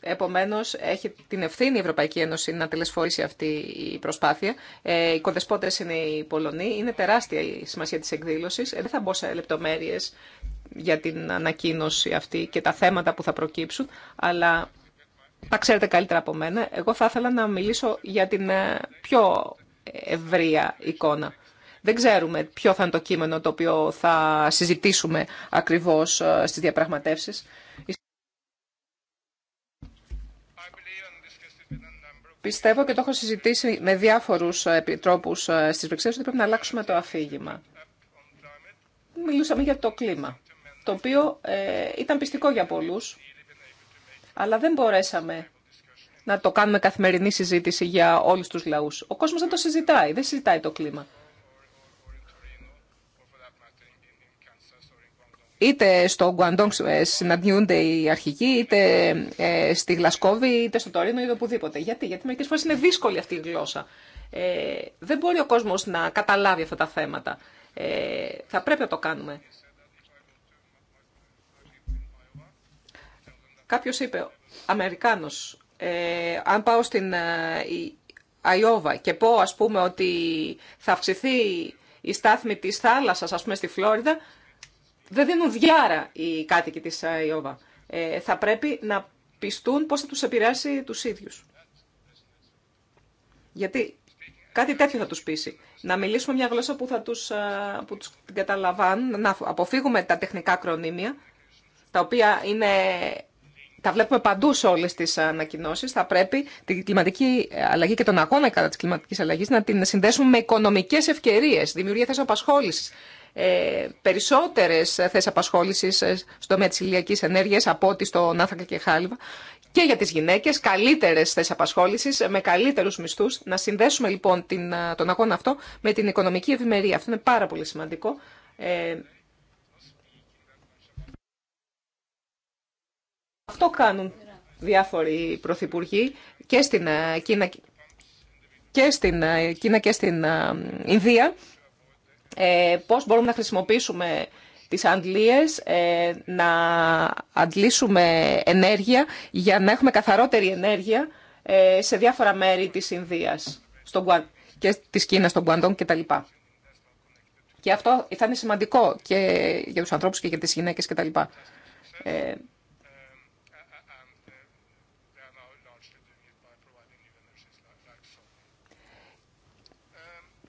Επομένω, έχει την ευθύνη η Ευρωπαϊκή Ένωση να τελεσφορήσει αυτή η προσπάθεια. Ε, οι κοδεσπότε είναι οι Πολωνοί. Είναι τεράστια η σημασία τη εκδήλωση. Ε, δεν θα μπω σε λεπτομέρειε για την ανακοίνωση αυτή και τα θέματα που θα προκύψουν, αλλά τα ξέρετε καλύτερα από μένα. Εγώ θα ήθελα να μιλήσω για την ε, πιο ευρεία εικόνα. Δεν ξέρουμε ποιο θα είναι το κείμενο το οποίο θα συζητήσουμε ακριβώς ε, στις διαπραγματεύσεις. Πιστεύω και το έχω συζητήσει με διάφορους ε, επιτρόπους στις Βρυξέλλες ότι πρέπει να αλλάξουμε το αφήγημα. Μιλούσαμε για το κλίμα, το οποίο ήταν πιστικό για πολλούς αλλά δεν μπορέσαμε να το κάνουμε καθημερινή συζήτηση για όλους τους λαούς. Ο κόσμος δεν το συζητάει, δεν συζητάει το κλίμα. Είτε στο Γκουαντόγκ ε, συναντιούνται οι αρχηγοί, είτε ε, στη Γλασκόβη, είτε στο Τωρίνο, είτε οπουδήποτε. Γιατί, γιατί μερικέ φορέ είναι δύσκολη αυτή η γλώσσα. Ε, δεν μπορεί ο κόσμο να καταλάβει αυτά τα θέματα. Ε, θα πρέπει να το κάνουμε. Κάποιο είπε, Αμερικάνος, ε, αν πάω στην Αϊόβα ε, και πω ας πούμε ότι θα αυξηθεί η στάθμη της θάλασσας α πούμε στη Φλόριδα, δεν δίνουν διάρα οι κάτοικοι της Αϊόβα. Ε, θα πρέπει να πιστούν πώς θα τους επηρεάσει τους ίδιους. Γιατί κάτι τέτοιο θα τους πείσει. Να μιλήσουμε μια γλώσσα που θα τους, ε, που τους να αποφύγουμε τα τεχνικά κρονίμια, τα οποία είναι τα βλέπουμε παντού σε όλε τι ανακοινώσει. θα πρέπει την κλιματική αλλαγή και τον αγώνα κατά τη κλιματική αλλαγή να την συνδέσουμε με οικονομικέ ευκαιρίε, δημιουργία θέσεων απασχόληση. ε, περισσότερες θέσεις απασχόλησης ε, στο τομέα τη ηλιακή ενέργεια, από ό,τι στον Νάθακα και χάλιβα και για τι γυναίκε, καλύτερε θέσει απασχόληση, με καλύτερου μισθού, Να συνδέσουμε λοιπόν την, τον αγώνα αυτό με την οικονομική ευημερία. Αυτό είναι πάρα πολύ σημαντικό. Ε, Αυτό κάνουν διάφοροι πρωθυπουργοί και στην ε, ε, Κίνα και στην, και ε, στην Ινδία. Ε, πώς μπορούμε να χρησιμοποιήσουμε τις αντλίες, να αντλήσουμε ενέργεια για να έχουμε καθαρότερη ενέργεια σε διάφορα μέρη της Ινδίας στον, και της Κίνας, στον τα κτλ. Και αυτό θα είναι σημαντικό και για τους ανθρώπους και για τις γυναίκες κτλ.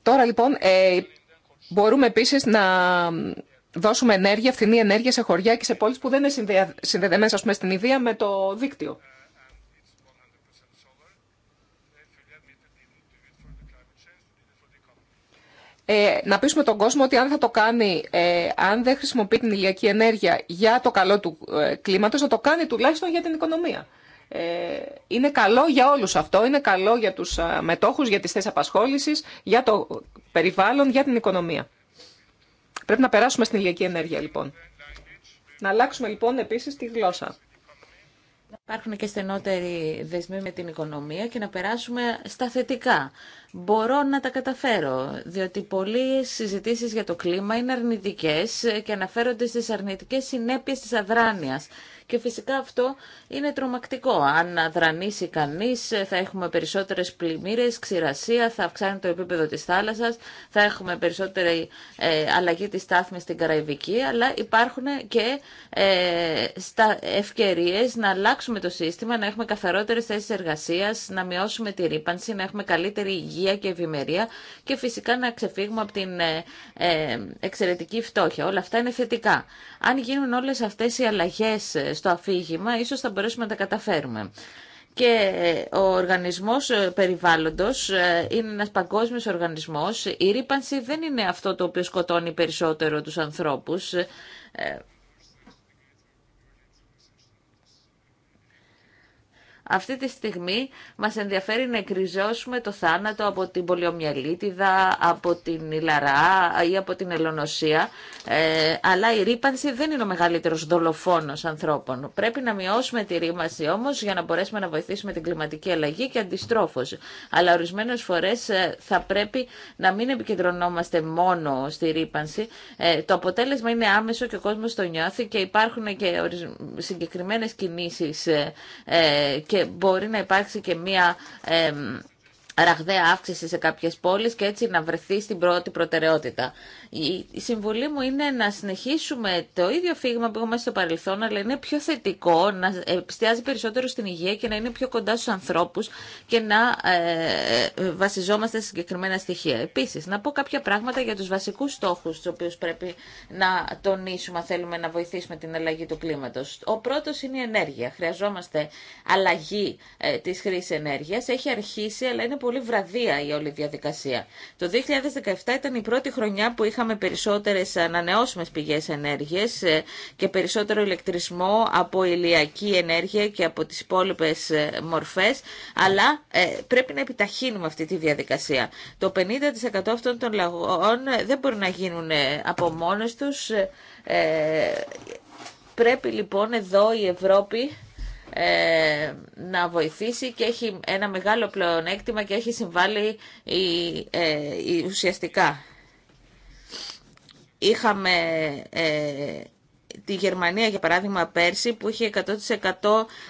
Τώρα λοιπόν ε, μπορούμε επίση να δώσουμε ενέργεια, φθηνή ενέργεια σε χωριά και σε πόλεις που δεν είναι συνδεδεμένες ας πούμε, στην ιδέα με το δίκτυο. Ε, να πείσουμε τον κόσμο ότι αν θα το κάνει, ε, αν δεν χρησιμοποιεί την ηλιακή ενέργεια για το καλό του ε, κλίματος, να το κάνει τουλάχιστον για την οικονομία. Ε, είναι καλό για όλους αυτό, είναι καλό για τους ε, μετόχους, για τις θέσεις απασχόλησης, για το περιβάλλον, για την οικονομία. Πρέπει να περάσουμε στην ηλιακή ενέργεια λοιπόν. Να αλλάξουμε λοιπόν επίσης τη γλώσσα. Να υπάρχουν και στενότεροι δεσμοί με την οικονομία και να περάσουμε στα θετικά. Μπορώ να τα καταφέρω, διότι πολλοί συζητήσεις για το κλίμα είναι αρνητικές και αναφέρονται στις αρνητικές συνέπειες της αδράνειας. Και φυσικά αυτό είναι τρομακτικό. Αν αδρανήσει κανεί, θα έχουμε περισσότερε πλημμύρε, ξηρασία, θα αυξάνει το επίπεδο τη θάλασσα, θα έχουμε περισσότερη ε, αλλαγή τη στάθμη στην Καραϊβική, αλλά υπάρχουν και ευκαιρίε ευκαιρίες να αλλάξουμε το σύστημα, να έχουμε καθαρότερες θέσει εργασία, να μειώσουμε τη ρήπανση, να έχουμε καλύτερη υγεία και ευημερία και φυσικά να ξεφύγουμε από την ε, ε, εξαιρετική φτώχεια. Όλα αυτά είναι θετικά. Αν γίνουν όλε αυτέ οι αλλαγέ στο αφήγημα, ίσως θα μπορέσουμε να τα καταφέρουμε. Και ε, ο οργανισμός ε, περιβάλλοντος ε, είναι ένας παγκόσμιος οργανισμός. Η ρήπανση δεν είναι αυτό το οποίο σκοτώνει περισσότερο τους ανθρώπους. Αυτή τη στιγμή μας ενδιαφέρει να εκριζώσουμε το θάνατο από την πολιομιαλίτιδα, από την ηλαρά ή από την ελονοσία, ε, αλλά η απο την ελονοσια αλλα η ρηπανση δεν είναι ο μεγαλύτερος δολοφόνος ανθρώπων. Πρέπει να μειώσουμε τη ρήμαση όμως για να μπορέσουμε να βοηθήσουμε την κλιματική αλλαγή και αντιστρόφως. Αλλά ορισμένες φορές ε, θα πρέπει να μην επικεντρωνόμαστε μόνο στη ρήπανση. Ε, το αποτέλεσμα είναι άμεσο και ο κόσμος το νιώθει και υπάρχουν και συγκεκριμένες κινήσεις ε, ε και και μπορεί να υπάρξει και μία ε, ραγδαία αύξηση σε κάποιες πόλεις και έτσι να βρεθεί στην πρώτη προτεραιότητα. Η συμβουλή μου είναι να συνεχίσουμε το ίδιο φύγμα που έχουμε στο παρελθόν, αλλά είναι πιο θετικό, να πιστιάζει περισσότερο στην υγεία και να είναι πιο κοντά στους ανθρώπους και να ε, ε, βασιζόμαστε σε συγκεκριμένα στοιχεία. Επίσης, να πω κάποια πράγματα για τους βασικούς στόχους, τους οποίους πρέπει να τονίσουμε, θέλουμε να βοηθήσουμε την αλλαγή του κλίματος. Ο πρώτος είναι η ενέργεια. Χρειαζόμαστε αλλαγή ε, της χρήσης ενέργειας. Έχει αρχίσει, αλλά είναι πολύ βραδία η όλη διαδικασία. Το 2017 ήταν η πρώτη χρονιά που είχα είχαμε περισσότερες ανανεώσιμες πηγές ενέργειας ε, και περισσότερο ηλεκτρισμό από ηλιακή ενέργεια και από τις υπόλοιπε ε, μορφές, αλλά ε, πρέπει να επιταχύνουμε αυτή τη διαδικασία. Το 50% αυτών των λαγών δεν μπορούν να γίνουν από μόνες τους. Πρέπει λοιπόν εδώ η Ευρώπη να βοηθήσει και έχει ένα μεγάλο πλεονέκτημα και έχει συμβάλει ουσιαστικά είχαμε ε, τη Γερμανία, για παράδειγμα, πέρσι, που είχε 100%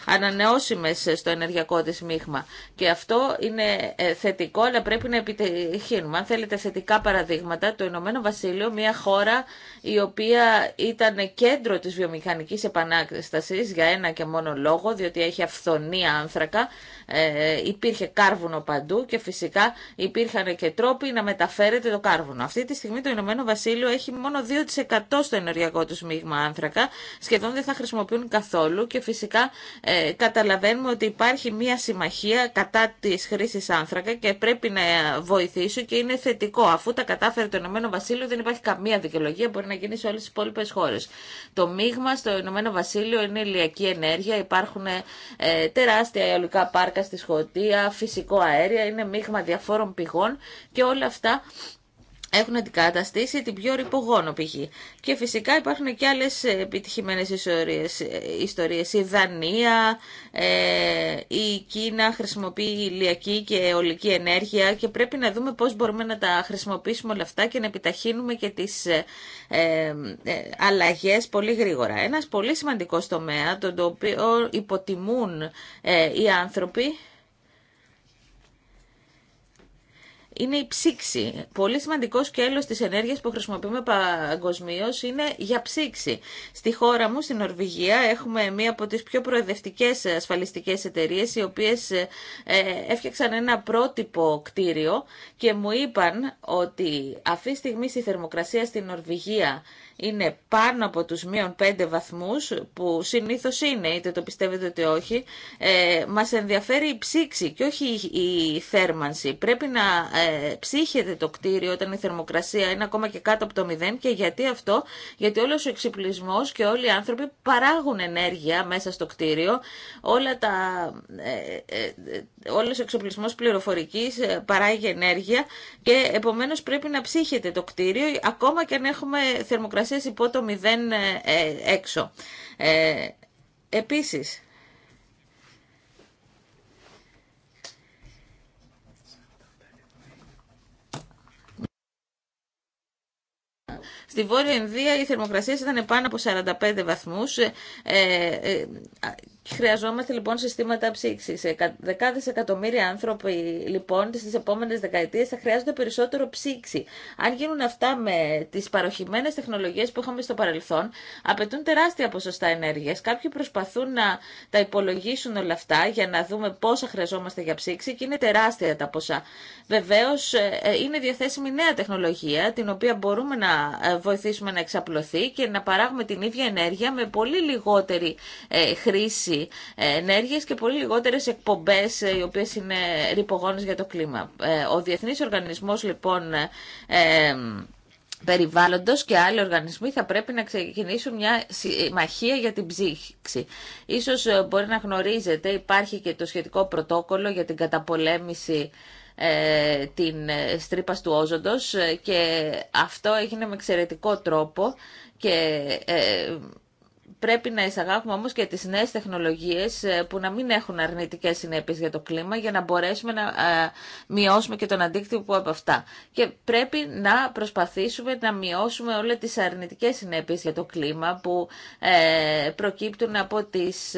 ανανεώσιμες στο ενεργειακό της μείγμα. Και αυτό είναι ε, θετικό, αλλά πρέπει να επιτυχύνουμε. Αν θέλετε θετικά παραδείγματα, το Ηνωμένο Βασίλειο, μια χώρα η οποία ήταν κέντρο της βιομηχανικής επανάστασης για ένα και μόνο λόγο, διότι έχει αυθονία άνθρακα, ε, υπήρχε κάρβουνο παντού και φυσικά υπήρχαν και τρόποι να μεταφέρεται το κάρβουνο. Αυτή τη στιγμή το Ηνωμένο Βασίλειο έχει μόνο 2% στο ενεργειακό του μείγμα άνθρακα άνθρακα σχεδόν δεν θα χρησιμοποιούν καθόλου και φυσικά ε, καταλαβαίνουμε ότι υπάρχει μια συμμαχία κατά τη χρήση άνθρακα και πρέπει να βοηθήσουν και είναι θετικό. Αφού τα κατάφερε το Ηνωμένο Βασίλειο δεν υπάρχει καμία δικαιολογία, μπορεί να γίνει σε όλε τι υπόλοιπε χώρε. Το μείγμα στο Ηνωμένο Βασίλειο είναι ηλιακή ενέργεια, υπάρχουν ε, τεράστια αεολικά πάρκα στη Σκοτία, φυσικό αέριο, είναι μείγμα διαφόρων πηγών και όλα αυτά έχουν αντικαταστήσει την πιο ρηπογόνο πηγή. Και φυσικά υπάρχουν και άλλες ε, επιτυχημένες ε, ιστορίες. Η Δανία, ε, η Κίνα χρησιμοποιεί ηλιακή και ολική ενέργεια και πρέπει να δούμε πώς μπορούμε να τα χρησιμοποιήσουμε όλα αυτά και να επιταχύνουμε και τις αλλαγές πολύ γρήγορα. Ένας πολύ σημαντικό τομέα, τον οποίο υποτιμούν οι άνθρωποι, είναι η ψήξη. Πολύ σημαντικό σκέλος της ενέργειας που χρησιμοποιούμε παγκοσμίω είναι για ψήξη. Στη χώρα μου, στην Νορβηγία, έχουμε μία από τις πιο προεδευτικές ασφαλιστικές εταιρείες, οι οποίες ε, έφτιαξαν ένα πρότυπο κτίριο και μου είπαν ότι αυτή τη στιγμή στη θερμοκρασία στην Νορβηγία είναι πάνω από τους μείον 5 βαθμούς, που συνήθως είναι, είτε το πιστεύετε είτε όχι, ε, μας ενδιαφέρει η ψήξη και όχι η θέρμανση. Πρέπει να ε, το κτίριο όταν η θερμοκρασία είναι ακόμα και κάτω από το 0 και γιατί αυτό, γιατί όλος ο εξυπλισμός και όλοι οι άνθρωποι παράγουν ενέργεια μέσα στο κτίριο, όλα τα, ε, ε, ε όλος ο εξοπλισμός πληροφορικής ε, παράγει ενέργεια και επομένως πρέπει να ψύχεται το κτίριο ακόμα και αν έχουμε θερμοκρασία θερμοκρασίες υπό το 0 ε, ε, έξω. Ε, επίσης, Στη Βόρεια Ινδία οι θερμοκρασίες ήταν πάνω από 45 βαθμούς ε, Χρειαζόμαστε λοιπόν συστήματα ψήξη. Ε, Δεκάδε εκατομμύρια άνθρωποι λοιπόν στι επόμενε δεκαετίε θα χρειάζονται περισσότερο ψήξη. Αν γίνουν αυτά με τι παροχημένε τεχνολογίε που είχαμε στο παρελθόν, απαιτούν τεράστια ποσοστά ενέργεια. Κάποιοι προσπαθούν να τα υπολογίσουν όλα αυτά για να δούμε πόσα χρειαζόμαστε για ψήξη και είναι τεράστια τα ποσά. Βεβαίω ε, ε, είναι διαθέσιμη νέα τεχνολογία την οποία μπορούμε να βοηθήσουμε να εξαπλωθεί και να παράγουμε την ίδια ενέργεια με πολύ λιγότερη χρήση ε, ενέργειες και πολύ λιγότερες εκπομπές ε, οι οποίες είναι ρηπογόνες για το κλίμα. Ε, ο Διεθνής Οργανισμός λοιπόν περιβάλλοντος και άλλοι οργανισμοί θα πρέπει να ξεκινήσουν μια μαχία για την ψήξη. Ίσως μπορεί να γνωρίζετε, υπάρχει και το σχετικό πρωτόκολλο για την καταπολέμηση την στρίπα του όζοντος και αυτό έγινε με εξαιρετικό τρόπο και πρέπει να εισαγάγουμε όμως και τις νέες τεχνολογίες ε, που να μην έχουν αρνητικές συνέπειες για το κλίμα για να μπορέσουμε να ε, μειώσουμε και τον αντίκτυπο από αυτά. Και πρέπει να προσπαθήσουμε να μειώσουμε όλες τις αρνητικές συνέπειες για το κλίμα που ε, προκύπτουν από τις,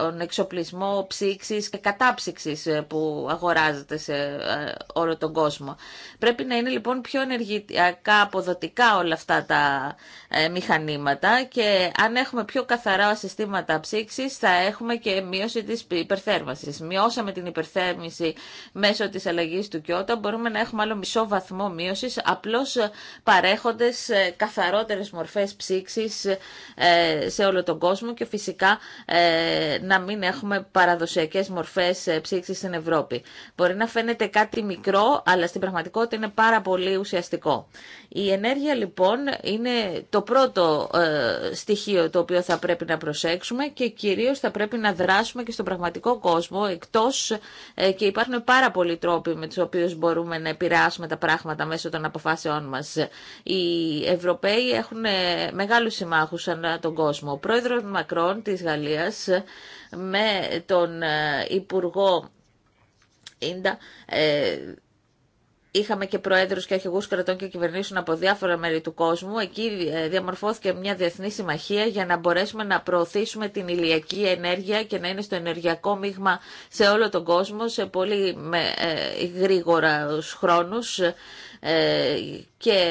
τον εξοπλισμό ψήξης και κατάψυξης που αγοράζεται σε όλο τον κόσμο. Πρέπει να είναι λοιπόν πιο ενεργητικά αποδοτικά όλα αυτά τα μηχανήματα και αν έχουμε πιο καθαρά συστήματα ψήξη, θα έχουμε και μείωση της υπερθέρμανση. Μειώσαμε την υπερθέρμηση μέσω της αλλαγή του Κιώτα. Μπορούμε να έχουμε άλλο μισό βαθμό μείωση, απλώς παρέχοντα ε, καθαρότερες μορφές ψήξη ε, σε όλο τον κόσμο και φυσικά ε, να μην έχουμε παραδοσιακές μορφές ψήξη στην Ευρώπη. Μπορεί να φαίνεται κάτι μικρό, αλλά στην πραγματικότητα είναι πάρα πολύ ουσιαστικό. Η ενέργεια λοιπόν είναι το πρώτο στοιχείο το οποίο θα πρέπει να προσέξουμε και κυρίως θα πρέπει να δράσουμε και στον πραγματικό κόσμο εκτός ε, και υπάρχουν πάρα πολλοί τρόποι με τους οποίους μπορούμε να επηρεάσουμε τα πράγματα μέσω των αποφάσεών μας. Οι Ευρωπαίοι έχουν ε, μεγάλους συμμάχους ανά τον κόσμο. Ο πρόεδρος Μακρόν της Γαλλίας με τον ε, Υπουργό Ίντα είχαμε και προέδρου και αρχηγού κρατών και κυβερνήσεων από διάφορα μέρη του κόσμου. Εκεί ε, διαμορφώθηκε μια διεθνή συμμαχία για να μπορέσουμε να προωθήσουμε την ηλιακή ενέργεια και να είναι στο ενεργειακό μείγμα σε όλο τον κόσμο σε πολύ ε, γρήγορα χρόνους ε, και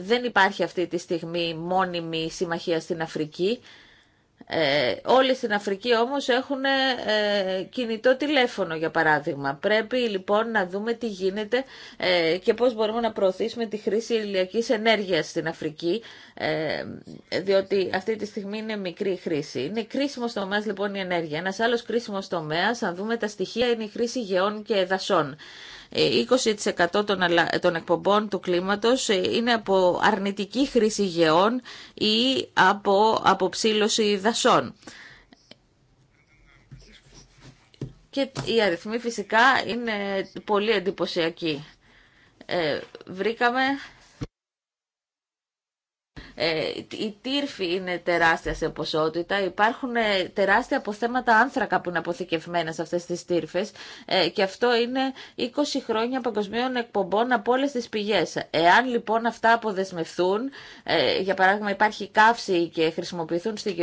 δεν υπάρχει αυτή τη στιγμή μόνιμη συμμαχία στην Αφρική. Ε, όλοι στην Αφρική όμως έχουν ε, κινητό τηλέφωνο για παράδειγμα. Πρέπει λοιπόν να δούμε τι γίνεται ε, και πώς μπορούμε να προωθήσουμε τη χρήση ηλιακής ενέργειας στην Αφρική ε, διότι αυτή τη στιγμή είναι μικρή η χρήση. Είναι κρίσιμο τομέα λοιπόν η ενέργεια. Ένας άλλος κρίσιμος τομέας, αν δούμε τα στοιχεία, είναι η χρήση γεών και δασών. 20% ε, των εκπομπών του κλίματος ε, είναι από αρνητική χρήση γεών ή από αποψήλωση δασών. Και οι αριθμοί φυσικά είναι πολύ εντυπωσιακοί. Ε, βρήκαμε ε, η τύρφη είναι τεράστια σε ποσότητα, υπάρχουν ε, τεράστια αποθέματα άνθρακα που είναι αποθηκευμένα σε αυτές τις τύρφες ε, και αυτό είναι 20 χρόνια παγκοσμίων εκπομπών από όλες τις πηγές. Εάν λοιπόν αυτά αποδεσμευθούν, για παράδειγμα υπάρχει καύση και χρησιμοποιηθούν στη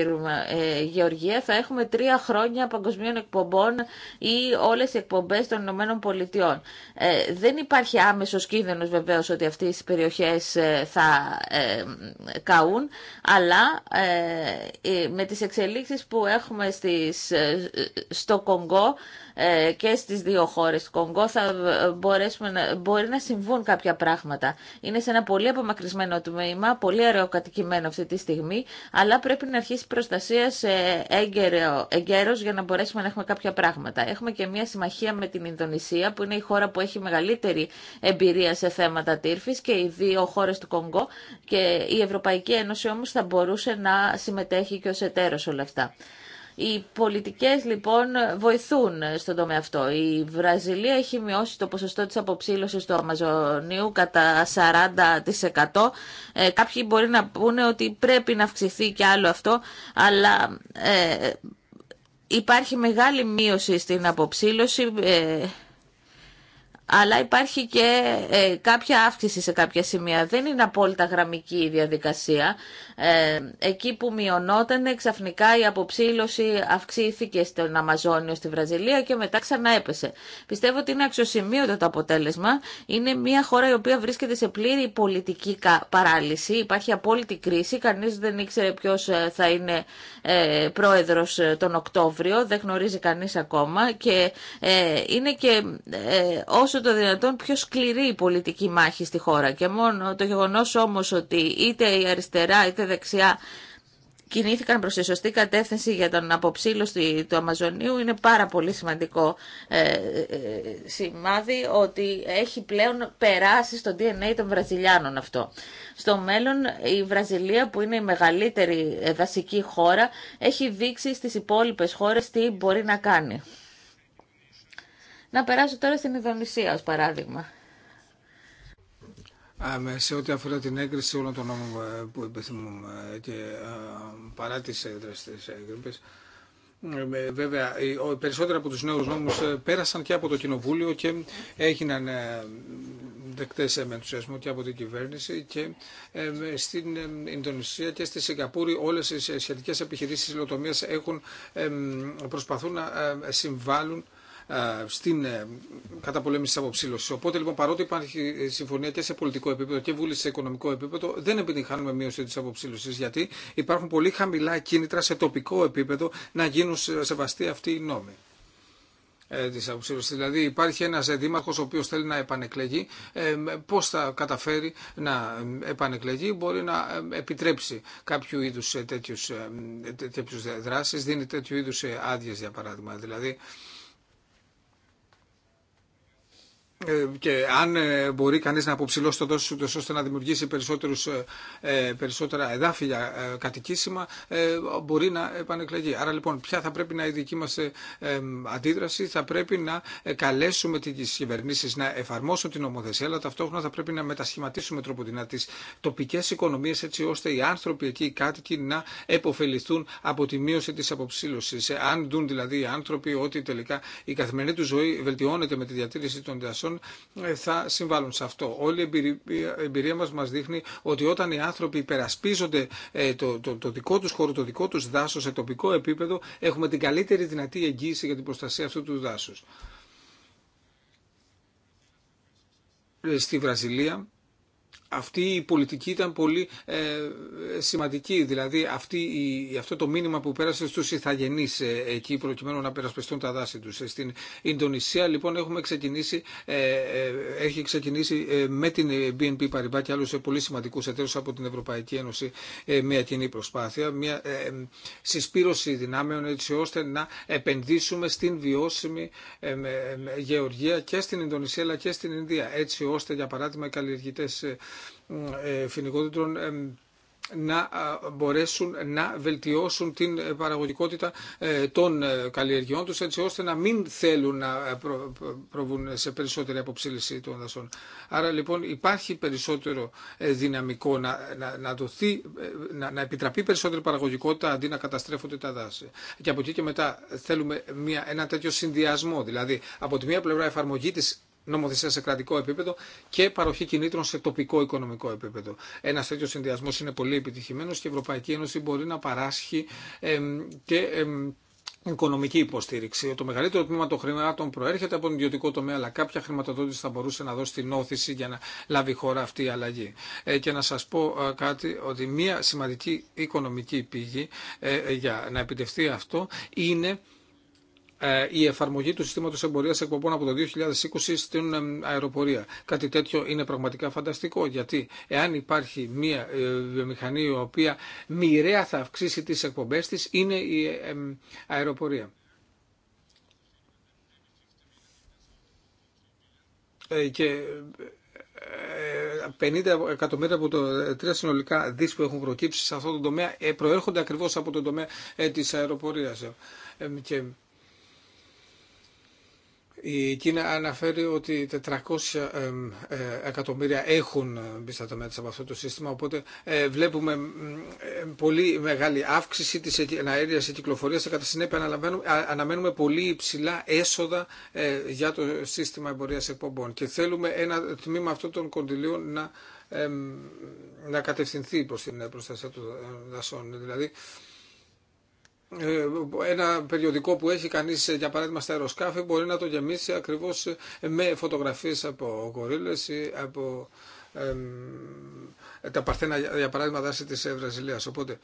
Γεωργία, θα έχουμε τρία χρόνια παγκοσμίων εκπομπών ή όλες οι εκπομπές των Ηνωμένων Πολιτειών. Δεν υπάρχει άμεσος κίνδυνος βεβαίως ότι αυτές οι περιοχές θα καούν, αλλά ε, ε, με τις εξελίξεις που έχουμε ε, στο Κονγκό ε, και στις δύο χώρες του Κονγκό θα ε, μπορέσουμε να, μπορεί να συμβούν κάποια πράγματα. Είναι σε ένα πολύ απομακρυσμένο τμήμα, πολύ κατοικημένο αυτή τη στιγμή, αλλά πρέπει να αρχίσει προστασία σε έγκαιρο, εγκαίρος για να μπορέσουμε να έχουμε κάποια πράγματα. Έχουμε και μια συμμαχία με την Ινδονησία που είναι η χώρα που έχει μεγαλύτερη εμπειρία σε θέματα τύρφης και οι δύο χώρες του Κονγκό και η Ευρωπαϊκή Ένωση όμως θα μπορούσε να συμμετέχει και ως εταίρος όλα αυτά. Οι πολιτικές λοιπόν βοηθούν στον τομέα αυτό. Η Βραζιλία έχει μειώσει το ποσοστό της αποψήλωσης του Αμαζονίου κατά 40%. Ε, κάποιοι μπορεί να πούνε ότι πρέπει να αυξηθεί και άλλο αυτό, αλλά ε, υπάρχει μεγάλη μείωση στην αποψήλωση. Ε, αλλά υπάρχει και ε, κάποια αύξηση σε κάποια σημεία. Δεν είναι απόλυτα γραμμική η διαδικασία. Ε, εκεί που μειωνόταν, ξαφνικά η αποψήλωση αυξήθηκε στον Αμαζόνιο, στη Βραζιλία και μετά ξαναέπεσε. Πιστεύω ότι είναι αξιοσημείωτο το αποτέλεσμα. Είναι μια χώρα η οποία βρίσκεται σε πλήρη πολιτική παράλυση. Υπάρχει απόλυτη κρίση. Κανεί δεν ήξερε ποιο ε, θα είναι ε, πρόεδρο τον Οκτώβριο. Δεν γνωρίζει κανεί ακόμα. Και είναι και όσο το δυνατόν πιο σκληρή η πολιτική μάχη στη χώρα. Και μόνο το γεγονός όμως ότι είτε η αριστερά είτε η δεξιά κινήθηκαν προς τη σωστή κατεύθυνση για τον αποψήλωση του Αμαζονίου είναι πάρα πολύ σημαντικό ε, ε, σημάδι ότι έχει πλέον περάσει στο DNA των Βραζιλιάνων αυτό. Στο μέλλον η Βραζιλία που είναι η μεγαλύτερη ε, δασική χώρα έχει δείξει στις υπόλοιπες χώρες τι μπορεί να κάνει. Να περάσω τώρα στην Ινδονησία ως παράδειγμα. Σε ό,τι αφορά την έγκριση όλων των νόμων ε, που επιθυμούμε και ε, παρά τις δραστές έγκριπες ε, Βέβαια, οι από τους νέους νόμους πέρασαν και από το Κοινοβούλιο και έγιναν δεκτές με ενθουσιασμό και από την κυβέρνηση και στην Ινδονησία και στη Σιγκαπούρη όλες οι σχετικές επιχειρήσεις υλοτομίας έχουν, προσπαθούν να συμβάλλουν ε, στην ε, καταπολέμηση τη αποψήλωση. Οπότε λοιπόν παρότι υπάρχει ε, συμφωνία και σε πολιτικό επίπεδο και βούληση σε οικονομικό επίπεδο, δεν επιτυχάνουμε μείωση τη αποψήλωση γιατί υπάρχουν πολύ χαμηλά κίνητρα σε τοπικό επίπεδο να γίνουν σεβαστοί αυτοί οι νόμοι της αποψήλωσης. Δηλαδή υπάρχει ένας δήμαρχος ο οποίος θέλει να επανεκλεγεί. Ε, πώς θα καταφέρει να επανεκλεγεί. Μπορεί να επιτρέψει κάποιο είδους τέτοιους, τέτοιους δράσεις. Δίνει τέτοιου είδους άδειες για παράδειγμα. Δηλαδή Ε, και αν ε, μπορεί κανείς να αποψηλώσει το δόση ώστε να δημιουργήσει περισσότερους, ε, περισσότερα εδάφια κατοικήσιμα μπορεί να επανεκλεγεί. Άρα λοιπόν ποια θα πρέπει να είναι η δική μας αντίδραση θα πρέπει να καλέσουμε τις κυβερνήσεις να εφαρμόσουν την νομοθεσία αλλά ταυτόχρονα θα πρέπει να μετασχηματίσουμε δυνατή τις τοπικές οικονομίες έτσι ώστε οι άνθρωποι εκεί οι κάτοικοι να επωφεληθούν από τη μείωση της αποψήλωσης. Αν δουν δηλαδή οι άνθρωποι ότι τελικά η καθημερινή του ζωή βελτιώνεται με τη διατήρηση των δασών ε, θα συμβάλλουν σε αυτό. Όλη η εμπειρία μας μας δείχνει ότι όταν οι άνθρωποι υπερασπίζονται ε, το, το, το δικό τους χώρο, το δικό τους δάσος σε τοπικό επίπεδο, έχουμε την καλύτερη δυνατή εγγύηση για την προστασία αυτού του δάσους. Ε, στη Βραζιλία αυτή η πολιτική ήταν πολύ ε, σημαντική. Δηλαδή αυτή η, αυτό το μήνυμα που πέρασε στους Ιθαγενείς ε, εκεί προκειμένου να περασπιστούν τα δάση τους. Ε, στην Ινδονησία λοιπόν έχουμε ξεκινήσει, ε, έχει ξεκινήσει με την BNP Παριμπά και άλλους πολύ σημαντικούς εταίρους από την Ευρωπαϊκή Ένωση μια κοινή προσπάθεια, μια συσπήρωση δυνάμεων έτσι ώστε να επενδύσουμε στην βιώσιμη γεωργία και στην Ινδονησία αλλά και στην Ινδία έτσι ώστε για παράδειγμα οι καλλιεργητές ε, φοινικότητων ε, να μπορέσουν να βελτιώσουν την ε, παραγωγικότητα των καλλιεργειών τους έτσι ώστε να μην θέλουν να προβούν σε περισσότερη αποψήλυση των δασών. Άρα λοιπόν υπάρχει περισσότερο δυναμικό να, να, να, δοθεί, να, να επιτραπεί περισσότερη παραγωγικότητα αντί να καταστρέφονται τα δάση. Και από εκεί και μετά θέλουμε μια, ένα τέτοιο συνδυασμό. Δηλαδή από τη μία πλευρά εφαρμογή της νομοθεσία σε κρατικό επίπεδο και παροχή κινήτρων σε τοπικό οικονομικό επίπεδο. Ένα τέτοιο συνδυασμό είναι πολύ επιτυχημένο και η Ευρωπαϊκή Ένωση μπορεί να παράσχει και οικονομική υποστήριξη. Το μεγαλύτερο τμήμα των χρημάτων προέρχεται από τον ιδιωτικό τομέα, αλλά κάποια χρηματοδότηση θα μπορούσε να δώσει την όθηση για να λάβει χώρα αυτή η αλλαγή. Ε, και να σα πω ε, κάτι, ότι μία σημαντική οικονομική πηγή ε, για να επιτευχθεί αυτό είναι ε, η εφαρμογή του συστήματος εμπορία εκπομπών από το 2020 στην αεροπορία. Κάτι τέτοιο είναι πραγματικά φανταστικό γιατί εάν υπάρχει μία ε, βιομηχανία η οποία μοιραία θα αυξήσει τις εκπομπές της είναι η αεροπορία. Ε, και 50 εκατομμύρια από το τρία συνολικά δις που έχουν προκύψει σε αυτό το τομέα προέρχονται ακριβώς από το τομέα της αεροπορίας. Και η Κίνα αναφέρει ότι 400 ε, εκατομμύρια έχουν μπει στα από αυτό το σύστημα, οπότε ε, βλέπουμε ε, πολύ μεγάλη αύξηση της αέριας κυκλοφορίας και κατά συνέπεια αναμένουμε πολύ υψηλά έσοδα για το σύστημα εμπορίας εκπομπών και θέλουμε ένα τμήμα αυτών των κοντιλίων να, να κατευθυνθεί προς την προστασία των δασών. Δηλαδή, ε, ένα περιοδικό που έχει κανεί, ε, για παράδειγμα στα αεροσκάφη μπορεί να το γεμίσει ακριβώς ε, με φωτογραφίες από κορίλε ή από τα παρθένα για παράδειγμα δάση της Βραζιλία. Οπότε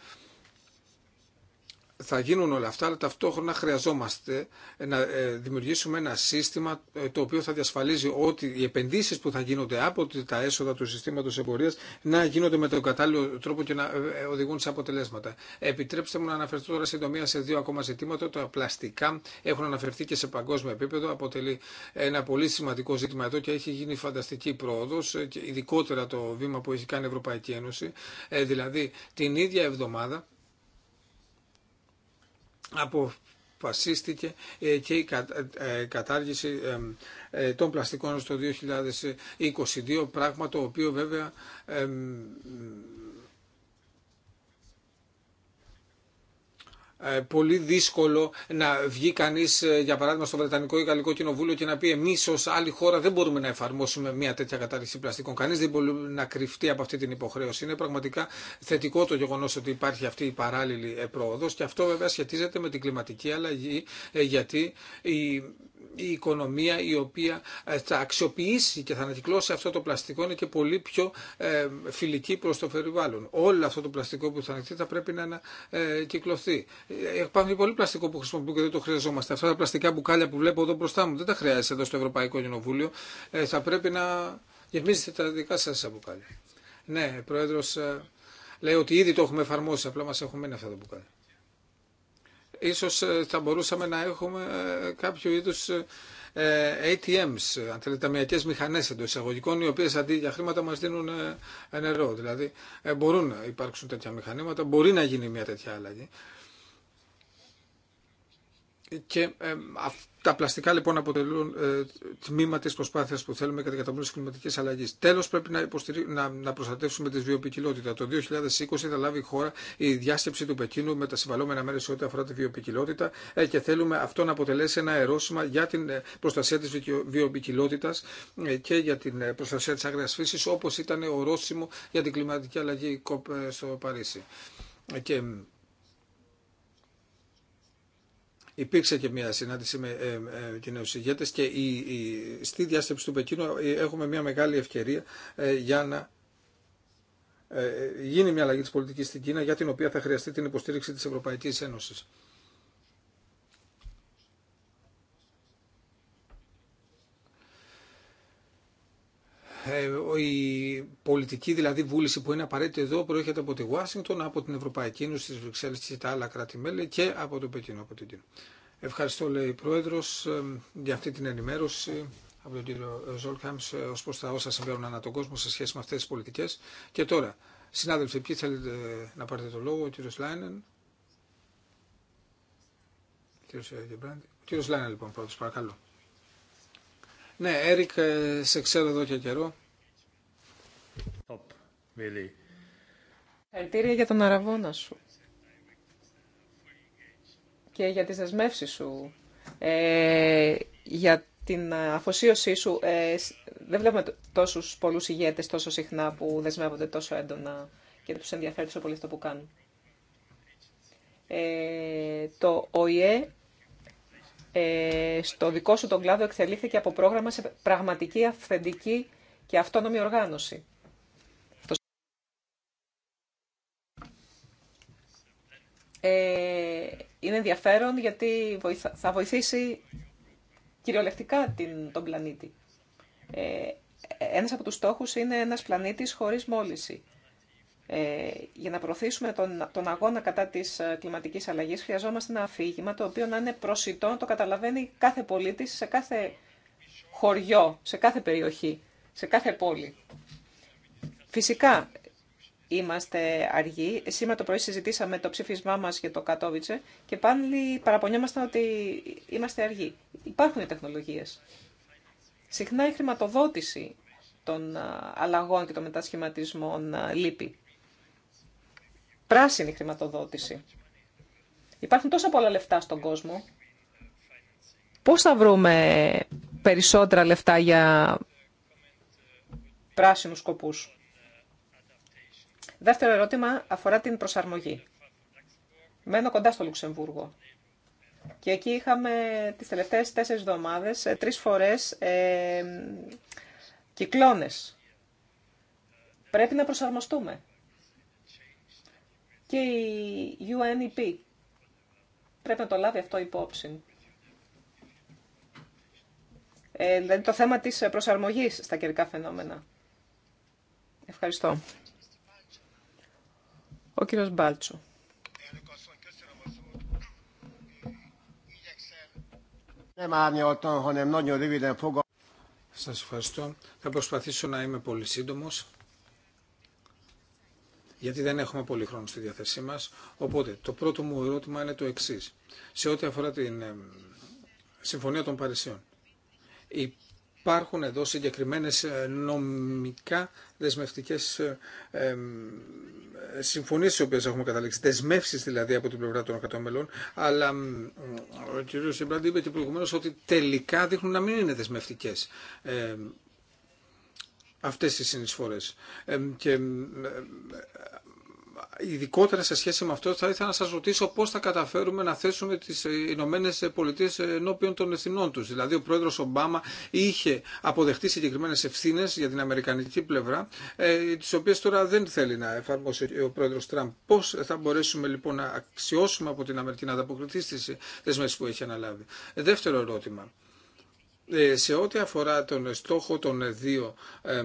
θα γίνουν όλα αυτά, αλλά ταυτόχρονα χρειαζόμαστε να ε, δημιουργήσουμε ένα σύστημα ε, το οποίο θα διασφαλίζει ότι οι επενδύσεις που θα γίνονται από τα έσοδα του συστήματος εμπορίας να γίνονται με τον κατάλληλο τρόπο και να ε, οδηγούν σε αποτελέσματα. Επιτρέψτε μου να αναφερθώ τώρα συντομία σε δύο ακόμα ζητήματα. Τα πλαστικά έχουν αναφερθεί και σε παγκόσμιο επίπεδο. Αποτελεί ένα πολύ σημαντικό ζήτημα εδώ και έχει γίνει φανταστική πρόοδο, ειδικότερα το βήμα που έχει κάνει η Ευρωπαϊκή Ένωση. δηλαδή την ίδια εβδομάδα αποφασίστηκε ε, και η ε, κατάργηση ε, των πλαστικών στο 2022, πράγμα το οποίο βέβαια Ε, πολύ δύσκολο να βγει κανεί, ε, για παράδειγμα, στο Βρετανικό ή Γαλλικό Κοινοβούλιο και να πει εμεί ω άλλη χώρα δεν μπορούμε να εφαρμόσουμε μια τέτοια κατάρριξη πλαστικών. Κανεί δεν μπορεί να κρυφτεί από αυτή την υποχρέωση. Είναι πραγματικά θετικό το γεγονό ότι υπάρχει αυτή η παράλληλη ε, πρόοδο και αυτό βέβαια σχετίζεται με την κλιματική αλλαγή, γιατί η η οικονομία η οποία ε, θα αξιοποιήσει και θα ανακυκλώσει αυτό το πλαστικό είναι και πολύ πιο ε, φιλική προ το περιβάλλον. Όλο αυτό το πλαστικό που θα ανακυκλωθεί θα πρέπει να ανακυκλωθεί. Ε, Υπάρχει πολύ πλαστικό που χρησιμοποιούμε και δεν το χρειαζόμαστε. Αυτά τα πλαστικά μπουκάλια που βλέπω εδώ μπροστά μου δεν τα χρειάζεται εδώ στο Ευρωπαϊκό Κοινοβούλιο. Θα πρέπει να γεμίζετε τα δικά σα μπουκάλια. Ναι, Πρόεδρος λέει ότι ήδη το έχουμε εφαρμόσει, απλά μα έχουν μείνει αυτά τα μπουκάλια ίσως ε, θα μπορούσαμε να έχουμε ε, κάποιο είδους ε, ATMs, αν θέλετε, μηχανές εντό εισαγωγικών, οι οποίες αντί για χρήματα μας δίνουν νερό. Δηλαδή μπορούν να υπάρξουν τέτοια μηχανήματα, μπορεί να γίνει μια τέτοια αλλαγή. Και ε, τα πλαστικά λοιπόν αποτελούν ε, τμήμα τη προσπάθεια που θέλουμε κατά την καταπολέμηση τη κλιματική αλλαγή. Τέλο, πρέπει να, να, να προστατεύσουμε τη βιοπικιλότητα. Το 2020 θα λάβει η χώρα η διάσκεψη του Πεκίνου με τα συμβαλόμενα μέρη σε ό,τι αφορά τη βιοπικιλότητα ε, και θέλουμε αυτό να αποτελέσει ένα ερώσιμα για την προστασία τη βιοπικιλότητα και για την προστασία τη άγρια φύση, όπω ήταν ορόσημο για την κλιματική αλλαγή στο Παρίσι. Και υπήρξε και μια συνάντηση με ε, ε, και η, η, στη διάσκεψη του Πεκίνου ε, έχουμε μια μεγάλη ευκαιρία ε, για να ε, γίνει μια αλλαγή της πολιτικής στην Κίνα για την οποία θα χρειαστεί την υποστήριξη της Ευρωπαϊκής Ένωσης. Ε, η πολιτική δηλαδή βούληση που είναι απαραίτητη εδώ προέρχεται από τη Ουάσιγκτον, από την Ευρωπαϊκή Ένωση, τις Βρυξέλλες και τα άλλα κράτη-μέλη και από το Πεκίνο, από την Ευχαριστώ λέει η Πρόεδρος ε, για αυτή την ενημέρωση από τον κύριο Ζόλκαμς ε, ως προς τα όσα συμβαίνουν ανά τον κόσμο σε σχέση με αυτέ τι πολιτικέ. Και τώρα, συνάδελφοι, ποιοι θέλετε να πάρετε το λόγο, ο κύριο Λάινεν. Ο κύριος Λάινεν λοιπόν πρώτο, παρακαλώ. Ναι, Έρικ, ε, σε ξέρω εδώ και καιρό. Ελτήρια για τον αραβόνα σου και για τις δεσμεύσει σου, ε, για την ε, αφοσίωσή σου. Ε, δεν βλέπουμε τόσους πολλούς ηγέτες τόσο συχνά που δεσμεύονται τόσο έντονα και τους ενδιαφέρει τόσο πολύ αυτό που κάνουν. Ε, το ΟΗΕ ε, στο δικό σου τον κλάδο εξελίχθηκε από πρόγραμμα σε πραγματική, αυθεντική και αυτόνομη οργάνωση. Ε, είναι ενδιαφέρον γιατί θα βοηθήσει κυριολεκτικά την, τον πλανήτη. Ε, ένας από τους στόχους είναι ένας πλανήτης χωρίς μόλυση. Ε, για να προωθήσουμε τον, τον αγώνα κατά της ε, κλιματικής αλλαγής χρειαζόμαστε ένα αφήγημα το οποίο να είναι προσιτό, να το καταλαβαίνει κάθε πολίτης σε κάθε χωριό, σε κάθε περιοχή, σε κάθε πόλη. Φυσικά είμαστε αργοί. Σήμερα το πρωί συζητήσαμε το ψήφισμά μας για το Κατόβιτσε και πάλι παραπονιόμασταν ότι είμαστε αργοί. Υπάρχουν οι τεχνολογίες. Συχνά η χρηματοδότηση των ε, αλλαγών και των μετασχηματισμών λείπει πράσινη χρηματοδότηση. Υπάρχουν τόσα πολλά λεφτά στον κόσμο. Πώς θα βρούμε περισσότερα λεφτά για πράσινους σκοπούς. Δεύτερο ερώτημα αφορά την προσαρμογή. Μένω κοντά στο Λουξεμβούργο. Και εκεί είχαμε τις τελευταίες τέσσερις εβδομάδες ε, τρεις φορές ε, κυκλώνες. Πρέπει να προσαρμοστούμε και η UNEP. Πρέπει να το λάβει αυτό υπόψη. Ε, δηλαδή το θέμα της προσαρμογής στα καιρικά φαινόμενα. Ευχαριστώ. Ο κύριος Μπάλτσου. Σας ευχαριστώ. Θα προσπαθήσω να είμαι πολύ σύντομος γιατί δεν έχουμε πολύ χρόνο στη διάθεσή μας. Οπότε, το πρώτο μου ερώτημα είναι το εξής. Σε ό,τι αφορά την ε, Συμφωνία των Παρισιών, υπάρχουν εδώ συγκεκριμένες ε, νομικά δεσμευτικές ε, συμφωνίες στις οποίες έχουμε καταλήξει, δεσμεύσεις δηλαδή από την πλευρά των 100 μελών, αλλά ο κ. Σιμπράντη είπε και προηγουμένως ότι τελικά δείχνουν να μην είναι δεσμευτικές αυτές τις συνεισφορές. Και ε, ειδικότερα σε σχέση με αυτό θα ήθελα να σας ρωτήσω πώς θα καταφέρουμε να θέσουμε τις Ηνωμένε Πολιτείε ενώπιον των εθνών τους. Δηλαδή ο πρόεδρος Ομπάμα είχε αποδεχτεί συγκεκριμένε ευθύνε για την αμερικανική πλευρά, ε, τις οποίες τώρα δεν θέλει να εφαρμόσει ο πρόεδρος Τραμπ. Πώς θα μπορέσουμε λοιπόν να αξιώσουμε από την Αμερική να ανταποκριθεί στις δεσμεύσεις που έχει αναλάβει. Δεύτερο ερώτημα. Ε, σε ό,τι αφορά τον στόχο των δύο ε,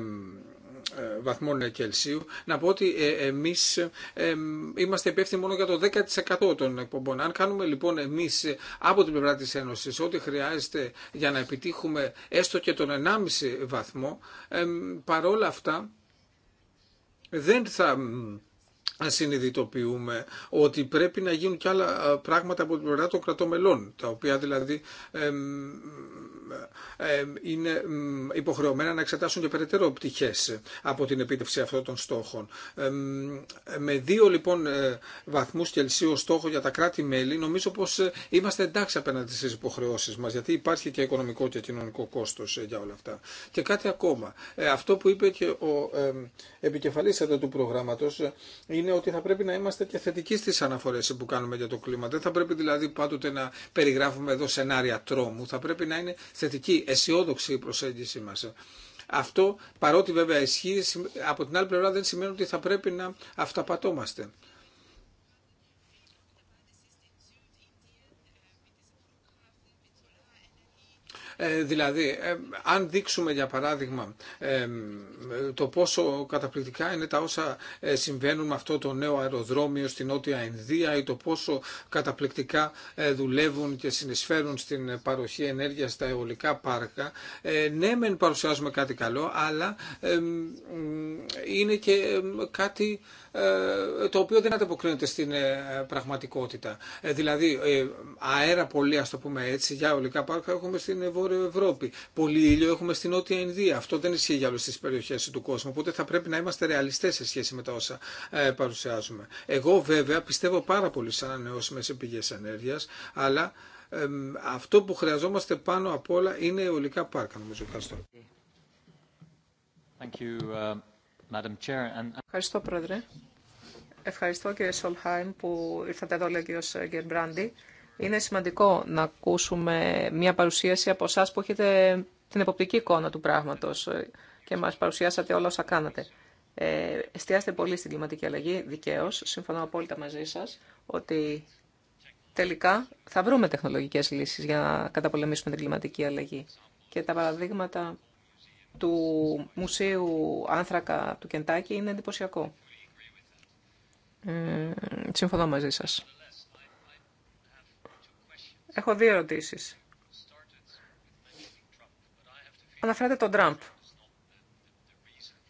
βαθμών Κελσίου, να πω ότι ε, εμείς είμαστε υπεύθυνοι μόνο για το 10% των εκπομπών. Αν κάνουμε λοιπόν εμείς από την πλευρά της Ένωσης ό,τι χρειάζεται για να επιτύχουμε έστω και τον 1,5 βαθμό, παρόλα αυτά δεν θα συνειδητοποιούμε ότι πρέπει να γίνουν και άλλα πράγματα από την πλευρά των κρατών τα οποία δηλαδή ε, ε, είναι υποχρεωμένα να εξετάσουν και περαιτέρω πτυχέ από την επίτευξη αυτών των στόχων. Ε, με δύο λοιπόν βαθμούς Κελσίου στόχο για τα κράτη-μέλη νομίζω πω είμαστε εντάξει απέναντι στι υποχρεώσει μα, γιατί υπάρχει και οικονομικό και κοινωνικό κόστο για όλα αυτά. Και κάτι ακόμα. Αυτό που είπε και ο επικεφαλή εδώ του προγράμματο είναι ότι θα πρέπει να είμαστε και θετικοί στι αναφορέ που κάνουμε για το κλίμα. Δεν θα πρέπει δηλαδή πάντοτε να περιγράφουμε εδώ σενάρια τρόμου. Θα πρέπει να είναι θετική, αισιόδοξη προσέγγιση μας. Αυτό παρότι βέβαια ισχύει από την άλλη πλευρά δεν σημαίνει ότι θα πρέπει να αυταπατώμαστε. Ε, δηλαδή, ε, αν δείξουμε για παράδειγμα ε, το πόσο καταπληκτικά είναι τα όσα συμβαίνουν με αυτό το νέο αεροδρόμιο στην Νότια Ινδία ή το πόσο καταπληκτικά δουλεύουν και συνεισφέρουν στην παροχή ενέργειας στα αεολικά πάρκα, ναι μεν παρουσιάζουμε κάτι καλό, αλλά είναι και κάτι το οποίο δεν ανταποκρίνεται στην πραγματικότητα. Δηλαδή, αέρα πολύ, ας το πούμε έτσι, για ολικά πάρκα έχουμε στην Βόρειο Ευρώπη. Πολύ ήλιο έχουμε στην Νότια Ινδία. Αυτό δεν ισχύει για όλε τι περιοχέ του κόσμου. Οπότε θα πρέπει να είμαστε ρεαλιστέ σε σχέση με τα όσα ε, παρουσιάζουμε. Εγώ βέβαια πιστεύω πάρα πολύ σαν ανανεώσιμε πηγέ ενέργεια, αλλά ε, αυτό που χρειαζόμαστε πάνω απ' όλα είναι αιωλικά πάρκα, νομίζω. Ευχαριστώ. Thank you, uh, Madam Chair. And... Ευχαριστώ, Πρόεδρε. Ευχαριστώ, κύριε Σολχάιν, που ήρθατε εδώ, λέει ο Μπράντι. Είναι σημαντικό να ακούσουμε μια παρουσίαση από εσά που έχετε την εποπτική εικόνα του πράγματος και μας παρουσιάσατε όλα όσα κάνατε. Ε, εστιάστε πολύ στην κλιματική αλλαγή, δικαίω. Συμφωνώ απόλυτα μαζί σας ότι τελικά θα βρούμε τεχνολογικές λύσεις για να καταπολεμήσουμε την κλιματική αλλαγή. Και τα παραδείγματα του Μουσείου Άνθρακα του Κεντάκη είναι εντυπωσιακό. Ε, συμφωνώ μαζί σας. Έχω δύο ερωτήσεις. Αναφέρατε τον Τραμπ.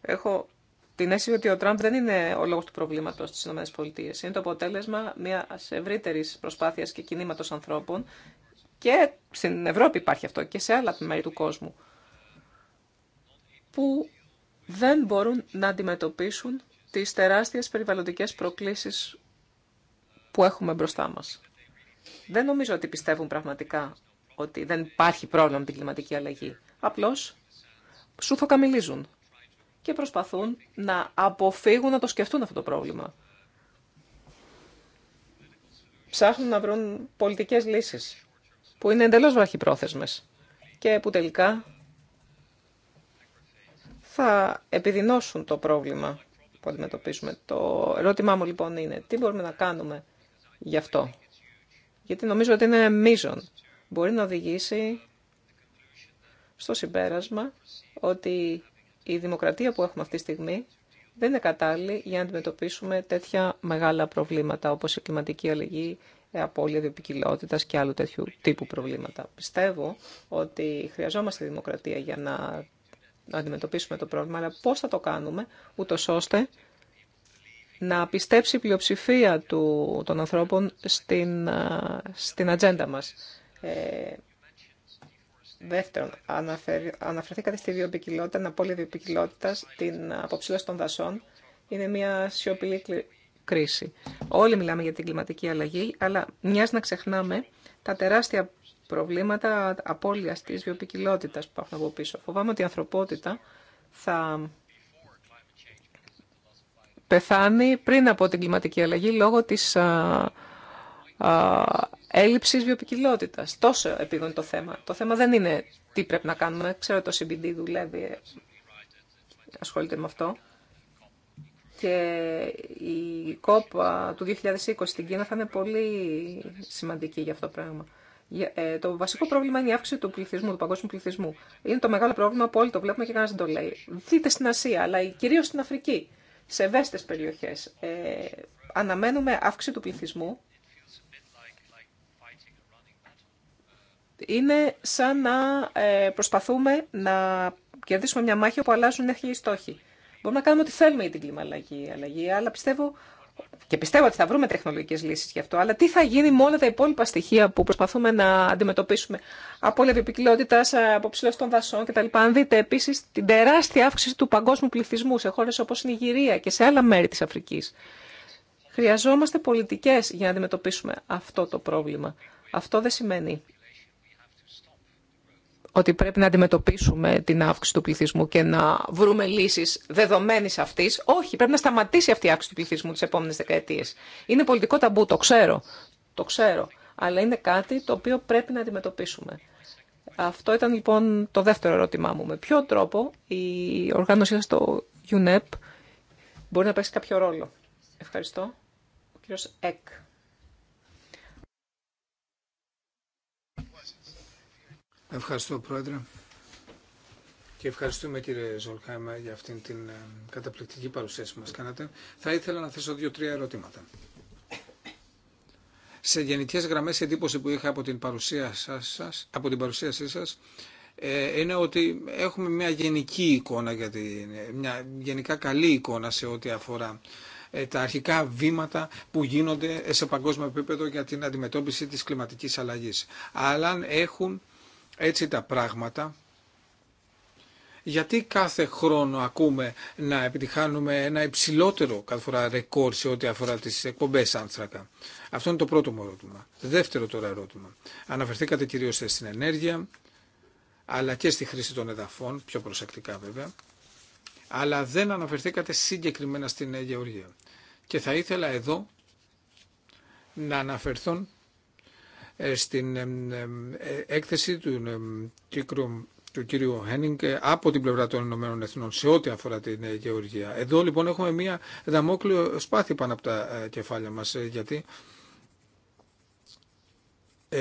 Έχω την αίσθηση ότι ο Τραμπ δεν είναι ο λόγος του προβλήματος στις ΗΠΑ. Είναι το αποτέλεσμα μιας ευρύτερης προσπάθειας και κινήματος ανθρώπων και στην Ευρώπη υπάρχει αυτό και σε άλλα μέρη του κόσμου που δεν μπορούν να αντιμετωπίσουν τις τεράστιες περιβαλλοντικές προκλήσεις που έχουμε μπροστά μας. Δεν νομίζω ότι πιστεύουν πραγματικά ότι δεν υπάρχει πρόβλημα με την κλιματική αλλαγή. Απλώς θοκαμιλίζουν και προσπαθούν να αποφύγουν να το σκεφτούν αυτό το πρόβλημα. Ψάχνουν να βρουν πολιτικές λύσεις που είναι εντελώς βαχυπρόθεσμες και που τελικά θα επιδεινώσουν το πρόβλημα που αντιμετωπίζουμε. Το ερώτημά μου λοιπόν είναι τι μπορούμε να κάνουμε γι' αυτό γιατί νομίζω ότι είναι μείζον. Μπορεί να οδηγήσει στο συμπέρασμα ότι η δημοκρατία που έχουμε αυτή τη στιγμή δεν είναι κατάλληλη για να αντιμετωπίσουμε τέτοια μεγάλα προβλήματα όπως η κλιματική αλλαγή, η απώλεια διοπικιλότητας και άλλου τέτοιου τύπου προβλήματα. Πιστεύω ότι χρειαζόμαστε δημοκρατία για να αντιμετωπίσουμε το πρόβλημα, αλλά πώς θα το κάνουμε ούτω ώστε να πιστέψει η πλειοψηφία του, των ανθρώπων στην, στην ατζέντα μας. Ε, δεύτερον, αναφερθήκατε στη βιοπικιλότητα, την απόλυτη την αποψήλωση των δασών. Είναι μια σιωπηλή κρίση. Όλοι μιλάμε για την κλιματική αλλαγή, αλλά μιας να ξεχνάμε τα τεράστια προβλήματα απώλειας της βιοπικιλότητας που έχουν από πίσω. Φοβάμαι ότι η ανθρωπότητα θα πεθάνει πριν από την κλιματική αλλαγή λόγω της α, α, έλλειψης βιοπικιλότητας. Τόσο επίγον το θέμα. Το θέμα δεν είναι τι πρέπει να κάνουμε. Ξέρω το CBD δουλεύει, ασχολείται με αυτό. Και η κόπα του 2020 στην Κίνα θα είναι πολύ σημαντική για αυτό το πράγμα. Ε, το βασικό πρόβλημα είναι η αύξηση του πληθυσμού, του παγκόσμιου πληθυσμού. Είναι το μεγάλο πρόβλημα που όλοι το βλέπουμε και κανένα δεν το λέει. Δείτε στην Ασία, αλλά κυρίω στην Αφρική σε ευαίσθητες περιοχές. Ε, αναμένουμε αύξηση του πληθυσμού. Είναι σαν να ε, προσπαθούμε να κερδίσουμε μια μάχη όπου αλλάζουν οι στόχοι. Μπορούμε να κάνουμε ό,τι θέλουμε για την κλιμαλλαγή, αλλαγή, αλλά πιστεύω και πιστεύω ότι θα βρούμε τεχνολογικέ λύσει γι' αυτό, αλλά τι θα γίνει με όλα τα υπόλοιπα στοιχεία που προσπαθούμε να αντιμετωπίσουμε. Απόλυτη επικοινότητα, αποψήλωση των δασών κτλ. Αν δείτε επίση την τεράστια αύξηση του παγκόσμιου πληθυσμού σε χώρε όπω η Νιγηρία και σε άλλα μέρη τη Αφρική. Χρειαζόμαστε πολιτικέ για να αντιμετωπίσουμε αυτό το πρόβλημα. Αυτό δεν σημαίνει ότι πρέπει να αντιμετωπίσουμε την αύξηση του πληθυσμού και να βρούμε λύσει δεδομένη αυτή. Όχι, πρέπει να σταματήσει αυτή η αύξηση του πληθυσμού τι επόμενε δεκαετίε. Είναι πολιτικό ταμπού, το ξέρω. Το ξέρω. Αλλά είναι κάτι το οποίο πρέπει να αντιμετωπίσουμε. Αυτό ήταν λοιπόν το δεύτερο ερώτημά μου. Με ποιο τρόπο η οργάνωσή σα, στο UNEP μπορεί να παίξει κάποιο ρόλο. Ευχαριστώ. Ο κύριος Εκ. Ευχαριστώ Πρόεδρε και ευχαριστούμε κύριε Ζολχάιμα για αυτήν την ε, καταπληκτική παρουσίαση που μας κάνατε. Θα ήθελα να θέσω δύο-τρία ερωτήματα. Σε γενικές γραμμές η εντύπωση που είχα από την, παρουσίασή σας, από την παρουσίασή σας ε, είναι ότι έχουμε μια γενική εικόνα, για μια γενικά καλή εικόνα σε ό,τι αφορά ε, τα αρχικά βήματα που γίνονται σε παγκόσμιο επίπεδο για την αντιμετώπιση της κλιματικής αλλαγής. Αλλά έχουν έτσι τα πράγματα, γιατί κάθε χρόνο ακούμε να επιτυχάνουμε ένα υψηλότερο κάθε φορά ρεκόρ σε ό,τι αφορά τις εκπομπές άνθρακα. Αυτό είναι το πρώτο μου ερώτημα. Δεύτερο τώρα ερώτημα. Αναφερθήκατε κυρίως στην ενέργεια, αλλά και στη χρήση των εδαφών, πιο προσεκτικά βέβαια, αλλά δεν αναφερθήκατε συγκεκριμένα στην γεωργία. Και θα ήθελα εδώ να αναφερθούν ε, στην ε, ε, έκθεση του κύκρου του κύριου Χένινγκ από την πλευρά των Ηνωμένων Εθνών σε ό,τι αφορά την γεωργία. Εδώ λοιπόν έχουμε μία δαμόκλειο σπάθη πάνω από τα κεφάλια μας γιατί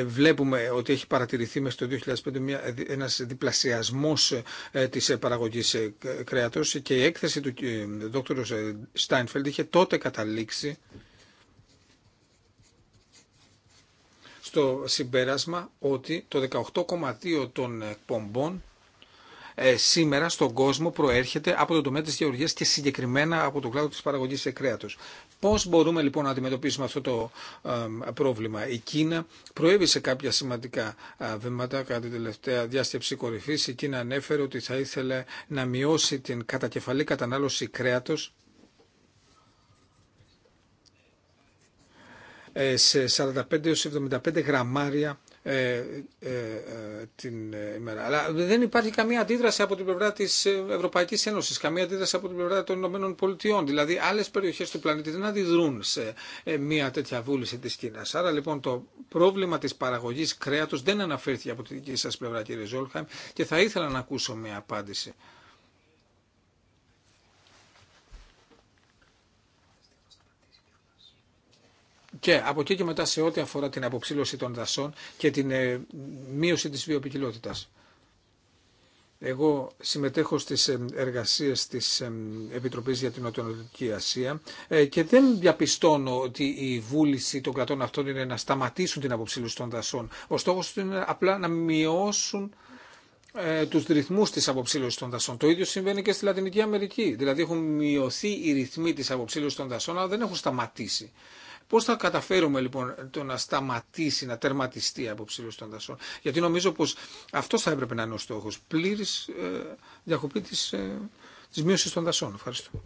βλέπουμε ότι έχει παρατηρηθεί μέσα το 2005 μια, ένας διπλασιασμός της παραγωγής κρέατος και η έκθεση του δόκτωρου Στάινφελντ είχε τότε καταλήξει στο συμπέρασμα ότι το 18,2 των εκπομπών ε, σήμερα στον κόσμο προέρχεται από το τομέα της γεωργίας και συγκεκριμένα από το κλάδο της παραγωγής σε κρέατος. Πώς μπορούμε λοιπόν να αντιμετωπίσουμε αυτό το πρόβλημα. Η Κίνα προέβησε κάποια σημαντικά βήματα κατά την τελευταία διάσκεψη κορυφής. Η Κίνα ανέφερε ότι θα ήθελε να μειώσει την κατακεφαλή κατανάλωση κρέατος Ε, σε 45-75 γραμμάρια ε, ε, την ημέρα. Αλλά δεν υπάρχει καμία αντίδραση από την πλευρά τη Ευρωπαϊκή Ένωση, καμία αντίδραση από την πλευρά των Ηνωμένων Πολιτειών. Δηλαδή, άλλε περιοχέ του πλανήτη δεν αντιδρούν σε μια τέτοια βούληση τη Κίνα. Άρα, λοιπόν, το πρόβλημα τη παραγωγή κρέατο δεν αναφέρθηκε από τη δική σα πλευρά, κύριε Ζόλχαμ, και θα ήθελα να ακούσω μια απάντηση Και από εκεί και μετά σε ό,τι αφορά την αποψήλωση των δασών και την ε, μείωση της βιοπικιλότητας. Εγώ συμμετέχω στις ε, εργασίες της ε, Επιτροπής για την Νοτιοανατολική Ασία και δεν διαπιστώνω ότι η βούληση των κρατών αυτών είναι να σταματήσουν την αποψήλωση των δασών. Ο στόχος του είναι απλά να μειώσουν τους ρυθμούς της αποψήλωσης των δασών. Το ίδιο συμβαίνει και στη Λατινική Αμερική. Δηλαδή έχουν μειωθεί οι ρυθμοί της αποψήλωσης των δασών αλλά δεν έχουν σταματήσει. Πώ θα καταφέρουμε λοιπόν το να σταματήσει, να τερματιστεί η αποψήλωση των δασών. Γιατί νομίζω πω αυτό θα έπρεπε να είναι ο στόχο. Πλήρη ε, διακοπή τη ε, μείωση των δασών. Ευχαριστώ.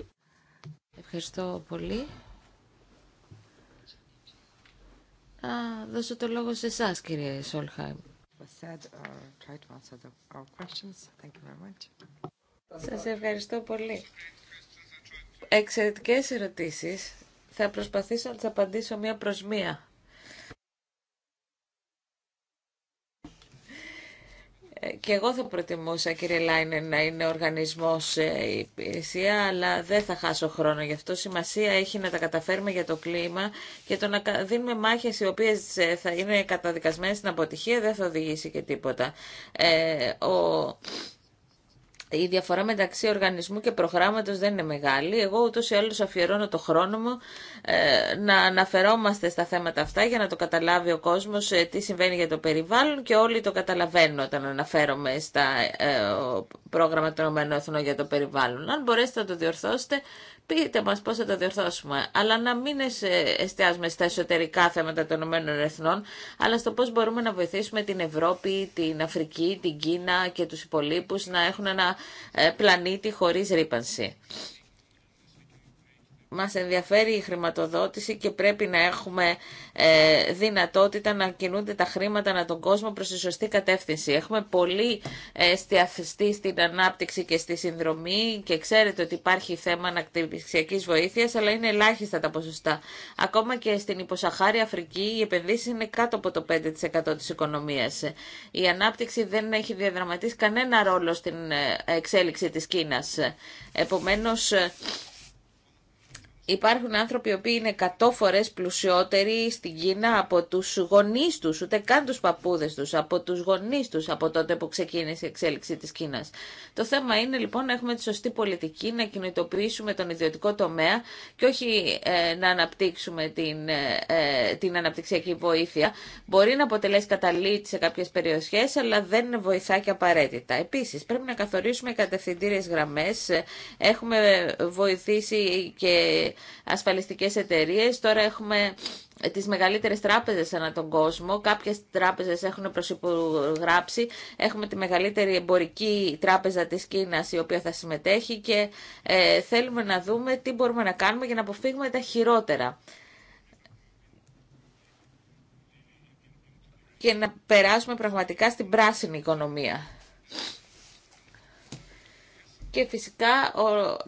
Ευχαριστώ πολύ. Να δώσω το λόγο σε εσά, κύριε Σόλχαϊμ. Σας ευχαριστώ πολύ. Εξαιρετικές ερωτήσεις. Θα προσπαθήσω να τις απαντήσω μία προς μία. Ε, και εγώ θα προτιμούσα, κύριε Λάινεν, να είναι οργανισμός ε, η υπηρεσία, αλλά δεν θα χάσω χρόνο. Γι' αυτό σημασία έχει να τα καταφέρουμε για το κλίμα και το να δίνουμε μάχες οι οποίες ε, θα είναι καταδικασμένες στην αποτυχία δεν θα οδηγήσει και τίποτα. Ε, ο η διαφορά μεταξύ οργανισμού και προγράμματος δεν είναι μεγάλη. Εγώ ούτως ή άλλως αφιερώνω το χρόνο μου ε, να αναφερόμαστε στα θέματα αυτά για να το καταλάβει ο κόσμος ε, τι συμβαίνει για το περιβάλλον και όλοι το καταλαβαίνουν όταν αναφέρομαι στα ε, πρόγραμμα των ΕΕ για το περιβάλλον. Αν μπορέσετε να το διορθώσετε, Πείτε μας πώς θα το διορθώσουμε, αλλά να μην εστιάζουμε στα εσωτερικά θέματα των Εθνών, αλλά στο πώς μπορούμε να βοηθήσουμε την Ευρώπη, την Αφρική, την Κίνα και τους υπολείπους να έχουν ένα ε, πλανήτη χωρίς ρήπανση μας ενδιαφέρει η χρηματοδότηση και πρέπει να έχουμε ε, δυνατότητα να κινούνται τα χρήματα να τον κόσμο προς τη σωστή κατεύθυνση. Έχουμε πολύ εστιαστεί στην ανάπτυξη και στη συνδρομή και ξέρετε ότι υπάρχει θέμα ανακτηξιακής βοήθειας, αλλά είναι ελάχιστα τα ποσοστά. Ακόμα και στην υποσαχάρη Αφρική οι επενδύσεις είναι κάτω από το 5% της οικονομίας. Η ανάπτυξη δεν έχει διαδραματίσει κανένα ρόλο στην ε, εξέλιξη της Κίνας. Επομένως, Υπάρχουν άνθρωποι οι οποίοι είναι 100 φορές πλουσιότεροι στην Κίνα από τους γονείς τους, ούτε καν τους παππούδες τους, από τους γονείς τους από τότε που ξεκίνησε η εξέλιξη της Κίνας. Το θέμα είναι λοιπόν να έχουμε τη σωστή πολιτική, να κινητοποιήσουμε τον ιδιωτικό τομέα και όχι ε, να αναπτύξουμε την, ε, ε, την αναπτυξιακή βοήθεια. Μπορεί να αποτελέσει καταλήτη σε κάποιες περιοχές, αλλά δεν βοηθά και απαραίτητα. Επίσης, πρέπει να καθορίσουμε κατευθυντήριες γραμμές. Έχουμε βοηθήσει και ασφαλιστικές εταιρείες. Τώρα έχουμε τις μεγαλύτερες τράπεζες ανά τον κόσμο. Κάποιες τράπεζες έχουν προσυπογράψει. Έχουμε τη μεγαλύτερη εμπορική τράπεζα της Κίνας η οποία θα συμμετέχει και ε, θέλουμε να δούμε τι μπορούμε να κάνουμε για να αποφύγουμε τα χειρότερα. και να περάσουμε πραγματικά στην πράσινη οικονομία. Και φυσικά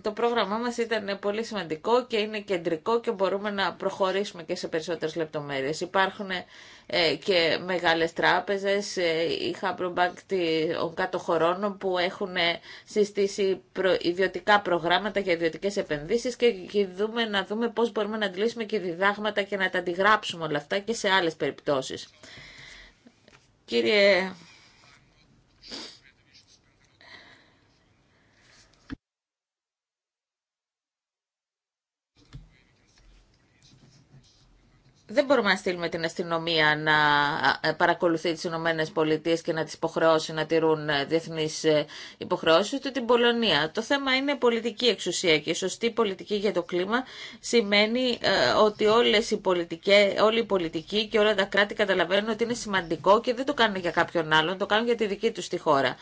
το πρόγραμμά μας ήταν πολύ σημαντικό και είναι κεντρικό και μπορούμε να προχωρήσουμε και σε περισσότερες λεπτομέρειες. Υπάρχουν ε, και μεγάλες τράπεζες, ε, η Χαμπρομπάκ των κάτω χωρών που έχουν ε, συστήσει ιδιωτικά προγράμματα για ιδιωτικές επενδύσεις και δούμε, να δούμε πώς μπορούμε να αντιλήσουμε και διδάγματα και να τα αντιγράψουμε όλα αυτά και σε άλλες περιπτώσεις. Κύριε δεν μπορούμε να στείλουμε την αστυνομία να ε, παρακολουθεί τι Ηνωμένε πολιτείε και να τι υποχρεώσει να τηρούν ε, διεθνεί ε, υποχρεώσει ούτε την Πολωνία. Το θέμα είναι πολιτική εξουσία και η σωστή πολιτική για το κλίμα σημαίνει ότι όλες οι πολιτικές, όλη η πολιτική και όλα τα κράτη καταλαβαίνουν ότι είναι σημαντικό και δεν το κάνουν για κάποιον άλλον, το κάνουν για τη δική του τη χώρα.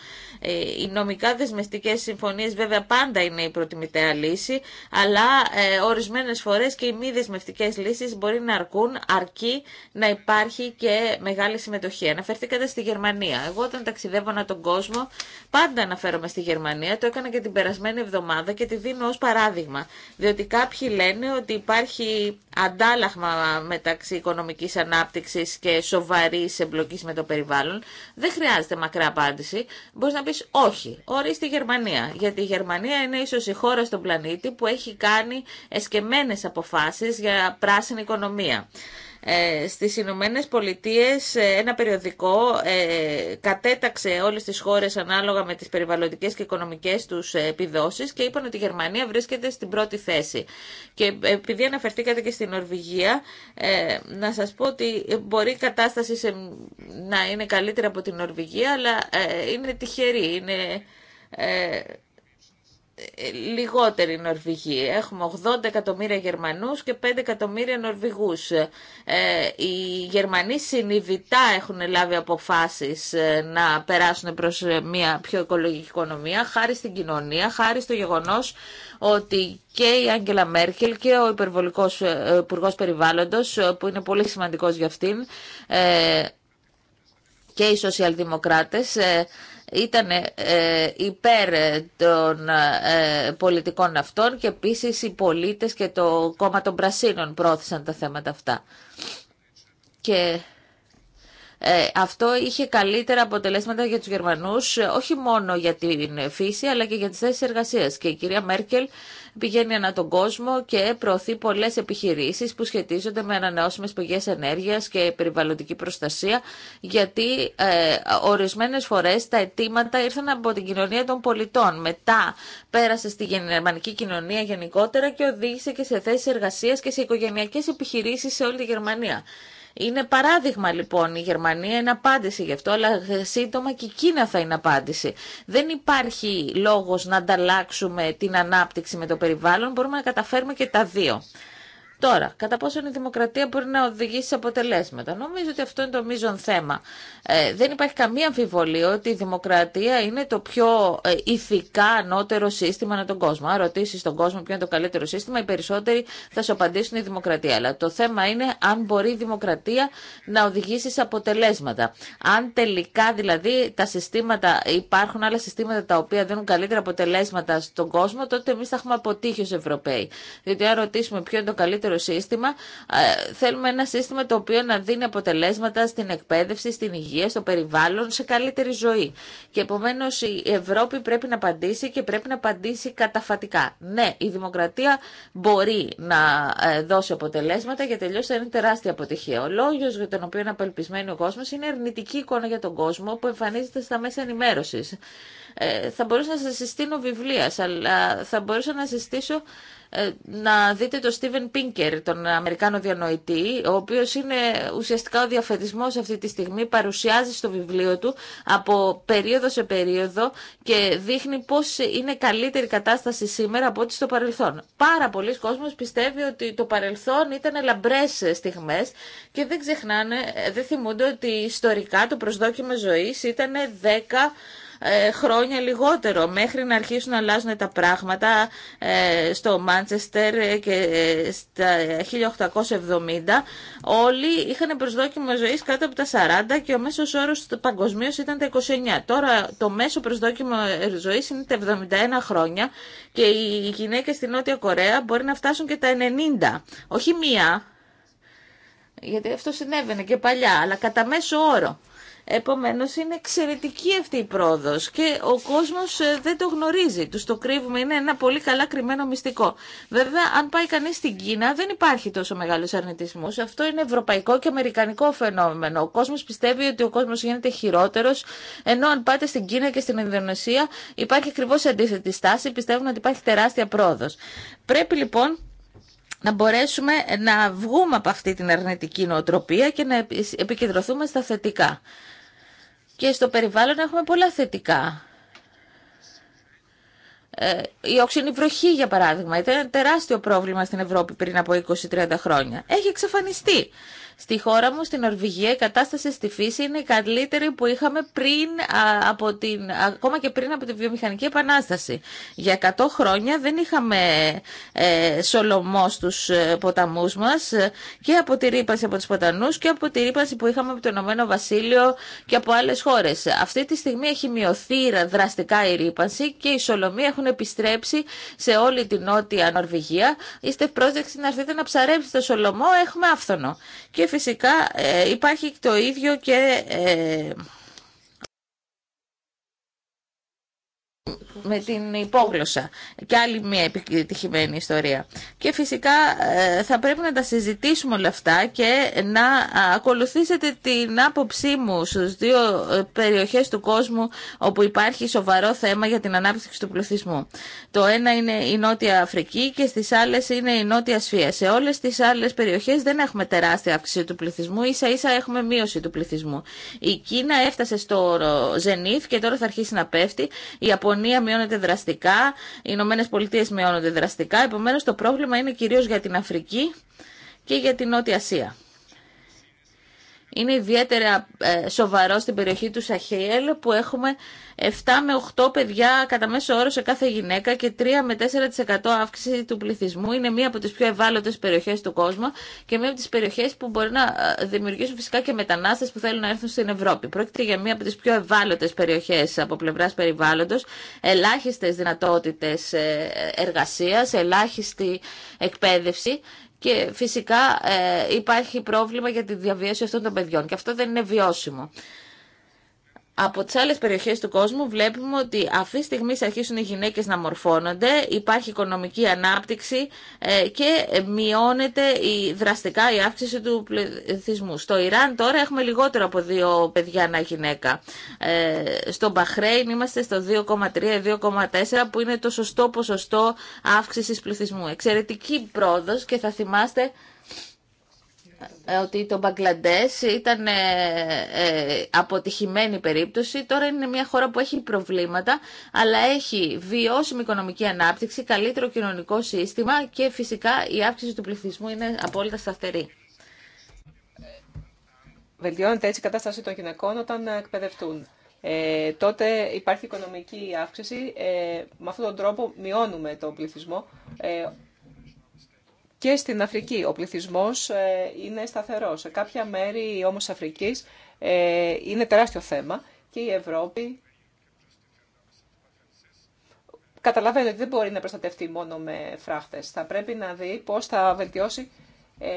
οι νομικά δεσμευτικέ συμφωνίε βέβαια πάντα είναι η προτιμητέα λύση, αλλά ορισμένε φορέ και οι μη δεσμευτικέ λύσει μπορεί να αρκούν αρκεί να υπάρχει και μεγάλη συμμετοχή. Αναφερθήκατε στη Γερμανία. Εγώ όταν ταξιδεύω ανά τον κόσμο πάντα αναφέρομαι στη Γερμανία. Το έκανα και την περασμένη εβδομάδα και τη δίνω ως παράδειγμα. Διότι κάποιοι λένε ότι υπάρχει αντάλλαγμα μεταξύ οικονομικής ανάπτυξης και σοβαρής εμπλοκής με το περιβάλλον. Δεν χρειάζεται μακρά απάντηση. Μπορείς να πεις όχι. Ορίστε η Γερμανία. Γιατί η Γερμανία είναι ίσως η χώρα στον πλανήτη που έχει κάνει εσκεμμένες αποφάσεις για πράσινη οικονομία. Ε, στις Ηνωμένε Πολιτείε ε, ένα περιοδικό ε, κατέταξε όλες τις χώρες ανάλογα με τις περιβαλλοντικές και οικονομικές τους επιδόσεις και είπαν ότι η Γερμανία βρίσκεται στην πρώτη θέση. Και επειδή αναφερθήκατε και στην Νορβηγία, να σας πω ότι μπορεί η κατάσταση σε, να είναι καλύτερα από την Νορβηγία, αλλά είναι τυχερή, είναι λιγότεροι Νορβηγοί. Έχουμε 80 εκατομμύρια Γερμανούς και 5 εκατομμύρια Νορβηγούς. Ε, οι Γερμανοί συνειδητά έχουν λάβει αποφάσεις ε, να περάσουν προς ε, μια πιο οικολογική οικονομία, χάρη στην κοινωνία, χάρη στο γεγονός ότι και η Άγγελα Μέρκελ και ο υπερβολικός υπουργό Περιβάλλοντος, που είναι πολύ σημαντικός για αυτήν, και οι σοσιαλδημοκράτες ήταν ε, υπέρ των ε, πολιτικών αυτών και επίση οι πολίτες και το κόμμα των Πρασίνων πρόθεσαν τα θέματα αυτά. Και ε, αυτό είχε καλύτερα αποτελέσματα για τους Γερμανούς, όχι μόνο για την φύση, αλλά και για τις θέσεις εργασίας. Και η κυρία Μέρκελ πηγαίνει ανά τον κόσμο και προωθεί πολλές επιχειρήσει που σχετίζονται με ανανεώσιμε πηγές ενέργειας και περιβαλλοντική προστασία, γιατί ε, ορισμένες φορές τα αιτήματα ήρθαν από την κοινωνία των πολιτών. Μετά πέρασε στη γερμανική κοινωνία γενικότερα και οδήγησε και σε θέσει εργασία και σε οικογένειακέ επιχειρήσει σε όλη τη Γερμανία. Είναι παράδειγμα λοιπόν η Γερμανία είναι απάντηση γι' αυτό, αλλά σύντομα και η Κίνα θα είναι απάντηση. Δεν υπάρχει λόγος να ανταλλάξουμε την ανάπτυξη με το περιβάλλον, μπορούμε να καταφέρουμε και τα δύο. Τώρα, κατά πόσο η δημοκρατία μπορεί να οδηγήσει σε αποτελέσματα. Νομίζω ότι αυτό είναι το μείζον θέμα. Ε, δεν υπάρχει καμία αμφιβολία ότι η δημοκρατία είναι το πιο ε, ηθικά ανώτερο σύστημα ανά τον κόσμο. Αν ρωτήσει τον κόσμο ποιο είναι το καλύτερο σύστημα, οι περισσότεροι θα σου απαντήσουν η δημοκρατία. Αλλά το θέμα είναι αν μπορεί η δημοκρατία να οδηγήσει σε αποτελέσματα. Αν τελικά δηλαδή τα συστήματα, υπάρχουν άλλα συστήματα τα οποία δίνουν καλύτερα αποτελέσματα στον κόσμο, τότε εμεί θα έχουμε αποτύχει ω Ευρωπαίοι. Διότι αν ρωτήσουμε ποιο είναι καλύτερο καλύτερο σύστημα. Ε, θέλουμε ένα σύστημα το οποίο να δίνει αποτελέσματα στην εκπαίδευση, στην υγεία, στο περιβάλλον, σε καλύτερη ζωή. Και επομένω η Ευρώπη πρέπει να απαντήσει και πρέπει να απαντήσει καταφατικά. Ναι, η δημοκρατία μπορεί να ε, δώσει αποτελέσματα γιατί τελειώ θα είναι τεράστια αποτυχία. Ο λόγο για τον οποίο είναι απελπισμένο ο κόσμο είναι αρνητική εικόνα για τον κόσμο που εμφανίζεται στα μέσα ενημέρωση. Ε, θα μπορούσα να σα συστήνω βιβλία, αλλά θα μπορούσα να συστήσω ε, να δείτε τον Στίβεν Πίνκερ, τον Αμερικάνο διανοητή, ο οποίος είναι ουσιαστικά ο διαφετισμός αυτή τη στιγμή, παρουσιάζει στο βιβλίο του από περίοδο σε περίοδο και δείχνει πώς είναι καλύτερη κατάσταση σήμερα από ό,τι στο παρελθόν. Πάρα πολλοί κόσμος πιστεύει ότι το παρελθόν ήταν λαμπρές στιγμές και δεν ξεχνάνε, δεν θυμούνται ότι ιστορικά το προσδόκιμο ζωής ήταν 10 ε, χρόνια λιγότερο μέχρι να αρχίσουν να αλλάζουν τα πράγματα ε, στο Μάντσεστερ και ε, στα 1870 όλοι είχαν προσδόκιμο ζωής κάτω από τα 40 και ο μέσος όρος παγκοσμίω ήταν τα 29. Τώρα το μέσο προσδόκιμο ζωής είναι τα 71 χρόνια και οι γυναίκες στην Νότια Κορέα μπορεί να φτάσουν και τα 90. Όχι μία, γιατί αυτό συνέβαινε και παλιά, αλλά κατά μέσο όρο. Επομένως είναι εξαιρετική αυτή η πρόοδος και ο κόσμος ε, δεν το γνωρίζει, τους το κρύβουμε, είναι ένα πολύ καλά κρυμμένο μυστικό. Βέβαια αν πάει κανείς στην Κίνα δεν υπάρχει τόσο μεγάλος αρνητισμός, αυτό είναι ευρωπαϊκό και αμερικανικό φαινόμενο. Ο κόσμος πιστεύει ότι ο κόσμος γίνεται χειρότερος, ενώ αν πάτε στην Κίνα και στην Ινδονησία υπάρχει ακριβώς αντίθετη στάση, πιστεύουν ότι υπάρχει τεράστια πρόοδος. Πρέπει λοιπόν να μπορέσουμε να βγούμε από αυτή την αρνητική νοοτροπία και να επικεντρωθούμε στα θετικά. Και στο περιβάλλον έχουμε πολλά θετικά. Ε, η όξινη βροχή, για παράδειγμα, ήταν ένα τεράστιο πρόβλημα στην Ευρώπη πριν από 20-30 χρόνια. Έχει εξαφανιστεί. Στη χώρα μου, στην Ορβηγία, η κατάσταση στη φύση είναι η καλύτερη που είχαμε πριν από την, ακόμα και πριν από τη βιομηχανική επανάσταση. Για 100 χρόνια δεν είχαμε ε, σολομό στους ε, ποταμούς μας ε, και από τη ρήπαση από του ποτανούς και από τη ρήπαση που είχαμε από το Ηνωμένο Βασίλειο και από άλλε χώρε. Αυτή τη στιγμή έχει μειωθεί δραστικά η ρήπαση και οι σολομοί έχουν επιστρέψει σε όλη την νότια Νορβηγία. Είστε πρόσδεξοι να έρθετε να ψαρέψετε το σολομό, έχουμε άφθονο. Και φυσικά ε, υπάρχει το ίδιο και ε, με την υπόγλωσσα. Και άλλη μια επιτυχημένη ιστορία. Και φυσικά ε, θα πρέπει να τα συζητήσουμε όλα αυτά και να ακολουθήσετε την άποψή μου στους δύο ε, περιοχές του κόσμου όπου υπάρχει σοβαρό θέμα για την ανάπτυξη του πληθυσμού. Το ένα είναι η Νότια Αφρική και στις άλλες είναι η Νότια Σφία. Σε όλες τις άλλες περιοχές δεν έχουμε τεράστια αύξηση του πληθυσμού, ίσα ίσα έχουμε μείωση του πληθυσμού. Η Κίνα έφτασε στο Ζενίθ και τώρα θα αρχίσει να πέφτει. Η Ιαπωνία μειώνεται δραστικά, οι Ηνωμένε Πολιτείε μειώνονται δραστικά, επομένως το πρόβλημα είναι κυρίως για την Αφρική και για την Νότια Ασία είναι ιδιαίτερα ε, σοβαρό στην περιοχή του Σαχέλ που έχουμε 7 με 8 παιδιά κατά μέσο όρο σε κάθε γυναίκα και 3 με 4% αύξηση του πληθυσμού. Είναι μία από τις πιο ευάλωτε περιοχές του κόσμου και μία από τι περιοχές που μπορεί να ε, δημιουργήσουν φυσικά και μετανάστες που θέλουν να έρθουν στην Ευρώπη. Πρόκειται για μία από τι πιο ευάλωτε περιοχέ από πλευρά περιβάλλοντο, ελάχιστε δυνατότητε ε, εργασία, ελάχιστη εκπαίδευση και φυσικά ε, υπάρχει πρόβλημα για τη διαβίωση αυτών των παιδιών και αυτό δεν είναι βιώσιμο από τι άλλε περιοχέ του κόσμου βλέπουμε ότι αυτή τη στιγμή αρχίσουν οι γυναίκε να μορφώνονται, υπάρχει οικονομική ανάπτυξη ε, και μειώνεται δραστικά η αύξηση του πληθυσμού. Στο Ιράν τώρα έχουμε λιγότερο από δύο παιδιά ανά γυναίκα. Ε, στο Μπαχρέιν είμαστε στο 2,3-2,4 που είναι το σωστό ποσοστό αύξηση πληθυσμού. Εξαιρετική πρόοδο και θα θυμάστε ε, ότι το Μπαγκλαντές ήταν ε, ε, αποτυχημένη περίπτωση. Τώρα είναι μια χώρα που έχει προβλήματα, αλλά έχει βιώσιμη οικονομική ανάπτυξη, καλύτερο κοινωνικό σύστημα και φυσικά η αύξηση του πληθυσμού είναι απόλυτα σταθερή. Βελτιώνεται έτσι η κατάσταση των γυναικών όταν εκπαιδευτούν. τότε υπάρχει οικονομική αύξηση. με αυτόν τον τρόπο μειώνουμε τον πληθυσμό. Και στην Αφρική ο πληθυσμός ε, είναι σταθερός. Σε κάποια μέρη όμως Αφρικής ε, είναι τεράστιο θέμα και η Ευρώπη καταλαβαίνει ότι δεν μπορεί να προστατευτεί μόνο με φράχτες. Θα πρέπει να δει πώς θα βελτιώσει ε,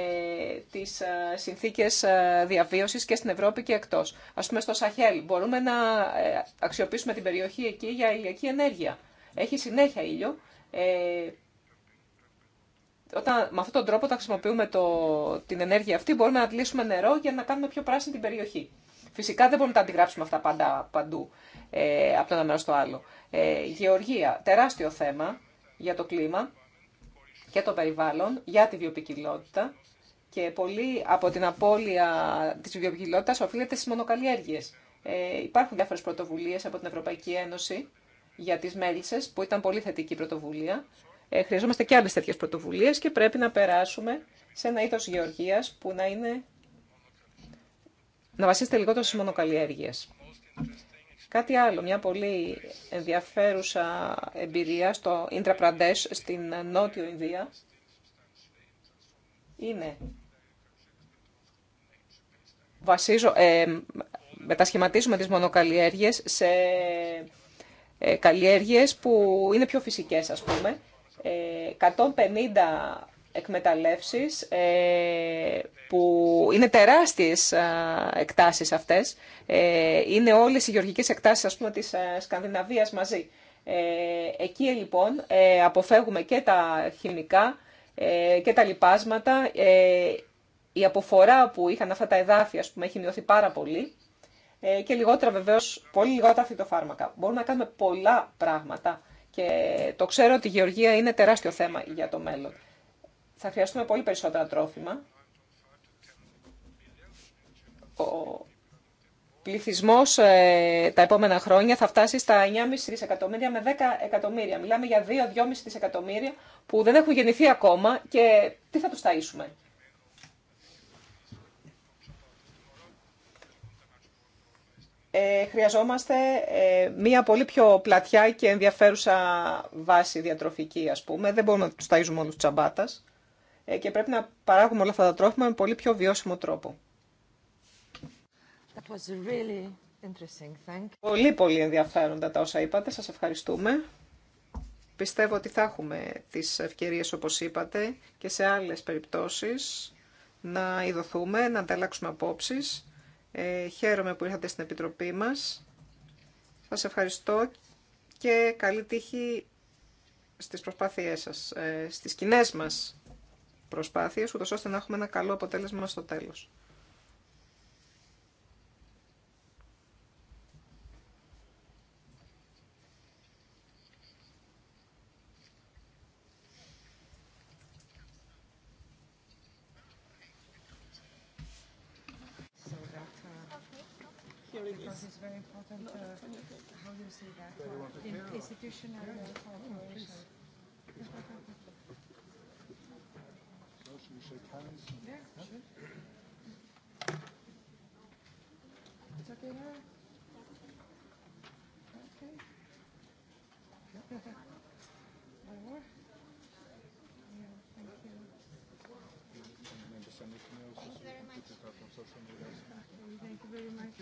τις ε, συνθήκες διαβίωσης και στην Ευρώπη και εκτός. Ας πούμε στο Σαχέλ μπορούμε να αξιοποιήσουμε την περιοχή εκεί για ηλιακή ενέργεια. Έχει συνέχεια ήλιο. Ε, όταν με αυτόν τον τρόπο, όταν χρησιμοποιούμε το, την ενέργεια αυτή, μπορούμε να αντλήσουμε νερό για να κάνουμε πιο πράσινη την περιοχή. Φυσικά δεν μπορούμε να τα αντιγράψουμε αυτά πάντα παντού, ε, από το ένα μέρο στο άλλο. Ε, γεωργία, τεράστιο θέμα για το κλίμα και το περιβάλλον, για τη βιοπικιλότητα και πολύ από την απώλεια της βιοπικιλότητας οφείλεται στις μονοκαλλιέργειες. Ε, υπάρχουν διάφορες πρωτοβουλίες από την Ευρωπαϊκή Ένωση για τις μέλισσες, που ήταν πολύ θετική πρωτοβουλία. Ε, χρειαζόμαστε και άλλες τέτοιες πρωτοβουλίες και πρέπει να περάσουμε σε ένα είδος γεωργίας που να είναι να βασίζεται λιγότερο στις μονοκαλλιέργειες. Κάτι άλλο, μια πολύ ενδιαφέρουσα εμπειρία στο Ίντρα στην Νότιο Ινδία, είναι βασίζω, ε, μετασχηματίζουμε τις μονοκαλλιέργειες σε ε, καλλιέργειες που είναι πιο φυσικές, ας πούμε, 150 ε, εκμεταλλεύσεις ε, που είναι τεράστιες εκτάσεις αυτές. Ε, είναι όλες οι γεωργικές εκτάσεις ας πούμε της Σκανδιναβίας μαζί. Εκεί λοιπόν αποφεύγουμε και τα χημικά και τα λιπάσματα. Η αποφορά που είχαν αυτά τα εδάφια ας πούμε έχει μειωθεί πάρα πολύ και λιγότερα βεβαίως, πολύ λιγότερα φυτοφάρμακα. Μπορούμε να κάνουμε πολλά πράγματα και το ξέρω ότι η γεωργία είναι τεράστιο θέμα για το μέλλον. Θα χρειαστούμε πολύ περισσότερα τρόφιμα. Ο πληθυσμός ε, τα επόμενα χρόνια θα φτάσει στα 9,5 δισεκατομμύρια με 10 εκατομμύρια. Μιλάμε για 2-2,5 δισεκατομμύρια που δεν έχουν γεννηθεί ακόμα και τι θα τους ταΐσουμε. Ε, χρειαζόμαστε ε, μία πολύ πιο πλατιά και ενδιαφέρουσα βάση διατροφική, ας πούμε. Δεν μπορούμε να τους ταΐζουμε όλους τσαμπάτας ε, και πρέπει να παράγουμε όλα αυτά τα τρόφιμα με πολύ πιο βιώσιμο τρόπο. Πολύ πολύ ενδιαφέροντα τα όσα είπατε. Σας ευχαριστούμε. Πιστεύω ότι θα έχουμε τις ευκαιρίες όπως είπατε και σε άλλες περιπτώσεις να ειδωθούμε, να ανταλλάξουμε απόψεις ε, χαίρομαι που ήρθατε στην Επιτροπή μας. Σας ευχαριστώ και καλή τύχη στις προσπάθειές σας, ε, στις κοινέ μας προσπάθειες, ούτως ώστε να έχουμε ένα καλό αποτέλεσμα στο τέλος. important how you see that in institutional cooperation. Yeah, sure. It's okay now? Okay. One more? Yeah, thank you. Thank you very much.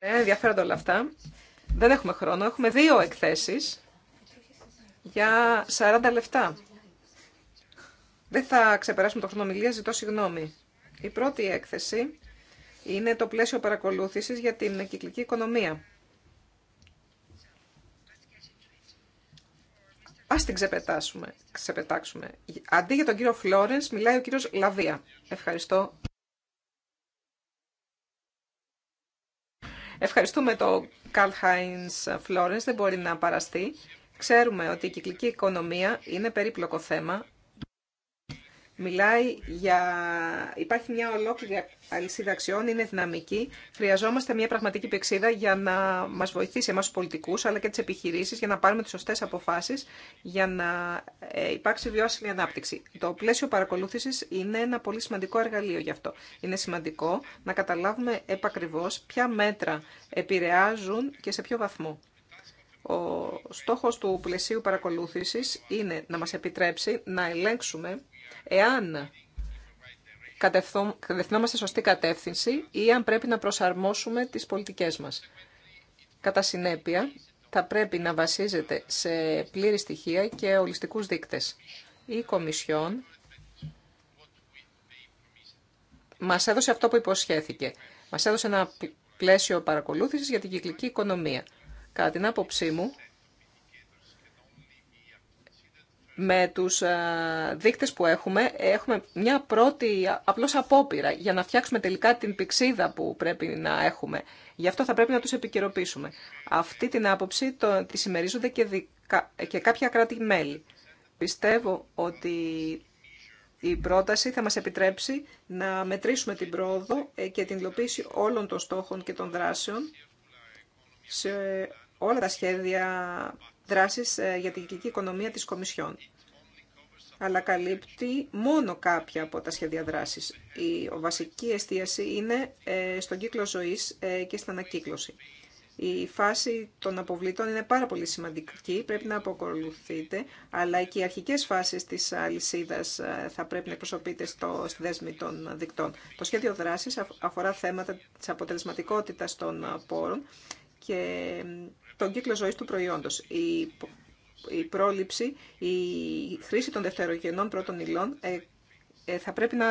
ενδιαφέροντα όλα αυτά. Δεν έχουμε χρόνο. Έχουμε δύο εκθέσεις για 40 λεπτά. Δεν θα ξεπεράσουμε το χρονομιλία, ζητώ συγγνώμη. Η πρώτη έκθεση είναι το πλαίσιο παρακολούθησης για την κυκλική οικονομία. Ας την ξεπετάσουμε, ξεπετάξουμε. Αντί για τον κύριο Φλόρενς, μιλάει ο κύριος Λαβία. Ευχαριστώ. Ευχαριστούμε τον Καρλ Χάινς Φλόρενς, δεν μπορεί να παραστεί. Ξέρουμε ότι η κυκλική οικονομία είναι περίπλοκο θέμα Μιλάει για... Υπάρχει μια ολόκληρη αλυσίδα αξιών, είναι δυναμική. Χρειαζόμαστε μια πραγματική πεξίδα για να μα βοηθήσει εμά του πολιτικού, αλλά και τι επιχειρήσει, για να πάρουμε τι σωστέ αποφάσει για να ε, υπάρξει βιώσιμη ανάπτυξη. Το πλαίσιο παρακολούθηση είναι ένα πολύ σημαντικό εργαλείο γι' αυτό. Είναι σημαντικό να καταλάβουμε επακριβώ ποια μέτρα επηρεάζουν και σε ποιο βαθμό. Ο στόχος του πλαισίου παρακολούθησης είναι να μας επιτρέψει να ελέγξουμε Εάν κατευθυνόμαστε σωστή κατεύθυνση ή αν πρέπει να προσαρμόσουμε τις πολιτικές μας. Κατά συνέπεια, θα πρέπει να βασίζεται σε πλήρη στοιχεία και ολιστικούς δείκτες. Η Κομισιόν μας έδωσε αυτό που υποσχέθηκε. Μας έδωσε ένα πλαίσιο παρακολούθησης για την κυκλική οικονομία. Κατά την άποψή μου, με τους ε, δείκτες που έχουμε, έχουμε μια πρώτη απλώς απόπειρα για να φτιάξουμε τελικά την πηξίδα που πρέπει να έχουμε. Γι' αυτό θα πρέπει να τους επικαιροποιήσουμε. Αυτή την άποψη το, τη συμμερίζονται και, και κάποια κράτη-μέλη. Πιστεύω ότι η πρόταση θα μας επιτρέψει να μετρήσουμε την πρόοδο ε, και την υλοποίηση όλων των στόχων και των δράσεων σε όλα τα σχέδια δράσεις ε, για την κυκλική οικονομία της Κομισιόν. Αλλά καλύπτει μόνο κάποια από τα σχέδια δράσης. Η βασική εστίαση είναι ε, στον κύκλο ζωής ε, και στην ανακύκλωση. Η φάση των αποβλήτων είναι πάρα πολύ σημαντική, πρέπει να αποκολουθείτε, αλλά και οι αρχικές φάσεις της αλυσίδα θα πρέπει να εκπροσωπείτε στο, στη δέσμη των δικτών. Το σχέδιο δράσης αφορά θέματα της αποτελεσματικότητας των πόρων και τον κύκλο ζωής του προϊόντος. Η, πρόληψη, η χρήση των δευτερογενών πρώτων υλών ε, ε, θα πρέπει να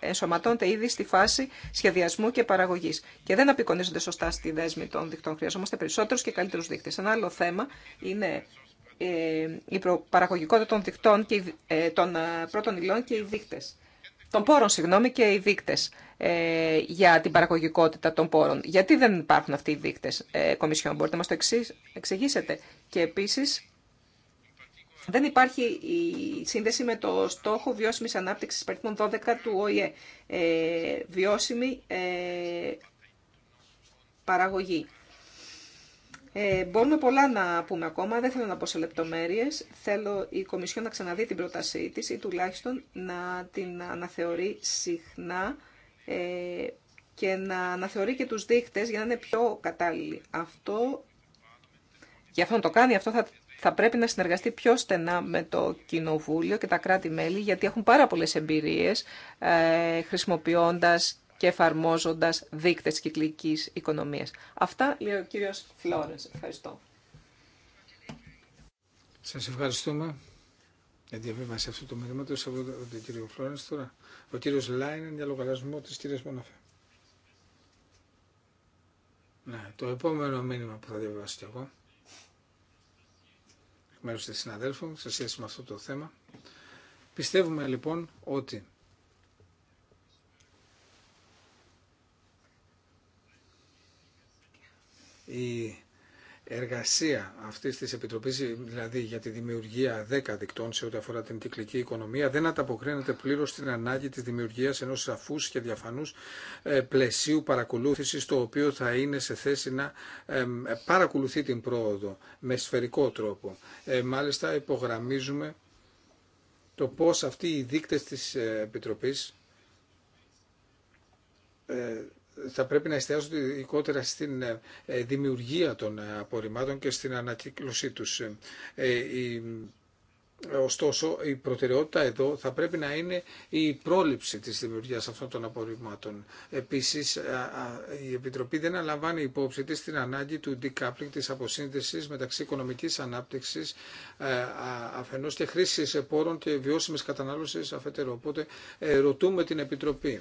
ενσωματώνεται ήδη στη φάση σχεδιασμού και παραγωγής Και δεν απεικονίζονται σωστά στη δέσμη των δικτών. Χρειαζόμαστε περισσότερους και καλύτερους δείκτες. Ένα άλλο θέμα είναι ε, η παραγωγικότητα των δικτών και των πρώτων υλών και οι δείκτες των πόρων συγγνώμη, και οι δείκτες ε, για την παραγωγικότητα των πόρων. Γιατί δεν υπάρχουν αυτοί οι δείκτες, ε, Κομισιόν, μπορείτε να μας το εξηγήσετε. Και επίσης, δεν υπάρχει η σύνδεση με το στόχο βιώσιμης ανάπτυξης περίπου 12 του ΟΗΕ. Ε, βιώσιμη ε, παραγωγή. Ε, μπορούμε πολλά να πούμε ακόμα, δεν θέλω να πω σε λεπτομέρειες. Θέλω η Κομισιόν να ξαναδεί την πρότασή της ή τουλάχιστον να την αναθεωρεί συχνά ε, και να αναθεωρεί και τους δείχτες για να είναι πιο κατάλληλοι. Αυτό, για αυτό να το κάνει, αυτό θα, πρέπει να συνεργαστεί πιο στενά με το Κοινοβούλιο και τα κράτη-μέλη, γιατί έχουν πάρα πολλές εμπειρίες ε, και εφαρμόζοντας δείκτε κυκλικής οικονομία. Αυτά λέει ο κύριος Φλόρενς. Ευχαριστώ. Σας ευχαριστούμε για τη διαβίβαση αυτού του μηνύματο από τον κύριο Φλόρενς. τώρα. Ο κύριος Λάινεν για λογαριασμό τη κυρία Μοναφέ. Ναι, το επόμενο μήνυμα που θα διαβάσω κι εγώ μέρος της συναδέλφου σε σχέση με αυτό το θέμα. Πιστεύουμε λοιπόν ότι η εργασία αυτή τη Επιτροπή, δηλαδή για τη δημιουργία 10 δικτών σε ό,τι αφορά την κυκλική οικονομία, δεν ανταποκρίνεται πλήρω στην ανάγκη τη δημιουργία ενό σαφού και διαφανού ε, πλαισίου παρακολούθηση, το οποίο θα είναι σε θέση να παρακολουθεί την πρόοδο με σφαιρικό τρόπο. Ε, μάλιστα, υπογραμμίζουμε το πώς αυτοί οι δείκτες της ε, Επιτροπής θα πρέπει να εστιάζονται ειδικότερα στην ε, ε, δημιουργία των ε, απορριμμάτων και στην ανακύκλωσή τους. Ωστόσο, η προτεραιότητα εδώ θα πρέπει να είναι η πρόληψη της δημιουργίας αυτών των απορριμμάτων. Επίσης, η Επιτροπή δεν αναλαμβάνει υπόψη της την ανάγκη του decoupling της αποσύνδεσης μεταξύ οικονομικής ανάπτυξης αφενός και χρήσης πόρων και βιώσιμης κατανάλωσης αφετέρου. Οπότε, ρωτούμε την Επιτροπή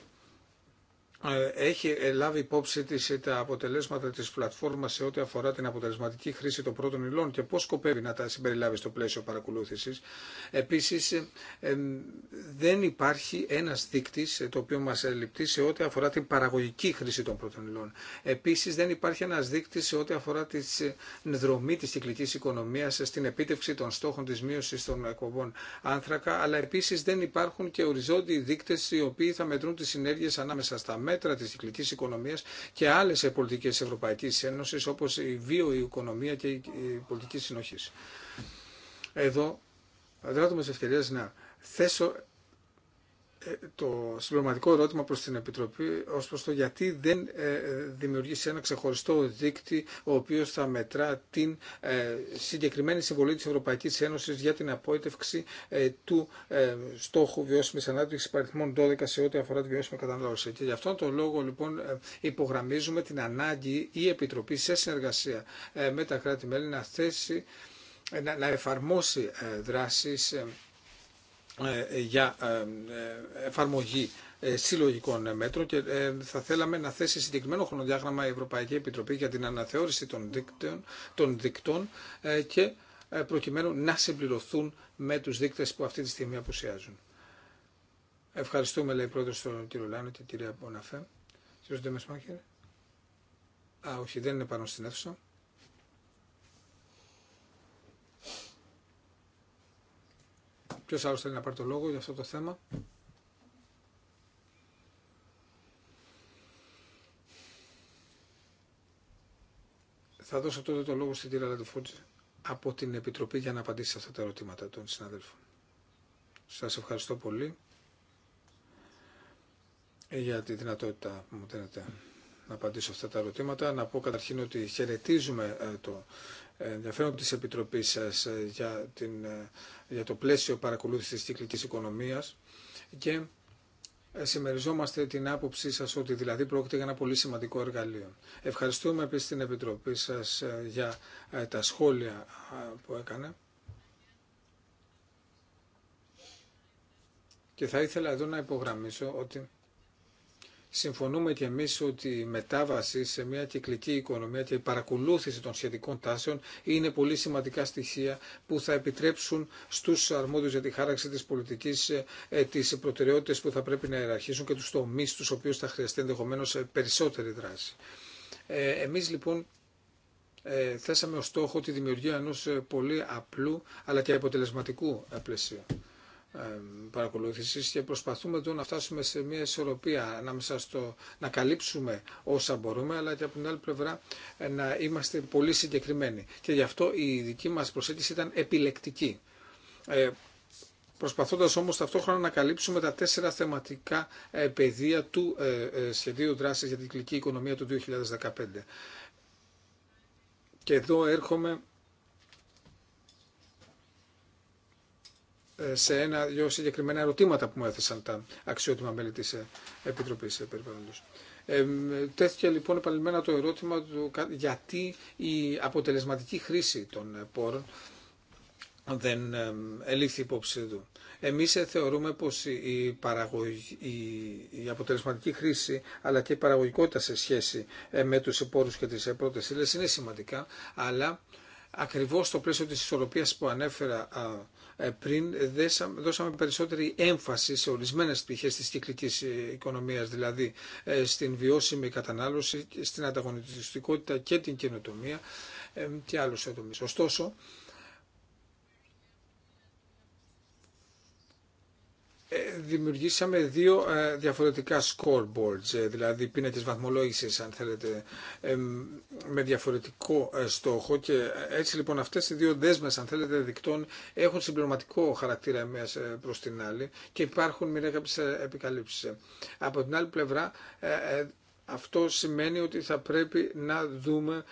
ε, έχει ε, λάβει υπόψη της ε, τα αποτελέσματα της πλατφόρμας σε ό,τι αφορά την αποτελεσματική χρήση των πρώτων υλών και πώς σκοπεύει να τα συμπεριλάβει στο πλαίσιο παρακολούθησης. Επίσης, δεν υπάρχει ένας δείκτης το οποίο μας ελειπτεί σε ό,τι αφορά την παραγωγική χρήση των πρώτων υλών. Επίσης, δεν υπάρχει ένας δείκτης σε ό,τι αφορά τη δρομή της κυκλικής οικονομίας στην επίτευξη των στόχων της μείωσης των εκπομπών άνθρακα, αλλά επίσης δεν υπάρχουν και οριζόντιοι δείκτες οι οποίοι θα μετρούν τις συνέργειες ανάμεσα στα μέτρα τη κυκλική οικονομίας και άλλες πολιτικέ Ευρωπαϊκή Ένωση, όπω η βιοοικονομία και η πολιτική συνοχή. Εδώ δράτω με ευκαιρίε να θέσω ε, το συμπληρωματικό ερώτημα προς την Επιτροπή ως προς το γιατί δεν ε, δημιουργήσει ένα ξεχωριστό δίκτυο ο οποίος θα μετρά την ε, συγκεκριμένη συμβολή της Ευρωπαϊκής Ένωσης για την απόιτευξη του στόχου βιώσιμης ανάπτυξης παριθμών 12 σε ό,τι αφορά τη βιώσιμη κατανάλωση. Και γι' αυτόν τον λόγο λοιπόν υπογραμμίζουμε την ανάγκη η Επιτροπή σε συνεργασία με τα κράτη-μέλη να θέσει να, εφαρμόσει δράσεις ε, για ε, ε, εφαρμογή συλλογικών μέτρων και θα θέλαμε να θέσει συγκεκριμένο χρονοδιάγραμμα η Ευρωπαϊκή Επιτροπή για την αναθεώρηση των δικτών, των δικτών και προκειμένου να συμπληρωθούν με τους δίκτες που αυτή τη στιγμή απουσιάζουν. Ευχαριστούμε, λέει Πρόεδρος, τον κύριο Λάνο και την κυρία Μποναφέ. Κύριος Ντεμεσμάχερ. Α, όχι, δεν είναι πάνω στην αίθουσα. Ποιο άλλο θέλει να πάρει το λόγο για αυτό το θέμα. Θα δώσω τότε το λόγο στην κυρία Λαντεφούτζη από την Επιτροπή για να απαντήσει σε αυτά τα ερωτήματα των συναδέλφων. Σας ευχαριστώ πολύ για τη δυνατότητα που μου δίνετε να απαντήσω αυτά τα ερωτήματα. Να πω καταρχήν ότι χαιρετίζουμε ε, το ενδιαφέρον της Επιτροπής σας ε, για, την, ε, για το πλαίσιο παρακολούθησης της κυκλικής οικονομίας και ε, συμμεριζόμαστε την άποψή σας ότι δηλαδή πρόκειται για ένα πολύ σημαντικό εργαλείο. Ευχαριστούμε επίσης την Επιτροπή σας για τα σχόλια που έκανε. Και θα ήθελα εδώ να υπογραμμίσω ότι συμφωνούμε και εμείς ότι η μετάβαση σε μια κυκλική οικονομία και η παρακολούθηση των σχετικών τάσεων είναι πολύ σημαντικά στοιχεία που θα επιτρέψουν στους αρμόδιους για τη χάραξη της πολιτικής ε, ε, τις προτεραιότητες που θα πρέπει να ιεραρχήσουν και τους τομείς τους οποίους θα χρειαστεί ενδεχομένω ε, περισσότερη δράση. Εμείς λοιπόν θέσαμε ως στόχο τη δημιουργία ενός πολύ απλού αλλά και αποτελεσματικού πλαισίου. Ε, παρακολουθήσεις και προσπαθούμε εδώ να φτάσουμε σε μια ισορροπία ανάμεσα στο να καλύψουμε όσα μπορούμε αλλά και από την άλλη πλευρά ε, να είμαστε πολύ συγκεκριμένοι. Και γι' αυτό η δική μας προσέγγιση ήταν επιλεκτική. Ε, προσπαθώντας όμως ταυτόχρονα να καλύψουμε τα τέσσερα θεματικά ε, πεδία του σχεδίου δράσης για την κλική οικονομία του 2015. Και εδώ έρχομαι Ε, σε ένα-δυο συγκεκριμένα ερωτήματα που μου έθεσαν τα αξιότιμα μέλη της ε, Επιτροπής ε, Περιβάλλοντος. Ε, τέθηκε λοιπόν επανειλημμένα το ερώτημα του γιατί η αποτελεσματική χρήση των πόρων δεν ελήφθη υπόψη του. Εμείς θεωρούμε πως η, παραγωγή, η, αποτελεσματική χρήση αλλά και η παραγωγικότητα σε σχέση με τους πόρους και τις πρώτες ύλες είναι σημαντικά, αλλά ακριβώς στο πλαίσιο της ισορροπίας που ανέφερα ε, πριν δώσαμε περισσότερη έμφαση σε ορισμένες πτυχές της κυκλικής ε, οικονομίας, δηλαδή ε, στην βιώσιμη κατανάλωση, στην ανταγωνιστικότητα και την καινοτομία και άλλους τομείς. Ωστόσο, Ε, δημιουργήσαμε δύο ε, διαφορετικά scoreboards, ε, δηλαδή πίνακες βαθμολόγησης αν θέλετε, με διαφορετικό στόχο και έτσι λοιπόν αυτές οι δύο δέσμες αν θέλετε δικτών έχουν συμπληρωματικό χαρακτήρα μία προς την άλλη και υπάρχουν μια κάποιες επικαλύψεις. Από την άλλη πλευρά αυτό σημαίνει ότι θα πρέπει να δούμε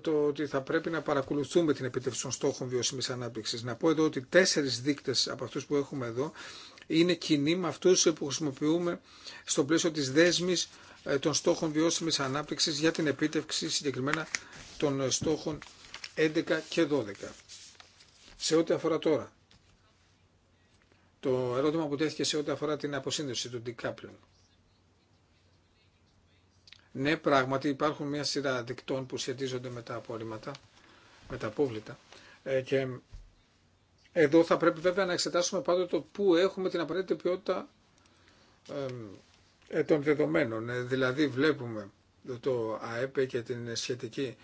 το ότι θα πρέπει να παρακολουθούμε την επιτεύξη των στόχων βιώσιμης ανάπτυξης. Να πω εδώ ότι τέσσερις δείκτες από αυτούς που έχουμε εδώ είναι κοινή με αυτού που χρησιμοποιούμε στο πλαίσιο τη δέσμη ε, των στόχων βιώσιμη ανάπτυξης για την επίτευξη συγκεκριμένα των ε, στόχων 11 και 12. Σε ό,τι αφορά τώρα, το ερώτημα που τέθηκε σε ό,τι αφορά την αποσύνδεση του decoupling. Ναι, πράγματι υπάρχουν μια σειρά δικτών που σχετίζονται με τα απορρίμματα, με τα απόβλητα ε, και εδώ θα πρέπει βέβαια να εξετάσουμε πάντοτε το πού έχουμε την απαραίτητη ποιότητα ε, των δεδομένων. Ε, δηλαδή βλέπουμε το ΑΕΠ και την σχετική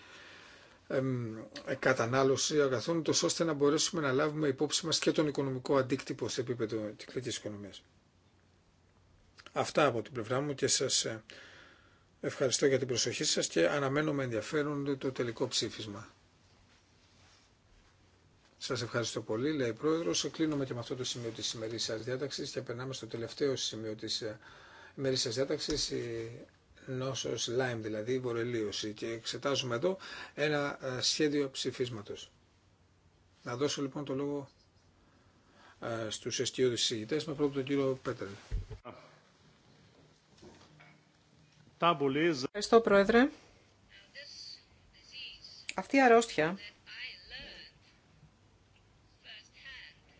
κατανάλωση αγαθών, ώστε να μπορέσουμε να λάβουμε υπόψη μας και τον οικονομικό αντίκτυπο σε επίπεδο κλητής οικονομίας. Αυτά από την πλευρά μου και σας ε, ευχαριστώ για την προσοχή σας και αναμένω με ενδιαφέρον το τελικό ψήφισμα. Σα ευχαριστώ πολύ, λέει η Πρόεδρο. Κλείνουμε και με αυτό το σημείο τη σα διάταξη και περνάμε στο τελευταίο σημείο τη ε, ημερήσια διάταξη, η νόσο ΛΑΙΜ, δηλαδή η βορελίωση. Και εξετάζουμε εδώ ένα ε, σχέδιο ψηφίσματο. Να δώσω λοιπόν το λόγο ε, στου αισιόδου συζητητέ, με πρώτο τον κύριο Πέτρελ. Ευχαριστώ, Πρόεδρε. Αυτή η αρρώστια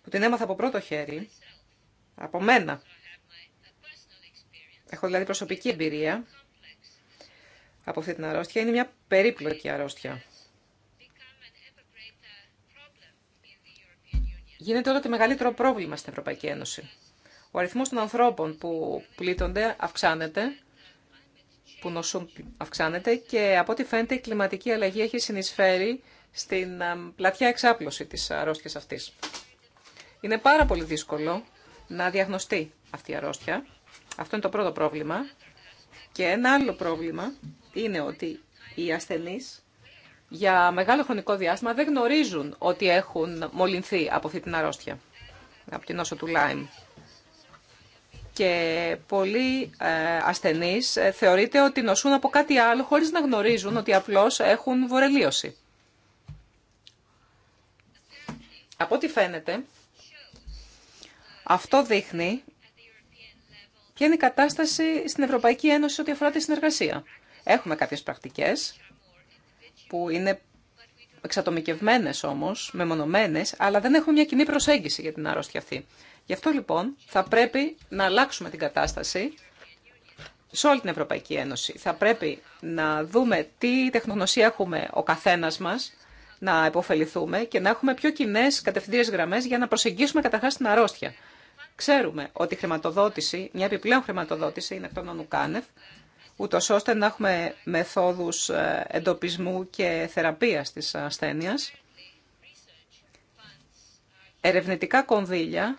που την έμαθα από πρώτο χέρι, από μένα. Έχω δηλαδή προσωπική εμπειρία από αυτή την αρρώστια. Είναι μια περίπλοκη αρρώστια. Γίνεται όλο το μεγαλύτερο πρόβλημα στην Ευρωπαϊκή Ένωση. Ο αριθμός των ανθρώπων που πλήττονται αυξάνεται, που νοσούν αυξάνεται και από ό,τι φαίνεται η κλιματική αλλαγή έχει συνεισφέρει στην ε, πλατιά εξάπλωση της αρρώστιας αυτής. Είναι πάρα πολύ δύσκολο να διαγνωστεί αυτή η αρρώστια. Αυτό είναι το πρώτο πρόβλημα. Και ένα άλλο πρόβλημα είναι ότι οι ασθενείς για μεγάλο χρονικό διάστημα δεν γνωρίζουν ότι έχουν μολυνθεί από αυτή την αρρώστια, από την νόσο του Λάιμ. Και πολλοί ε, ασθενείς ε, θεωρείται ότι νοσούν από κάτι άλλο χωρίς να γνωρίζουν ότι απλώς έχουν βορελίωση. Από ό,τι φαίνεται, αυτό δείχνει ποια είναι η κατάσταση στην Ευρωπαϊκή Ένωση ό,τι αφορά τη συνεργασία. Έχουμε κάποιες πρακτικές που είναι εξατομικευμένες όμως, μεμονωμένες, αλλά δεν έχουμε μια κοινή προσέγγιση για την αρρώστια αυτή. Γι' αυτό λοιπόν θα πρέπει να αλλάξουμε την κατάσταση σε όλη την Ευρωπαϊκή Ένωση. Θα πρέπει να δούμε τι τεχνογνωσία έχουμε ο καθένας μας, να υποφεληθούμε και να έχουμε πιο κοινέ κατευθυντήριε γραμμέ για να προσεγγίσουμε καταρχά την αρρώστια. Ξέρουμε ότι η χρηματοδότηση, μια επιπλέον χρηματοδότηση είναι εκ των ονουκάνευ, ούτω ώστε να έχουμε μεθόδους ε, εντοπισμού και θεραπείας της ασθένεια. Ερευνητικά κονδύλια,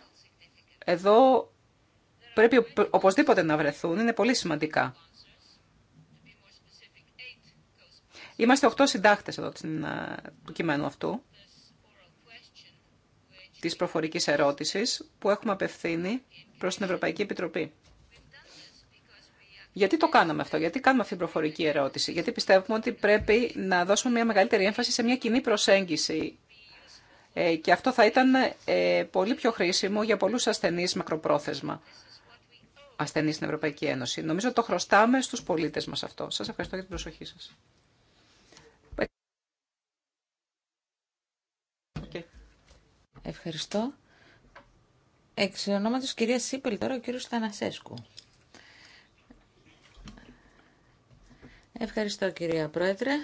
εδώ πρέπει οπωσδήποτε να βρεθούν, είναι πολύ σημαντικά. Είμαστε οχτώ συντάχτες εδώ ε, του κειμένου αυτού της προφορικής ερώτησης που έχουμε απευθύνει προς την Ευρωπαϊκή Επιτροπή. Γιατί το κάναμε αυτό, γιατί κάνουμε αυτή την προφορική ερώτηση, γιατί πιστεύουμε ότι πρέπει να δώσουμε μια μεγαλύτερη έμφαση σε μια κοινή προσέγγιση ε, και αυτό θα ήταν ε, πολύ πιο χρήσιμο για πολλούς ασθενείς μακροπρόθεσμα ασθενείς στην Ευρωπαϊκή Ένωση. Νομίζω το χρωστάμε στους πολίτες μας αυτό. Σας ευχαριστώ για την προσοχή σας. Ευχαριστώ. Εξ ονόματος κυρία Σίπελ, τώρα ο κύριος Θανασέσκου. Ευχαριστώ κυρία Πρόεδρε.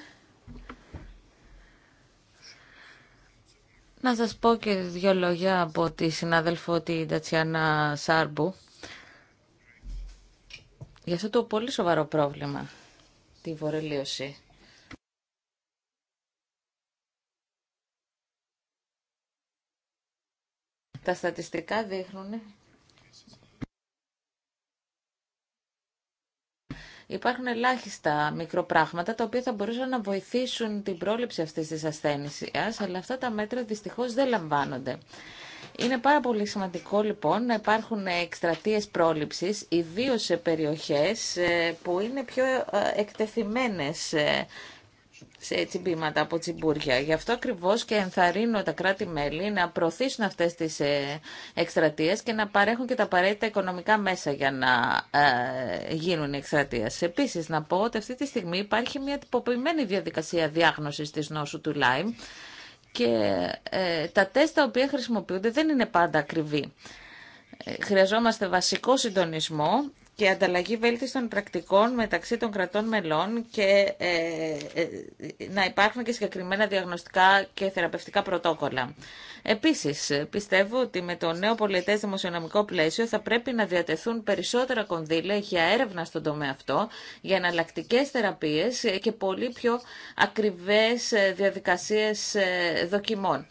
Να σας πω και δύο λόγια από τη συνάδελφο τη Τατσιάνα Σάρμπου για αυτό το πολύ σοβαρό πρόβλημα, τη βορελίωση. Τα στατιστικά δείχνουν υπάρχουν ελάχιστα μικροπράγματα τα οποία θα μπορούσαν να βοηθήσουν την πρόληψη αυτής της ασθένειας, αλλά αυτά τα μέτρα δυστυχώς δεν λαμβάνονται. Είναι πάρα πολύ σημαντικό λοιπόν να υπάρχουν εκστρατείε πρόληψης, ιδίω σε περιοχές ε, που είναι πιο ε, εκτεθειμένες ε, σε τσιμπήματα από τσιμπούρια. Γι' αυτό ακριβώ και ενθαρρύνω τα κράτη-μέλη να προωθήσουν αυτέ τι ε, εκστρατείε και να παρέχουν και τα απαραίτητα οικονομικά μέσα για να ε, γίνουν οι εκστρατείε. Επίση, να πω ότι αυτή τη στιγμή υπάρχει μια τυποποιημένη διαδικασία διάγνωση τη νόσου του Lyme και ε, τα τεστ τα οποία χρησιμοποιούνται δεν είναι πάντα ακριβή. Χρειαζόμαστε βασικό συντονισμό και ανταλλαγή βέλτιστων πρακτικών μεταξύ των κρατών μελών και ε, ε, να υπάρχουν και συγκεκριμένα διαγνωστικά και θεραπευτικά πρωτόκολλα. Επίσης, πιστεύω ότι με το νέο πολιτές δημοσιονομικό πλαίσιο θα πρέπει να διατεθούν περισσότερα κονδύλια για έρευνα στον τομέα αυτό, για εναλλακτικέ θεραπείες και πολύ πιο ακριβές ε, διαδικασίες δοκιμών.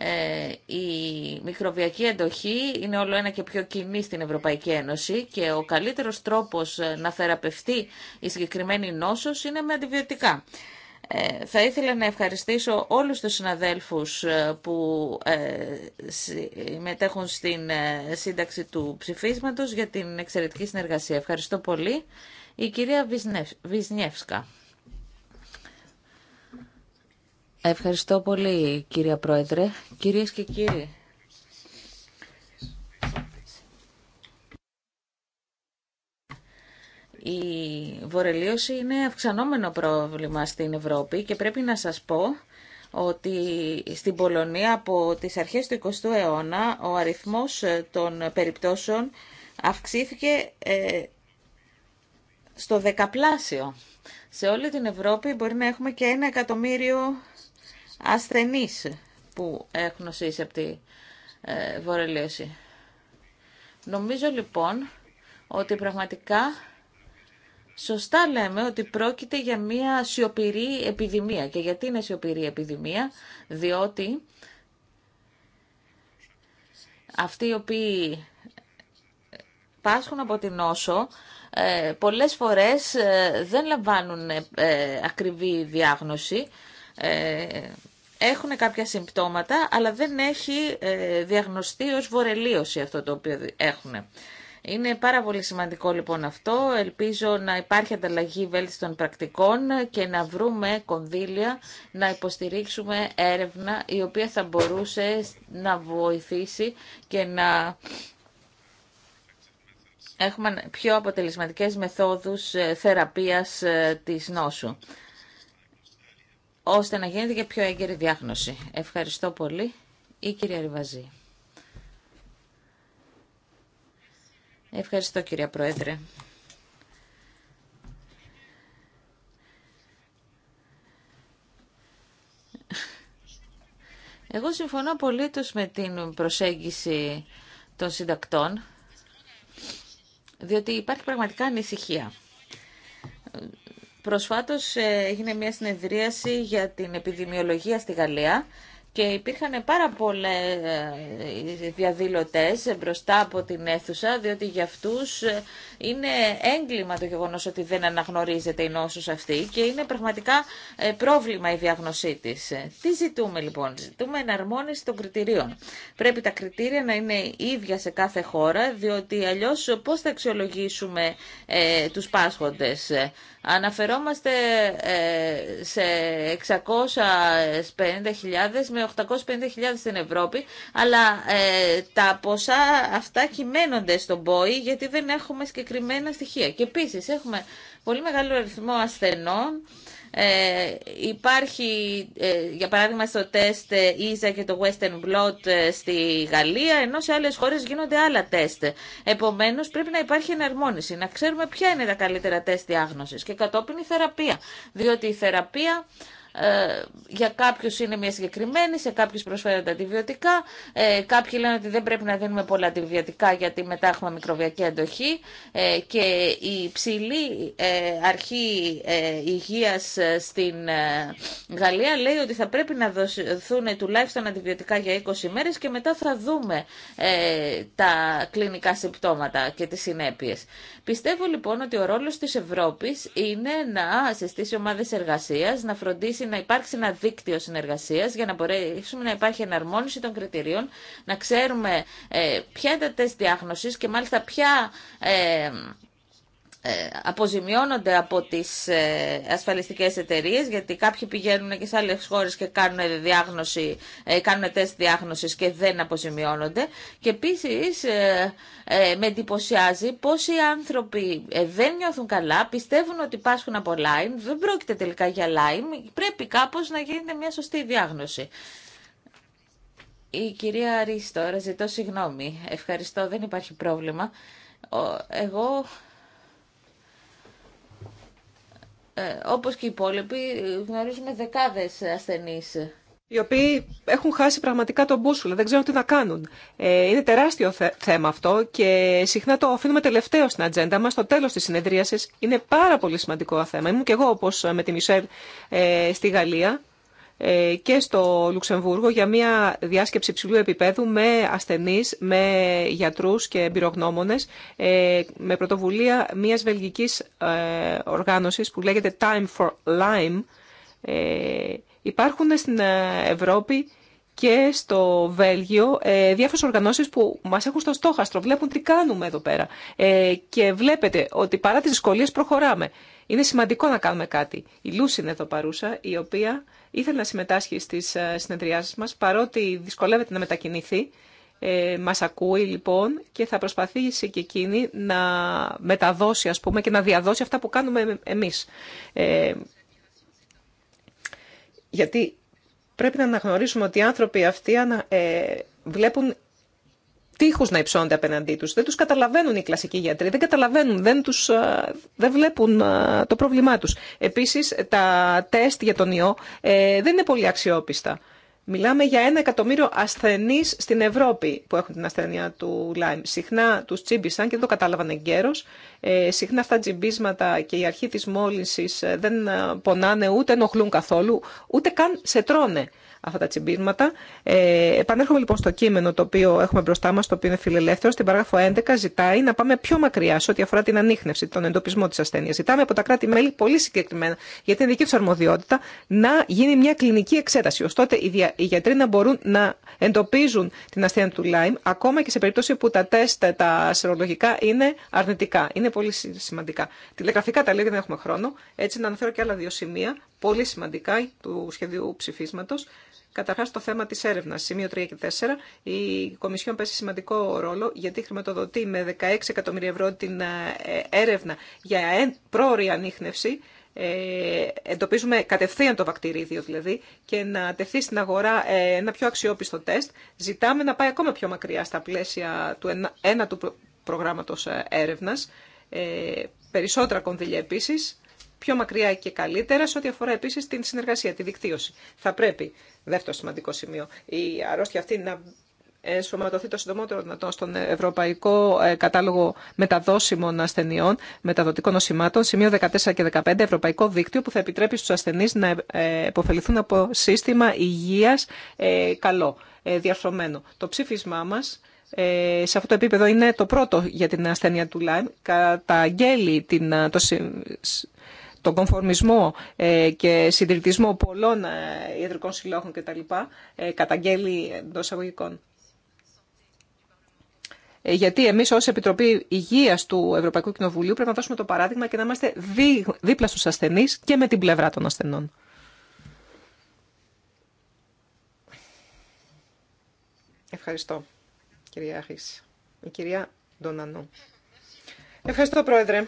Ε, η μικροβιακή εντοχή είναι όλο ένα και πιο κοινή στην Ευρωπαϊκή Ένωση και ο καλύτερος τρόπος ε, να θεραπευτεί η συγκεκριμένη νόσος είναι με αντιβιωτικά. Ε, θα ήθελα να ευχαριστήσω όλους τους συναδέλφους που συμμετέχουν στην σύνταξη του ψηφίσματος για την εξαιρετική συνεργασία. Ευχαριστώ πολύ. Η κυρία Βυσνιεύσκα. Ευχαριστώ πολύ κύριε Πρόεδρε. Κυρίες και κύριοι. Η βορελίωση είναι αυξανόμενο πρόβλημα στην Ευρώπη και πρέπει να σας πω ότι στην Πολωνία από τις αρχές του 20ου αιώνα ο αριθμός των περιπτώσεων αυξήθηκε ε, στο δεκαπλάσιο. Σε όλη την Ευρώπη μπορεί να έχουμε και ένα εκατομμύριο ασθενείς που έχουν νοσήσει από τη ε, βορελίωση. Νομίζω λοιπόν ότι πραγματικά σωστά λέμε ότι πρόκειται για μια σιωπηρή επιδημία. Και γιατί είναι σιωπηρή επιδημία, διότι αυτοί οι οποίοι πάσχουν από την νόσο ε, πολλές φορές ε, δεν λαμβάνουν ε, ακριβή διάγνωση έχουν κάποια συμπτώματα, αλλά δεν έχει ε, διαγνωστεί ως βορελίωση αυτό το οποίο έχουν. Είναι πάρα πολύ σημαντικό λοιπόν αυτό. Ελπίζω να υπάρχει ανταλλαγή βέλτιστων πρακτικών και να βρούμε κονδύλια να υποστηρίξουμε έρευνα η οποία θα μπορούσε να βοηθήσει και να έχουμε πιο αποτελεσματικές μεθόδους ε, θεραπείας ε, της νόσου ώστε να γίνεται και πιο έγκαιρη διάγνωση. Ευχαριστώ πολύ. Η κυρία Ριβαζή. Ευχαριστώ κυρία Πρόεδρε. Εγώ συμφωνώ πολύ τους με την προσέγγιση των συντακτών, διότι υπάρχει πραγματικά ανησυχία. Προσφάτως ε, έγινε μια συνεδρίαση για την επιδημιολογία στη Γαλλία και υπήρχαν πάρα πολλοί ε, διαδηλωτέ μπροστά από την αίθουσα, διότι για αυτούς ε, είναι έγκλημα το γεγονό ότι δεν αναγνωρίζεται η νόσο αυτή και είναι πραγματικά πρόβλημα η διαγνωσή της. Τι ζητούμε λοιπόν, ζητούμε εναρμόνιση των κριτηρίων. Πρέπει τα κριτήρια να είναι ίδια σε κάθε χώρα, διότι αλλιώ πώ θα αξιολογήσουμε τους πάσχοντες. Αναφερόμαστε ε, σε 650.000 με 850.000 στην Ευρώπη, αλλά ε, τα ποσά αυτά κυμαίνονται στον ΠΟΗ γιατί δεν έχουμε συγκεκριμένα στοιχεία. Και επίσης έχουμε πολύ μεγάλο αριθμό ασθενών ε, υπάρχει, ε, για παράδειγμα, στο τεστ Ίζα και το Western Blot ε, στη Γαλλία, ενώ σε άλλες χώρες γίνονται άλλα τεστ. Επομένως, πρέπει να υπάρχει εναρμόνιση, να ξέρουμε ποια είναι τα καλύτερα τεστ διάγνωσης και κατόπιν η θεραπεία. Διότι η θεραπεία ε, για κάποιους είναι μια συγκεκριμένη, σε κάποιους προσφέρονται αντιβιωτικά, ε, κάποιοι λένε ότι δεν πρέπει να δίνουμε πολλά αντιβιωτικά γιατί μετά έχουμε μικροβιακή αντοχή ε, και η ψηλή ε, αρχή ε, υγείας ε, στην Γαλλία λέει ότι θα πρέπει να δοθούν τουλάχιστον αντιβιωτικά για 20 μέρες και μετά θα δούμε τα κλινικά συμπτώματα και τις συνέπειες. Πιστεύω λοιπόν ότι ο ρόλος της Ευρώπης είναι να συστήσει ομάδες εργασίας, να φροντίσει να υπάρξει ένα δίκτυο συνεργασίας για να μπορέσουμε να υπάρχει εναρμόνιση των κριτηρίων, να ξέρουμε ε, ποια είναι τα τεστ διάγνωσης και μάλιστα ποια ε, ε, αποζημιώνονται από τις ε, ασφαλιστικές εταιρείες γιατί κάποιοι πηγαίνουν και σε άλλες χώρες και κάνουν, διάγνωση, ε, κάνουν τεστ διάγνωσης και δεν αποζημιώνονται και επίσης με εντυπωσιάζει πως οι άνθρωποι δεν νιώθουν καλά, πιστεύουν ότι πάσχουν από Lyme, δεν πρόκειται τελικά για λάιμ, πρέπει κάπως να γίνεται μια σωστή διάγνωση. Η κυρία Ρίστο, ζητώ συγγνώμη, ευχαριστώ, δεν υπάρχει πρόβλημα. Εγώ Ε, όπως και οι υπόλοιποι, γνωρίζουμε δεκάδες ασθενείς. Οι οποίοι έχουν χάσει πραγματικά τον μπούσουλα, δεν ξέρουν τι να κάνουν. Ε, είναι τεράστιο θέμα αυτό και συχνά το αφήνουμε τελευταίο στην ατζέντα μας, στο τέλος της συνεδρίασης. Είναι πάρα πολύ σημαντικό θέμα. Ήμουν και εγώ όπως ε, με τη Μισελ στη Γαλλία ε, και στο Λουξεμβούργο για μια διάσκεψη ψηλού επίπεδου με ασθενείς, με γιατρούς και εμπειρογνώμονες ε, με πρωτοβουλία μιας βελγικής ε, οργάνωσης που λέγεται Time for Lime Υπάρχουν στην Ευρώπη και στο Βέλγιο διάφορες οργανώσεις που μας έχουν στο στόχαστρο, βλέπουν τι κάνουμε εδώ πέρα και βλέπετε ότι παρά τις δυσκολίες προχωράμε. Είναι σημαντικό να κάνουμε κάτι. Η Λούση είναι εδώ παρούσα, η οποία ήθελε να συμμετάσχει στις ε, συνεδριάσεις μας, παρότι δυσκολεύεται να μετακινηθεί. Ε, μας ακούει λοιπόν και θα προσπαθήσει και εκείνη να μεταδώσει ας πούμε και να διαδώσει αυτά που κάνουμε εμείς. Ε, γιατί πρέπει να αναγνωρίσουμε ότι οι άνθρωποι αυτοί ε, βλέπουν τείχου να υψώνται απέναντί του. Δεν τους καταλαβαίνουν οι κλασικοί γιατροί, δεν καταλαβαίνουν, δεν, τους, ε, δεν βλέπουν ε, το πρόβλημά τους. Επίσης, τα τεστ για τον ιό ε, δεν είναι πολύ αξιόπιστα. Μιλάμε για ένα εκατομμύριο ασθενεί στην Ευρώπη που έχουν την ασθένεια του Lyme. Συχνά του τσίμπησαν και δεν το κατάλαβαν εγκαίρω. Ε, συχνά αυτά τα τσιμπίσματα και η αρχή τη μόλυνση ε, δεν ε, πονάνε ούτε ενοχλούν καθόλου, ούτε καν σε τρώνε αυτά τα τσιμπίσματα. Ε, επανέρχομαι λοιπόν στο κείμενο το οποίο έχουμε μπροστά μα, το οποίο είναι φιλελεύθερο. Στην παράγραφο 11 ζητάει να πάμε πιο μακριά σε ό,τι αφορά την ανείχνευση, τον εντοπισμό τη ασθένεια. Ζητάμε από τα κράτη-μέλη πολύ συγκεκριμένα, γιατί είναι δική του αρμοδιότητα, να γίνει μια κλινική εξέταση. Ωστότε η, δια, οι γιατροί να μπορούν να εντοπίζουν την ασθένεια του Lyme, ακόμα και σε περίπτωση που τα τεστ, τα σερολογικά είναι αρνητικά. Είναι πολύ σημαντικά. Τηλεγραφικά τα λέω γιατί δεν έχουμε χρόνο. Έτσι, να αναφέρω και άλλα δύο σημεία, πολύ σημαντικά του σχεδίου ψηφίσματο. Καταρχά, το θέμα τη έρευνα, σημείο 3 και 4. Η Κομισιόν παίζει σημαντικό ρόλο γιατί χρηματοδοτεί με 16 εκατομμύρια ευρώ την ε, έρευνα για πρόορη ανείχνευση ε, εντοπίζουμε κατευθείαν το βακτηρίδιο δηλαδή και να τεθεί στην αγορά ε, ένα πιο αξιόπιστο τεστ, ζητάμε να πάει ακόμα πιο μακριά στα πλαίσια του ένα, ένα του προγράμματος ε, έρευνας, περισσότερα κονδύλια επίση, πιο μακριά και καλύτερα σε ό,τι αφορά επίσης την συνεργασία, τη δικτύωση. Θα πρέπει, δεύτερο σημαντικό σημείο, η αρρώστια αυτή να ενσωματωθεί το συντομότερο δυνατόν στον Ευρωπαϊκό ε, Κατάλογο Μεταδόσιμων Ασθενειών, Μεταδοτικών Νοσημάτων, σημείο 14 και 15, Ευρωπαϊκό Δίκτυο, που θα επιτρέπει στους ασθενείς να υποφεληθούν ε, από σύστημα υγείας ε, καλό, διαρθρωμένο. Το ψήφισμά μας σε αυτό το επίπεδο είναι το πρώτο για την ασθένεια του Lyme. Καταγγέλει την, τον κομφορμισμό και συντηρητισμό πολλών ιατρικών συλλόγων κτλ. καταγγέλει εντό εισαγωγικών. Ε, γιατί εμείς ω Επιτροπή υγεία του Ευρωπαϊκού Κοινοβουλίου πρέπει να δώσουμε το παράδειγμα και να είμαστε δίπλα στους ασθενείς και με την πλευρά των ασθενών. Ευχαριστώ, κυρία Αχής. Η κυρία Ντονανού. Ευχαριστώ, Πρόεδρε.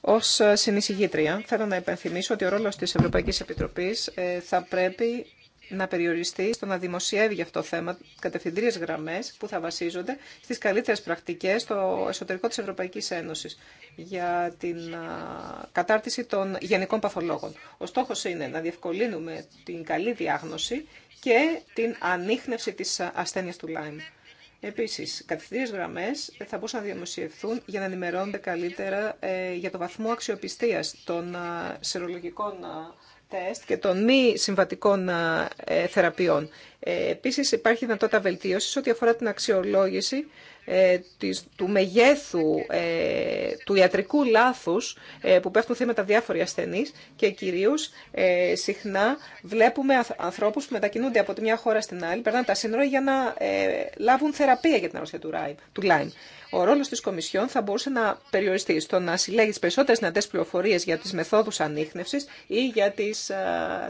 Ω συνεισηγήτρια, θέλω να υπενθυμίσω ότι ο ρόλος της Ευρωπαϊκή Επιτροπή ε, θα πρέπει να περιοριστεί στο να δημοσιεύει για αυτό το θέμα κατευθυντήριε γραμμές που θα βασίζονται στις καλύτερες πρακτικές στο εσωτερικό της Ευρωπαϊκής Ένωσης για την κατάρτιση των γενικών παθολόγων. Ο στόχος είναι να διευκολύνουμε την καλή διάγνωση και την ανείχνευση της ασθένειας του Lyme. Επίση, κατευθυντήριε γραμμέ θα μπορούσαν να δημοσιευθούν για να ενημερώνονται καλύτερα ε, για το βαθμό αξιοπιστία των σερολογικών τεστ και των μη συμβατικών ε, θεραπείων. Ε, επίσης υπάρχει δυνατότητα βελτίωσης ό,τι αφορά την αξιολόγηση ε, του μεγέθου ε, του ιατρικού λάθους ε, που πέφτουν θέματα διάφοροι ασθενείς και κυρίως συχνά βλέπουμε ανθρώπους που μετακινούνται από τη μια χώρα στην άλλη, περνάνε τα σύνορα για να λάβουν θεραπεία για την αρρώστια του ΛΑΙΜ. Ο ρόλο τη Κομισιόν θα μπορούσε να περιοριστεί στο να συλλέγει τι περισσότερε δυνατέ πληροφορίε για τι μεθόδου ανείχνευση ή για τι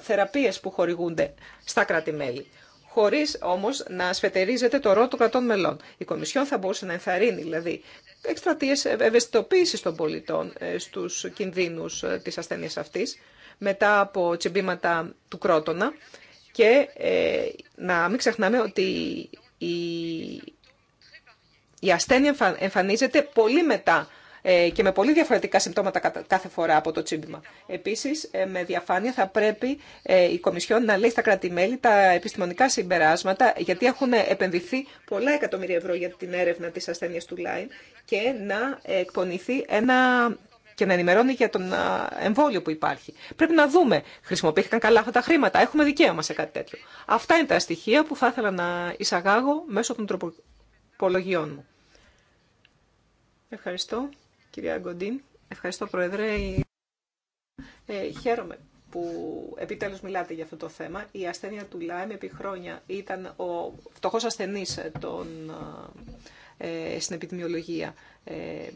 θεραπείε που χορηγούνται στα κράτη-μέλη χωρίς όμως να σφετερίζεται το ρόλο των κρατών μελών. Η Κομισιόν θα μπορούσε να ενθαρρύνει δηλαδή εκστρατείε ευαισθητοποίηση των πολιτών ε, στους κινδύνους ε, της ασθένεια αυτής μετά από τσιμπήματα του κρότονα και ε, να μην ξεχνάμε ότι η, η ασθένεια εμφανίζεται πολύ μετά ε, και με πολύ διαφορετικά συμπτώματα κάθε φορά από το τσίμπημα. Επίση, ε, με διαφάνεια θα πρέπει ε, η Κομισιόν να λέει στα κρατη τα επιστημονικά συμπεράσματα, γιατί έχουν επενδυθεί πολλά εκατομμύρια ευρώ για την έρευνα τη ασθένεια του Λάιν και να εκπονηθεί ένα και να ενημερώνει για τον εμβόλιο που υπάρχει. Πρέπει να δούμε, χρησιμοποιήθηκαν καλά αυτά τα χρήματα, έχουμε δικαίωμα σε κάτι τέτοιο. Αυτά είναι τα στοιχεία που θα ήθελα να εισαγάγω μέσω των τροπολογιών μου. Ευχαριστώ. Κυρία Γκοντίν, ευχαριστώ Πρόεδρε. Ε, χαίρομαι που επιτέλους μιλάτε για αυτό το θέμα. Η ασθένεια του Λάιμ επί χρόνια ήταν ο φτωχός ασθενής ε, των, ε, ε, στην επιδημιολογία. Ε,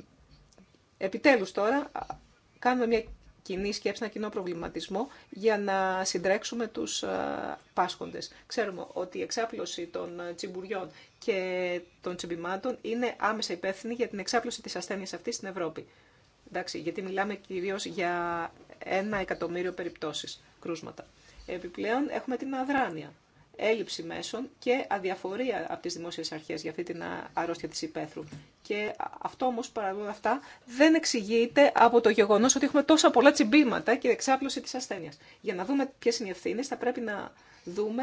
επιτέλους τώρα κάνουμε μια κοινή σκέψη, ένα κοινό προβληματισμό για να συντρέξουμε τους ε, πάσχοντες. Ξέρουμε ότι η εξάπλωση των ε, τσιμπουριών και των τσιμπημάτων είναι άμεσα υπεύθυνη για την εξάπλωση της ασθένειας αυτής στην Ευρώπη. Εντάξει, γιατί μιλάμε κυρίως για ένα εκατομμύριο περιπτώσεις κρούσματα. Επιπλέον έχουμε την αδράνεια έλλειψη μέσων και αδιαφορία από τις δημόσιες αρχές για αυτή την αρρώστια της υπαίθρου. Και αυτό όμως παρά αυτά δεν εξηγείται από το γεγονός ότι έχουμε τόσα πολλά τσιμπήματα και εξάπλωση της ασθένειας. Για να δούμε ποιες είναι οι ευθύνες θα πρέπει να δούμε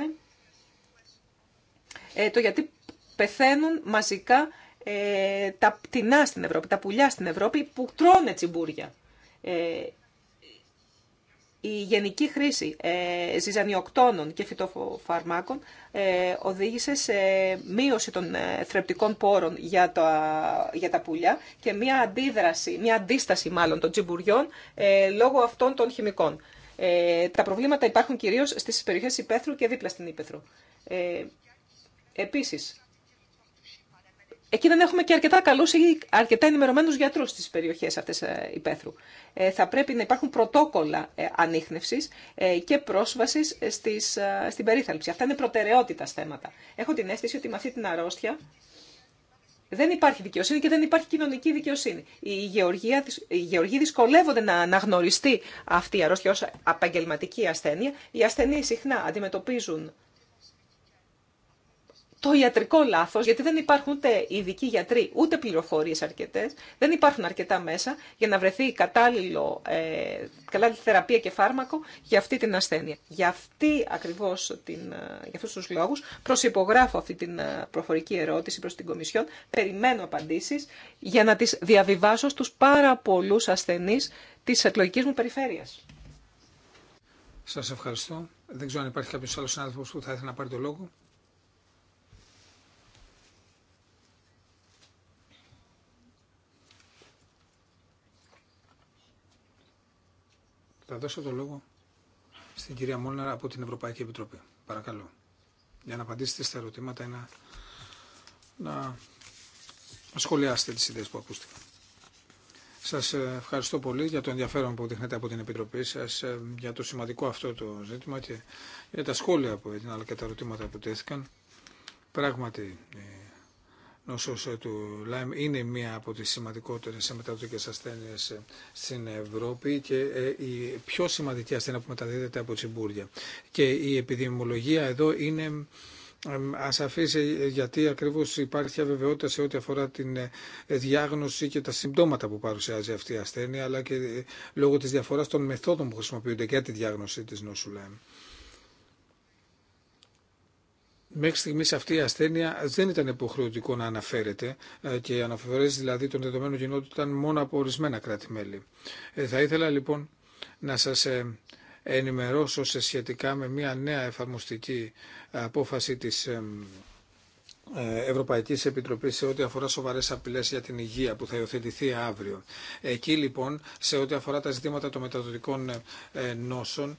ε, το γιατί πεθαίνουν μαζικά ε, τα πτηνά στην Ευρώπη, τα πουλιά στην Ευρώπη που τρώνε τσιμπούρια. Ε, η γενική χρήση ε, ζυζανιοκτώνων και φυτοφαρμάκων ε, οδήγησε σε μείωση των ε, θρεπτικών πόρων για τα, για τα πουλιά και μια αντίδραση, μια αντίσταση μάλλον των τσιμπουριών ε, λόγω αυτών των χημικών. Ε, τα προβλήματα υπάρχουν κυρίως στις περιοχές Υπέθρου και δίπλα στην Υπέθρου. Ε, επίσης, Εκεί δεν έχουμε και αρκετά καλού ή αρκετά ενημερωμένου γιατρού στι περιοχέ αυτέ ε, υπαίθρου. Ε, θα πρέπει να υπάρχουν πρωτόκολλα ε, ανείχνευση ε, και πρόσβαση ε, ε, στην περίθαλψη. Αυτά είναι προτεραιότητα θέματα. Έχω την αίσθηση ότι με αυτή την αρρώστια δεν υπάρχει δικαιοσύνη και δεν υπάρχει κοινωνική δικαιοσύνη. Οι γεωργοί, οι γεωργοί δυσκολεύονται να αναγνωριστεί αυτή η αρρώστια ω επαγγελματική ασθένεια. Οι ασθενεί συχνά αντιμετωπίζουν το ιατρικό λάθος, γιατί δεν υπάρχουν ούτε ειδικοί γιατροί, ούτε πληροφορίες αρκετές, δεν υπάρχουν αρκετά μέσα για να βρεθεί κατάλληλο, ε, κατάλληλη θεραπεία και φάρμακο για αυτή την ασθένεια. Για, αυτή, ακριβώς την, ε, για αυτούς τους λόγους προσυπογράφω αυτή την ε, προφορική ερώτηση προς την Κομισιόν, περιμένω απαντήσεις για να τις διαβιβάσω στους πάρα πολλούς ασθενείς της εκλογική μου περιφέρειας. Σας ευχαριστώ. Δεν ξέρω αν υπάρχει κάποιος άλλος συνάδελφος που θα ήθελε να πάρει το λόγο. Θα δώσω το λόγο στην κυρία Μόλνα από την Ευρωπαϊκή Επιτροπή. Παρακαλώ. Για να απαντήσετε στα ερωτήματα ή να, να σχολιάσετε τις ιδέες που ακούστηκαν. Σας ε, ευχαριστώ πολύ για το ενδιαφέρον που δείχνετε από την Επιτροπή σας, ε, για το σημαντικό αυτό το ζήτημα και για τα σχόλια που έδιναν αλλά και τα ερωτήματα που τέθηκαν. Πράγματι, ε, νόσος του Λάιμ είναι μία από τις σημαντικότερες μεταδοτικές ασθένειες στην Ευρώπη και ε, η πιο σημαντική ασθένεια που μεταδίδεται από τσιμπούρια. Και η επιδημιολογία εδώ είναι ασαφής ε, γιατί ακριβώς υπάρχει αβεβαιότητα σε ό,τι αφορά την ε, διάγνωση και τα συμπτώματα που παρουσιάζει αυτή η ασθένεια αλλά και λόγω της διαφοράς των μεθόδων που χρησιμοποιούνται για τη διάγνωση της νόσου Μέχρι στιγμή αυτή η ασθένεια δεν ήταν υποχρεωτικό να αναφέρεται ε, και οι αναφορέ δηλαδή των δεδομένων γινόντων ήταν μόνο από ορισμένα κράτη-μέλη. Ε, θα ήθελα λοιπόν να σας ε, ενημερώσω σε σχετικά με μια νέα εφαρμοστική απόφαση της Ευρωπαϊκή Επιτροπή σε ό,τι αφορά σοβαρέ απειλέ για την υγεία που θα υιοθετηθεί αύριο. Εκεί λοιπόν, σε ό,τι αφορά τα ζητήματα των μεταδοτικών νόσων,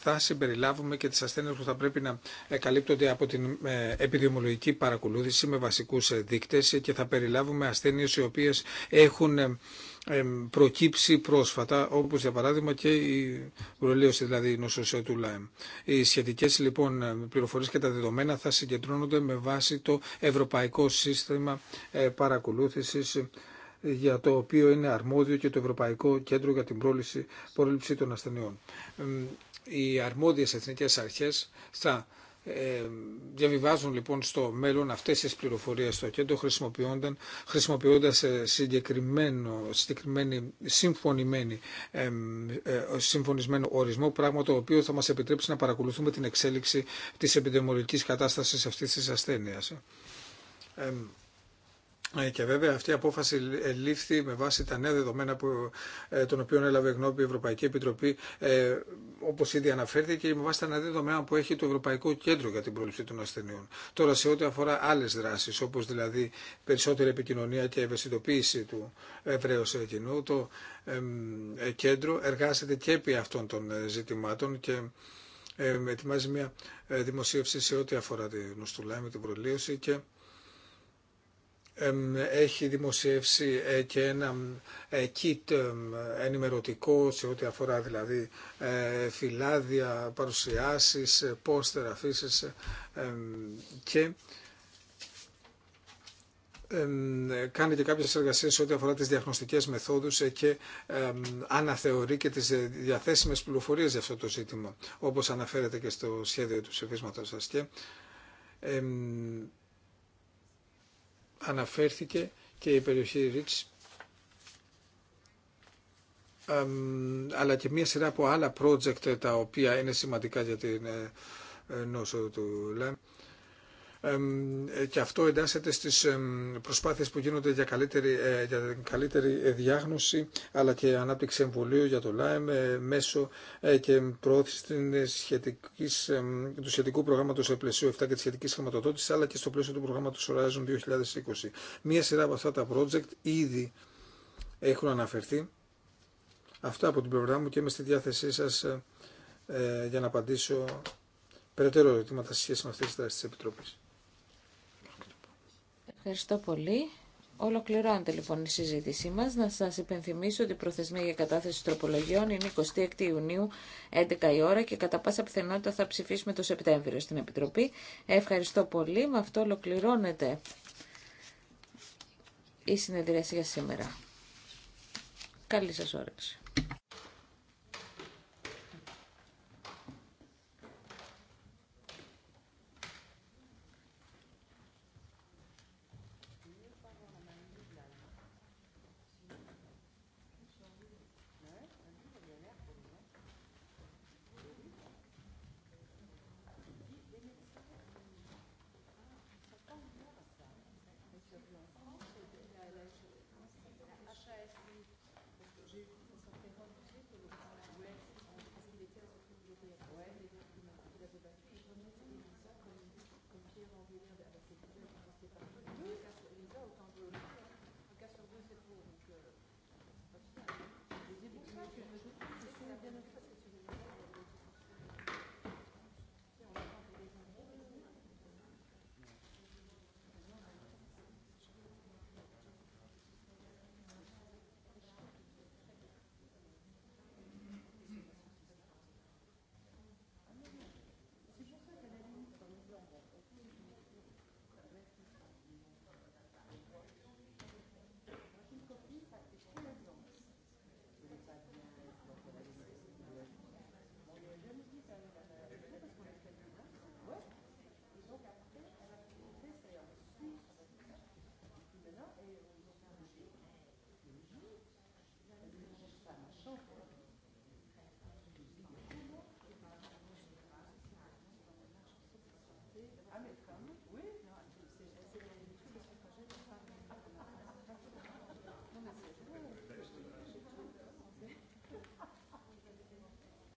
θα συμπεριλάβουμε και τις ασθένειες που θα πρέπει να καλύπτονται από την ε, επιδημιολογική παρακολούθηση με βασικούς ε, δείκτες και θα περιλάβουμε ασθένειες οι οποίες έχουν ε, προκύψει πρόσφατα, όπως για παράδειγμα και η προλίωση, δηλαδή η νόσος του ΛΑΕΜ. Οι σχετικές λοιπόν πληροφορίες και τα δεδομένα θα συγκεντρώνονται με βάση το Ευρωπαϊκό Σύστημα Παρακολούθησης για το οποίο είναι αρμόδιο και το Ευρωπαϊκό Κέντρο για την πρόληψη των Ασθενειών οι αρμόδιες εθνικές αρχές θα ε, διαβιβάζουν λοιπόν στο μέλλον αυτές τις πληροφορίες στο κέντρο χρησιμοποιώντας συγκεκριμένο, συγκεκριμένο, ε, συμφωνισμένο ορισμό πράγμα το οποίο θα μας επιτρέψει να παρακολουθούμε την εξέλιξη της επιδημιολογικής κατάστασης αυτής της ασθένειας. Ε, και βέβαια αυτή η απόφαση ε, λήφθη με βάση τα νέα δεδομένα που, ε, των οποίων έλαβε γνώμη η Ευρωπαϊκή Επιτροπή, όπω ήδη αναφέρθηκε, και με βάση τα νέα δεδομένα που έχει το Ευρωπαϊκό Κέντρο για την Πρόληψη των Ασθενειών. Τώρα, σε ό,τι αφορά άλλε δράσει, όπω δηλαδή περισσότερη επικοινωνία και ευαισθητοποίηση του ευρέω κοινού, το κέντρο εργάζεται και επί αυτών των ζητημάτων και ετοιμάζει μια δημοσίευση σε ό,τι αφορά τη νοστουλά με την προλίωση και έχει δημοσιεύσει ε, και ένα ε, kit ενημερωτικό σε ό,τι αφορά δηλαδή ε, φυλάδια, παρουσιάσεις, πόστερ, αφήσει. και κάνει και κάποιες εργασίες σε ό,τι αφορά τις διαγνωστικές μεθόδους και αναθεωρεί και τις διαθέσιμες πληροφορίες για αυτό το ζήτημα, όπως αναφέρεται και στο σχέδιο του ψηφίσματος σας. Και, αναφέρθηκε και η περιοχή Ρίτς αλλά και μία σειρά από άλλα project τα οποία είναι σημαντικά για την ε, ε, νόσο του ΛΕΜ. Ε, και αυτό εντάσσεται στις προσπάθειες που γίνονται για καλύτερη, ε, για καλύτερη ε, διάγνωση αλλά και ανάπτυξη εμβολίου για το ΛΑΕΜ μέσω και προώθηση του σχετικού προγράμματος πλαισίου 7 και της σχετικής χρηματοδότησης αλλά και στο πλαίσιο του προγράμματος Horizon 2020. Μία σειρά από αυτά τα project ήδη έχουν αναφερθεί. Αυτά από την πλευρά μου και είμαι στη διάθεσή σας για να απαντήσω περαιτέρω ερωτήματα σε σχέση με αυτές τις δράσεις της Επιτροπής. Ευχαριστώ πολύ. Ολοκληρώνεται λοιπόν η συζήτησή μας. Να σας υπενθυμίσω ότι η προθεσμία για κατάθεση τροπολογιών είναι 26 Ιουνίου 11 η ώρα και κατά πάσα πιθανότητα θα ψηφίσουμε το Σεπτέμβριο στην Επιτροπή. Ευχαριστώ πολύ. Με αυτό ολοκληρώνεται η συνεδρίαση για σήμερα. Καλή σας όρεξη.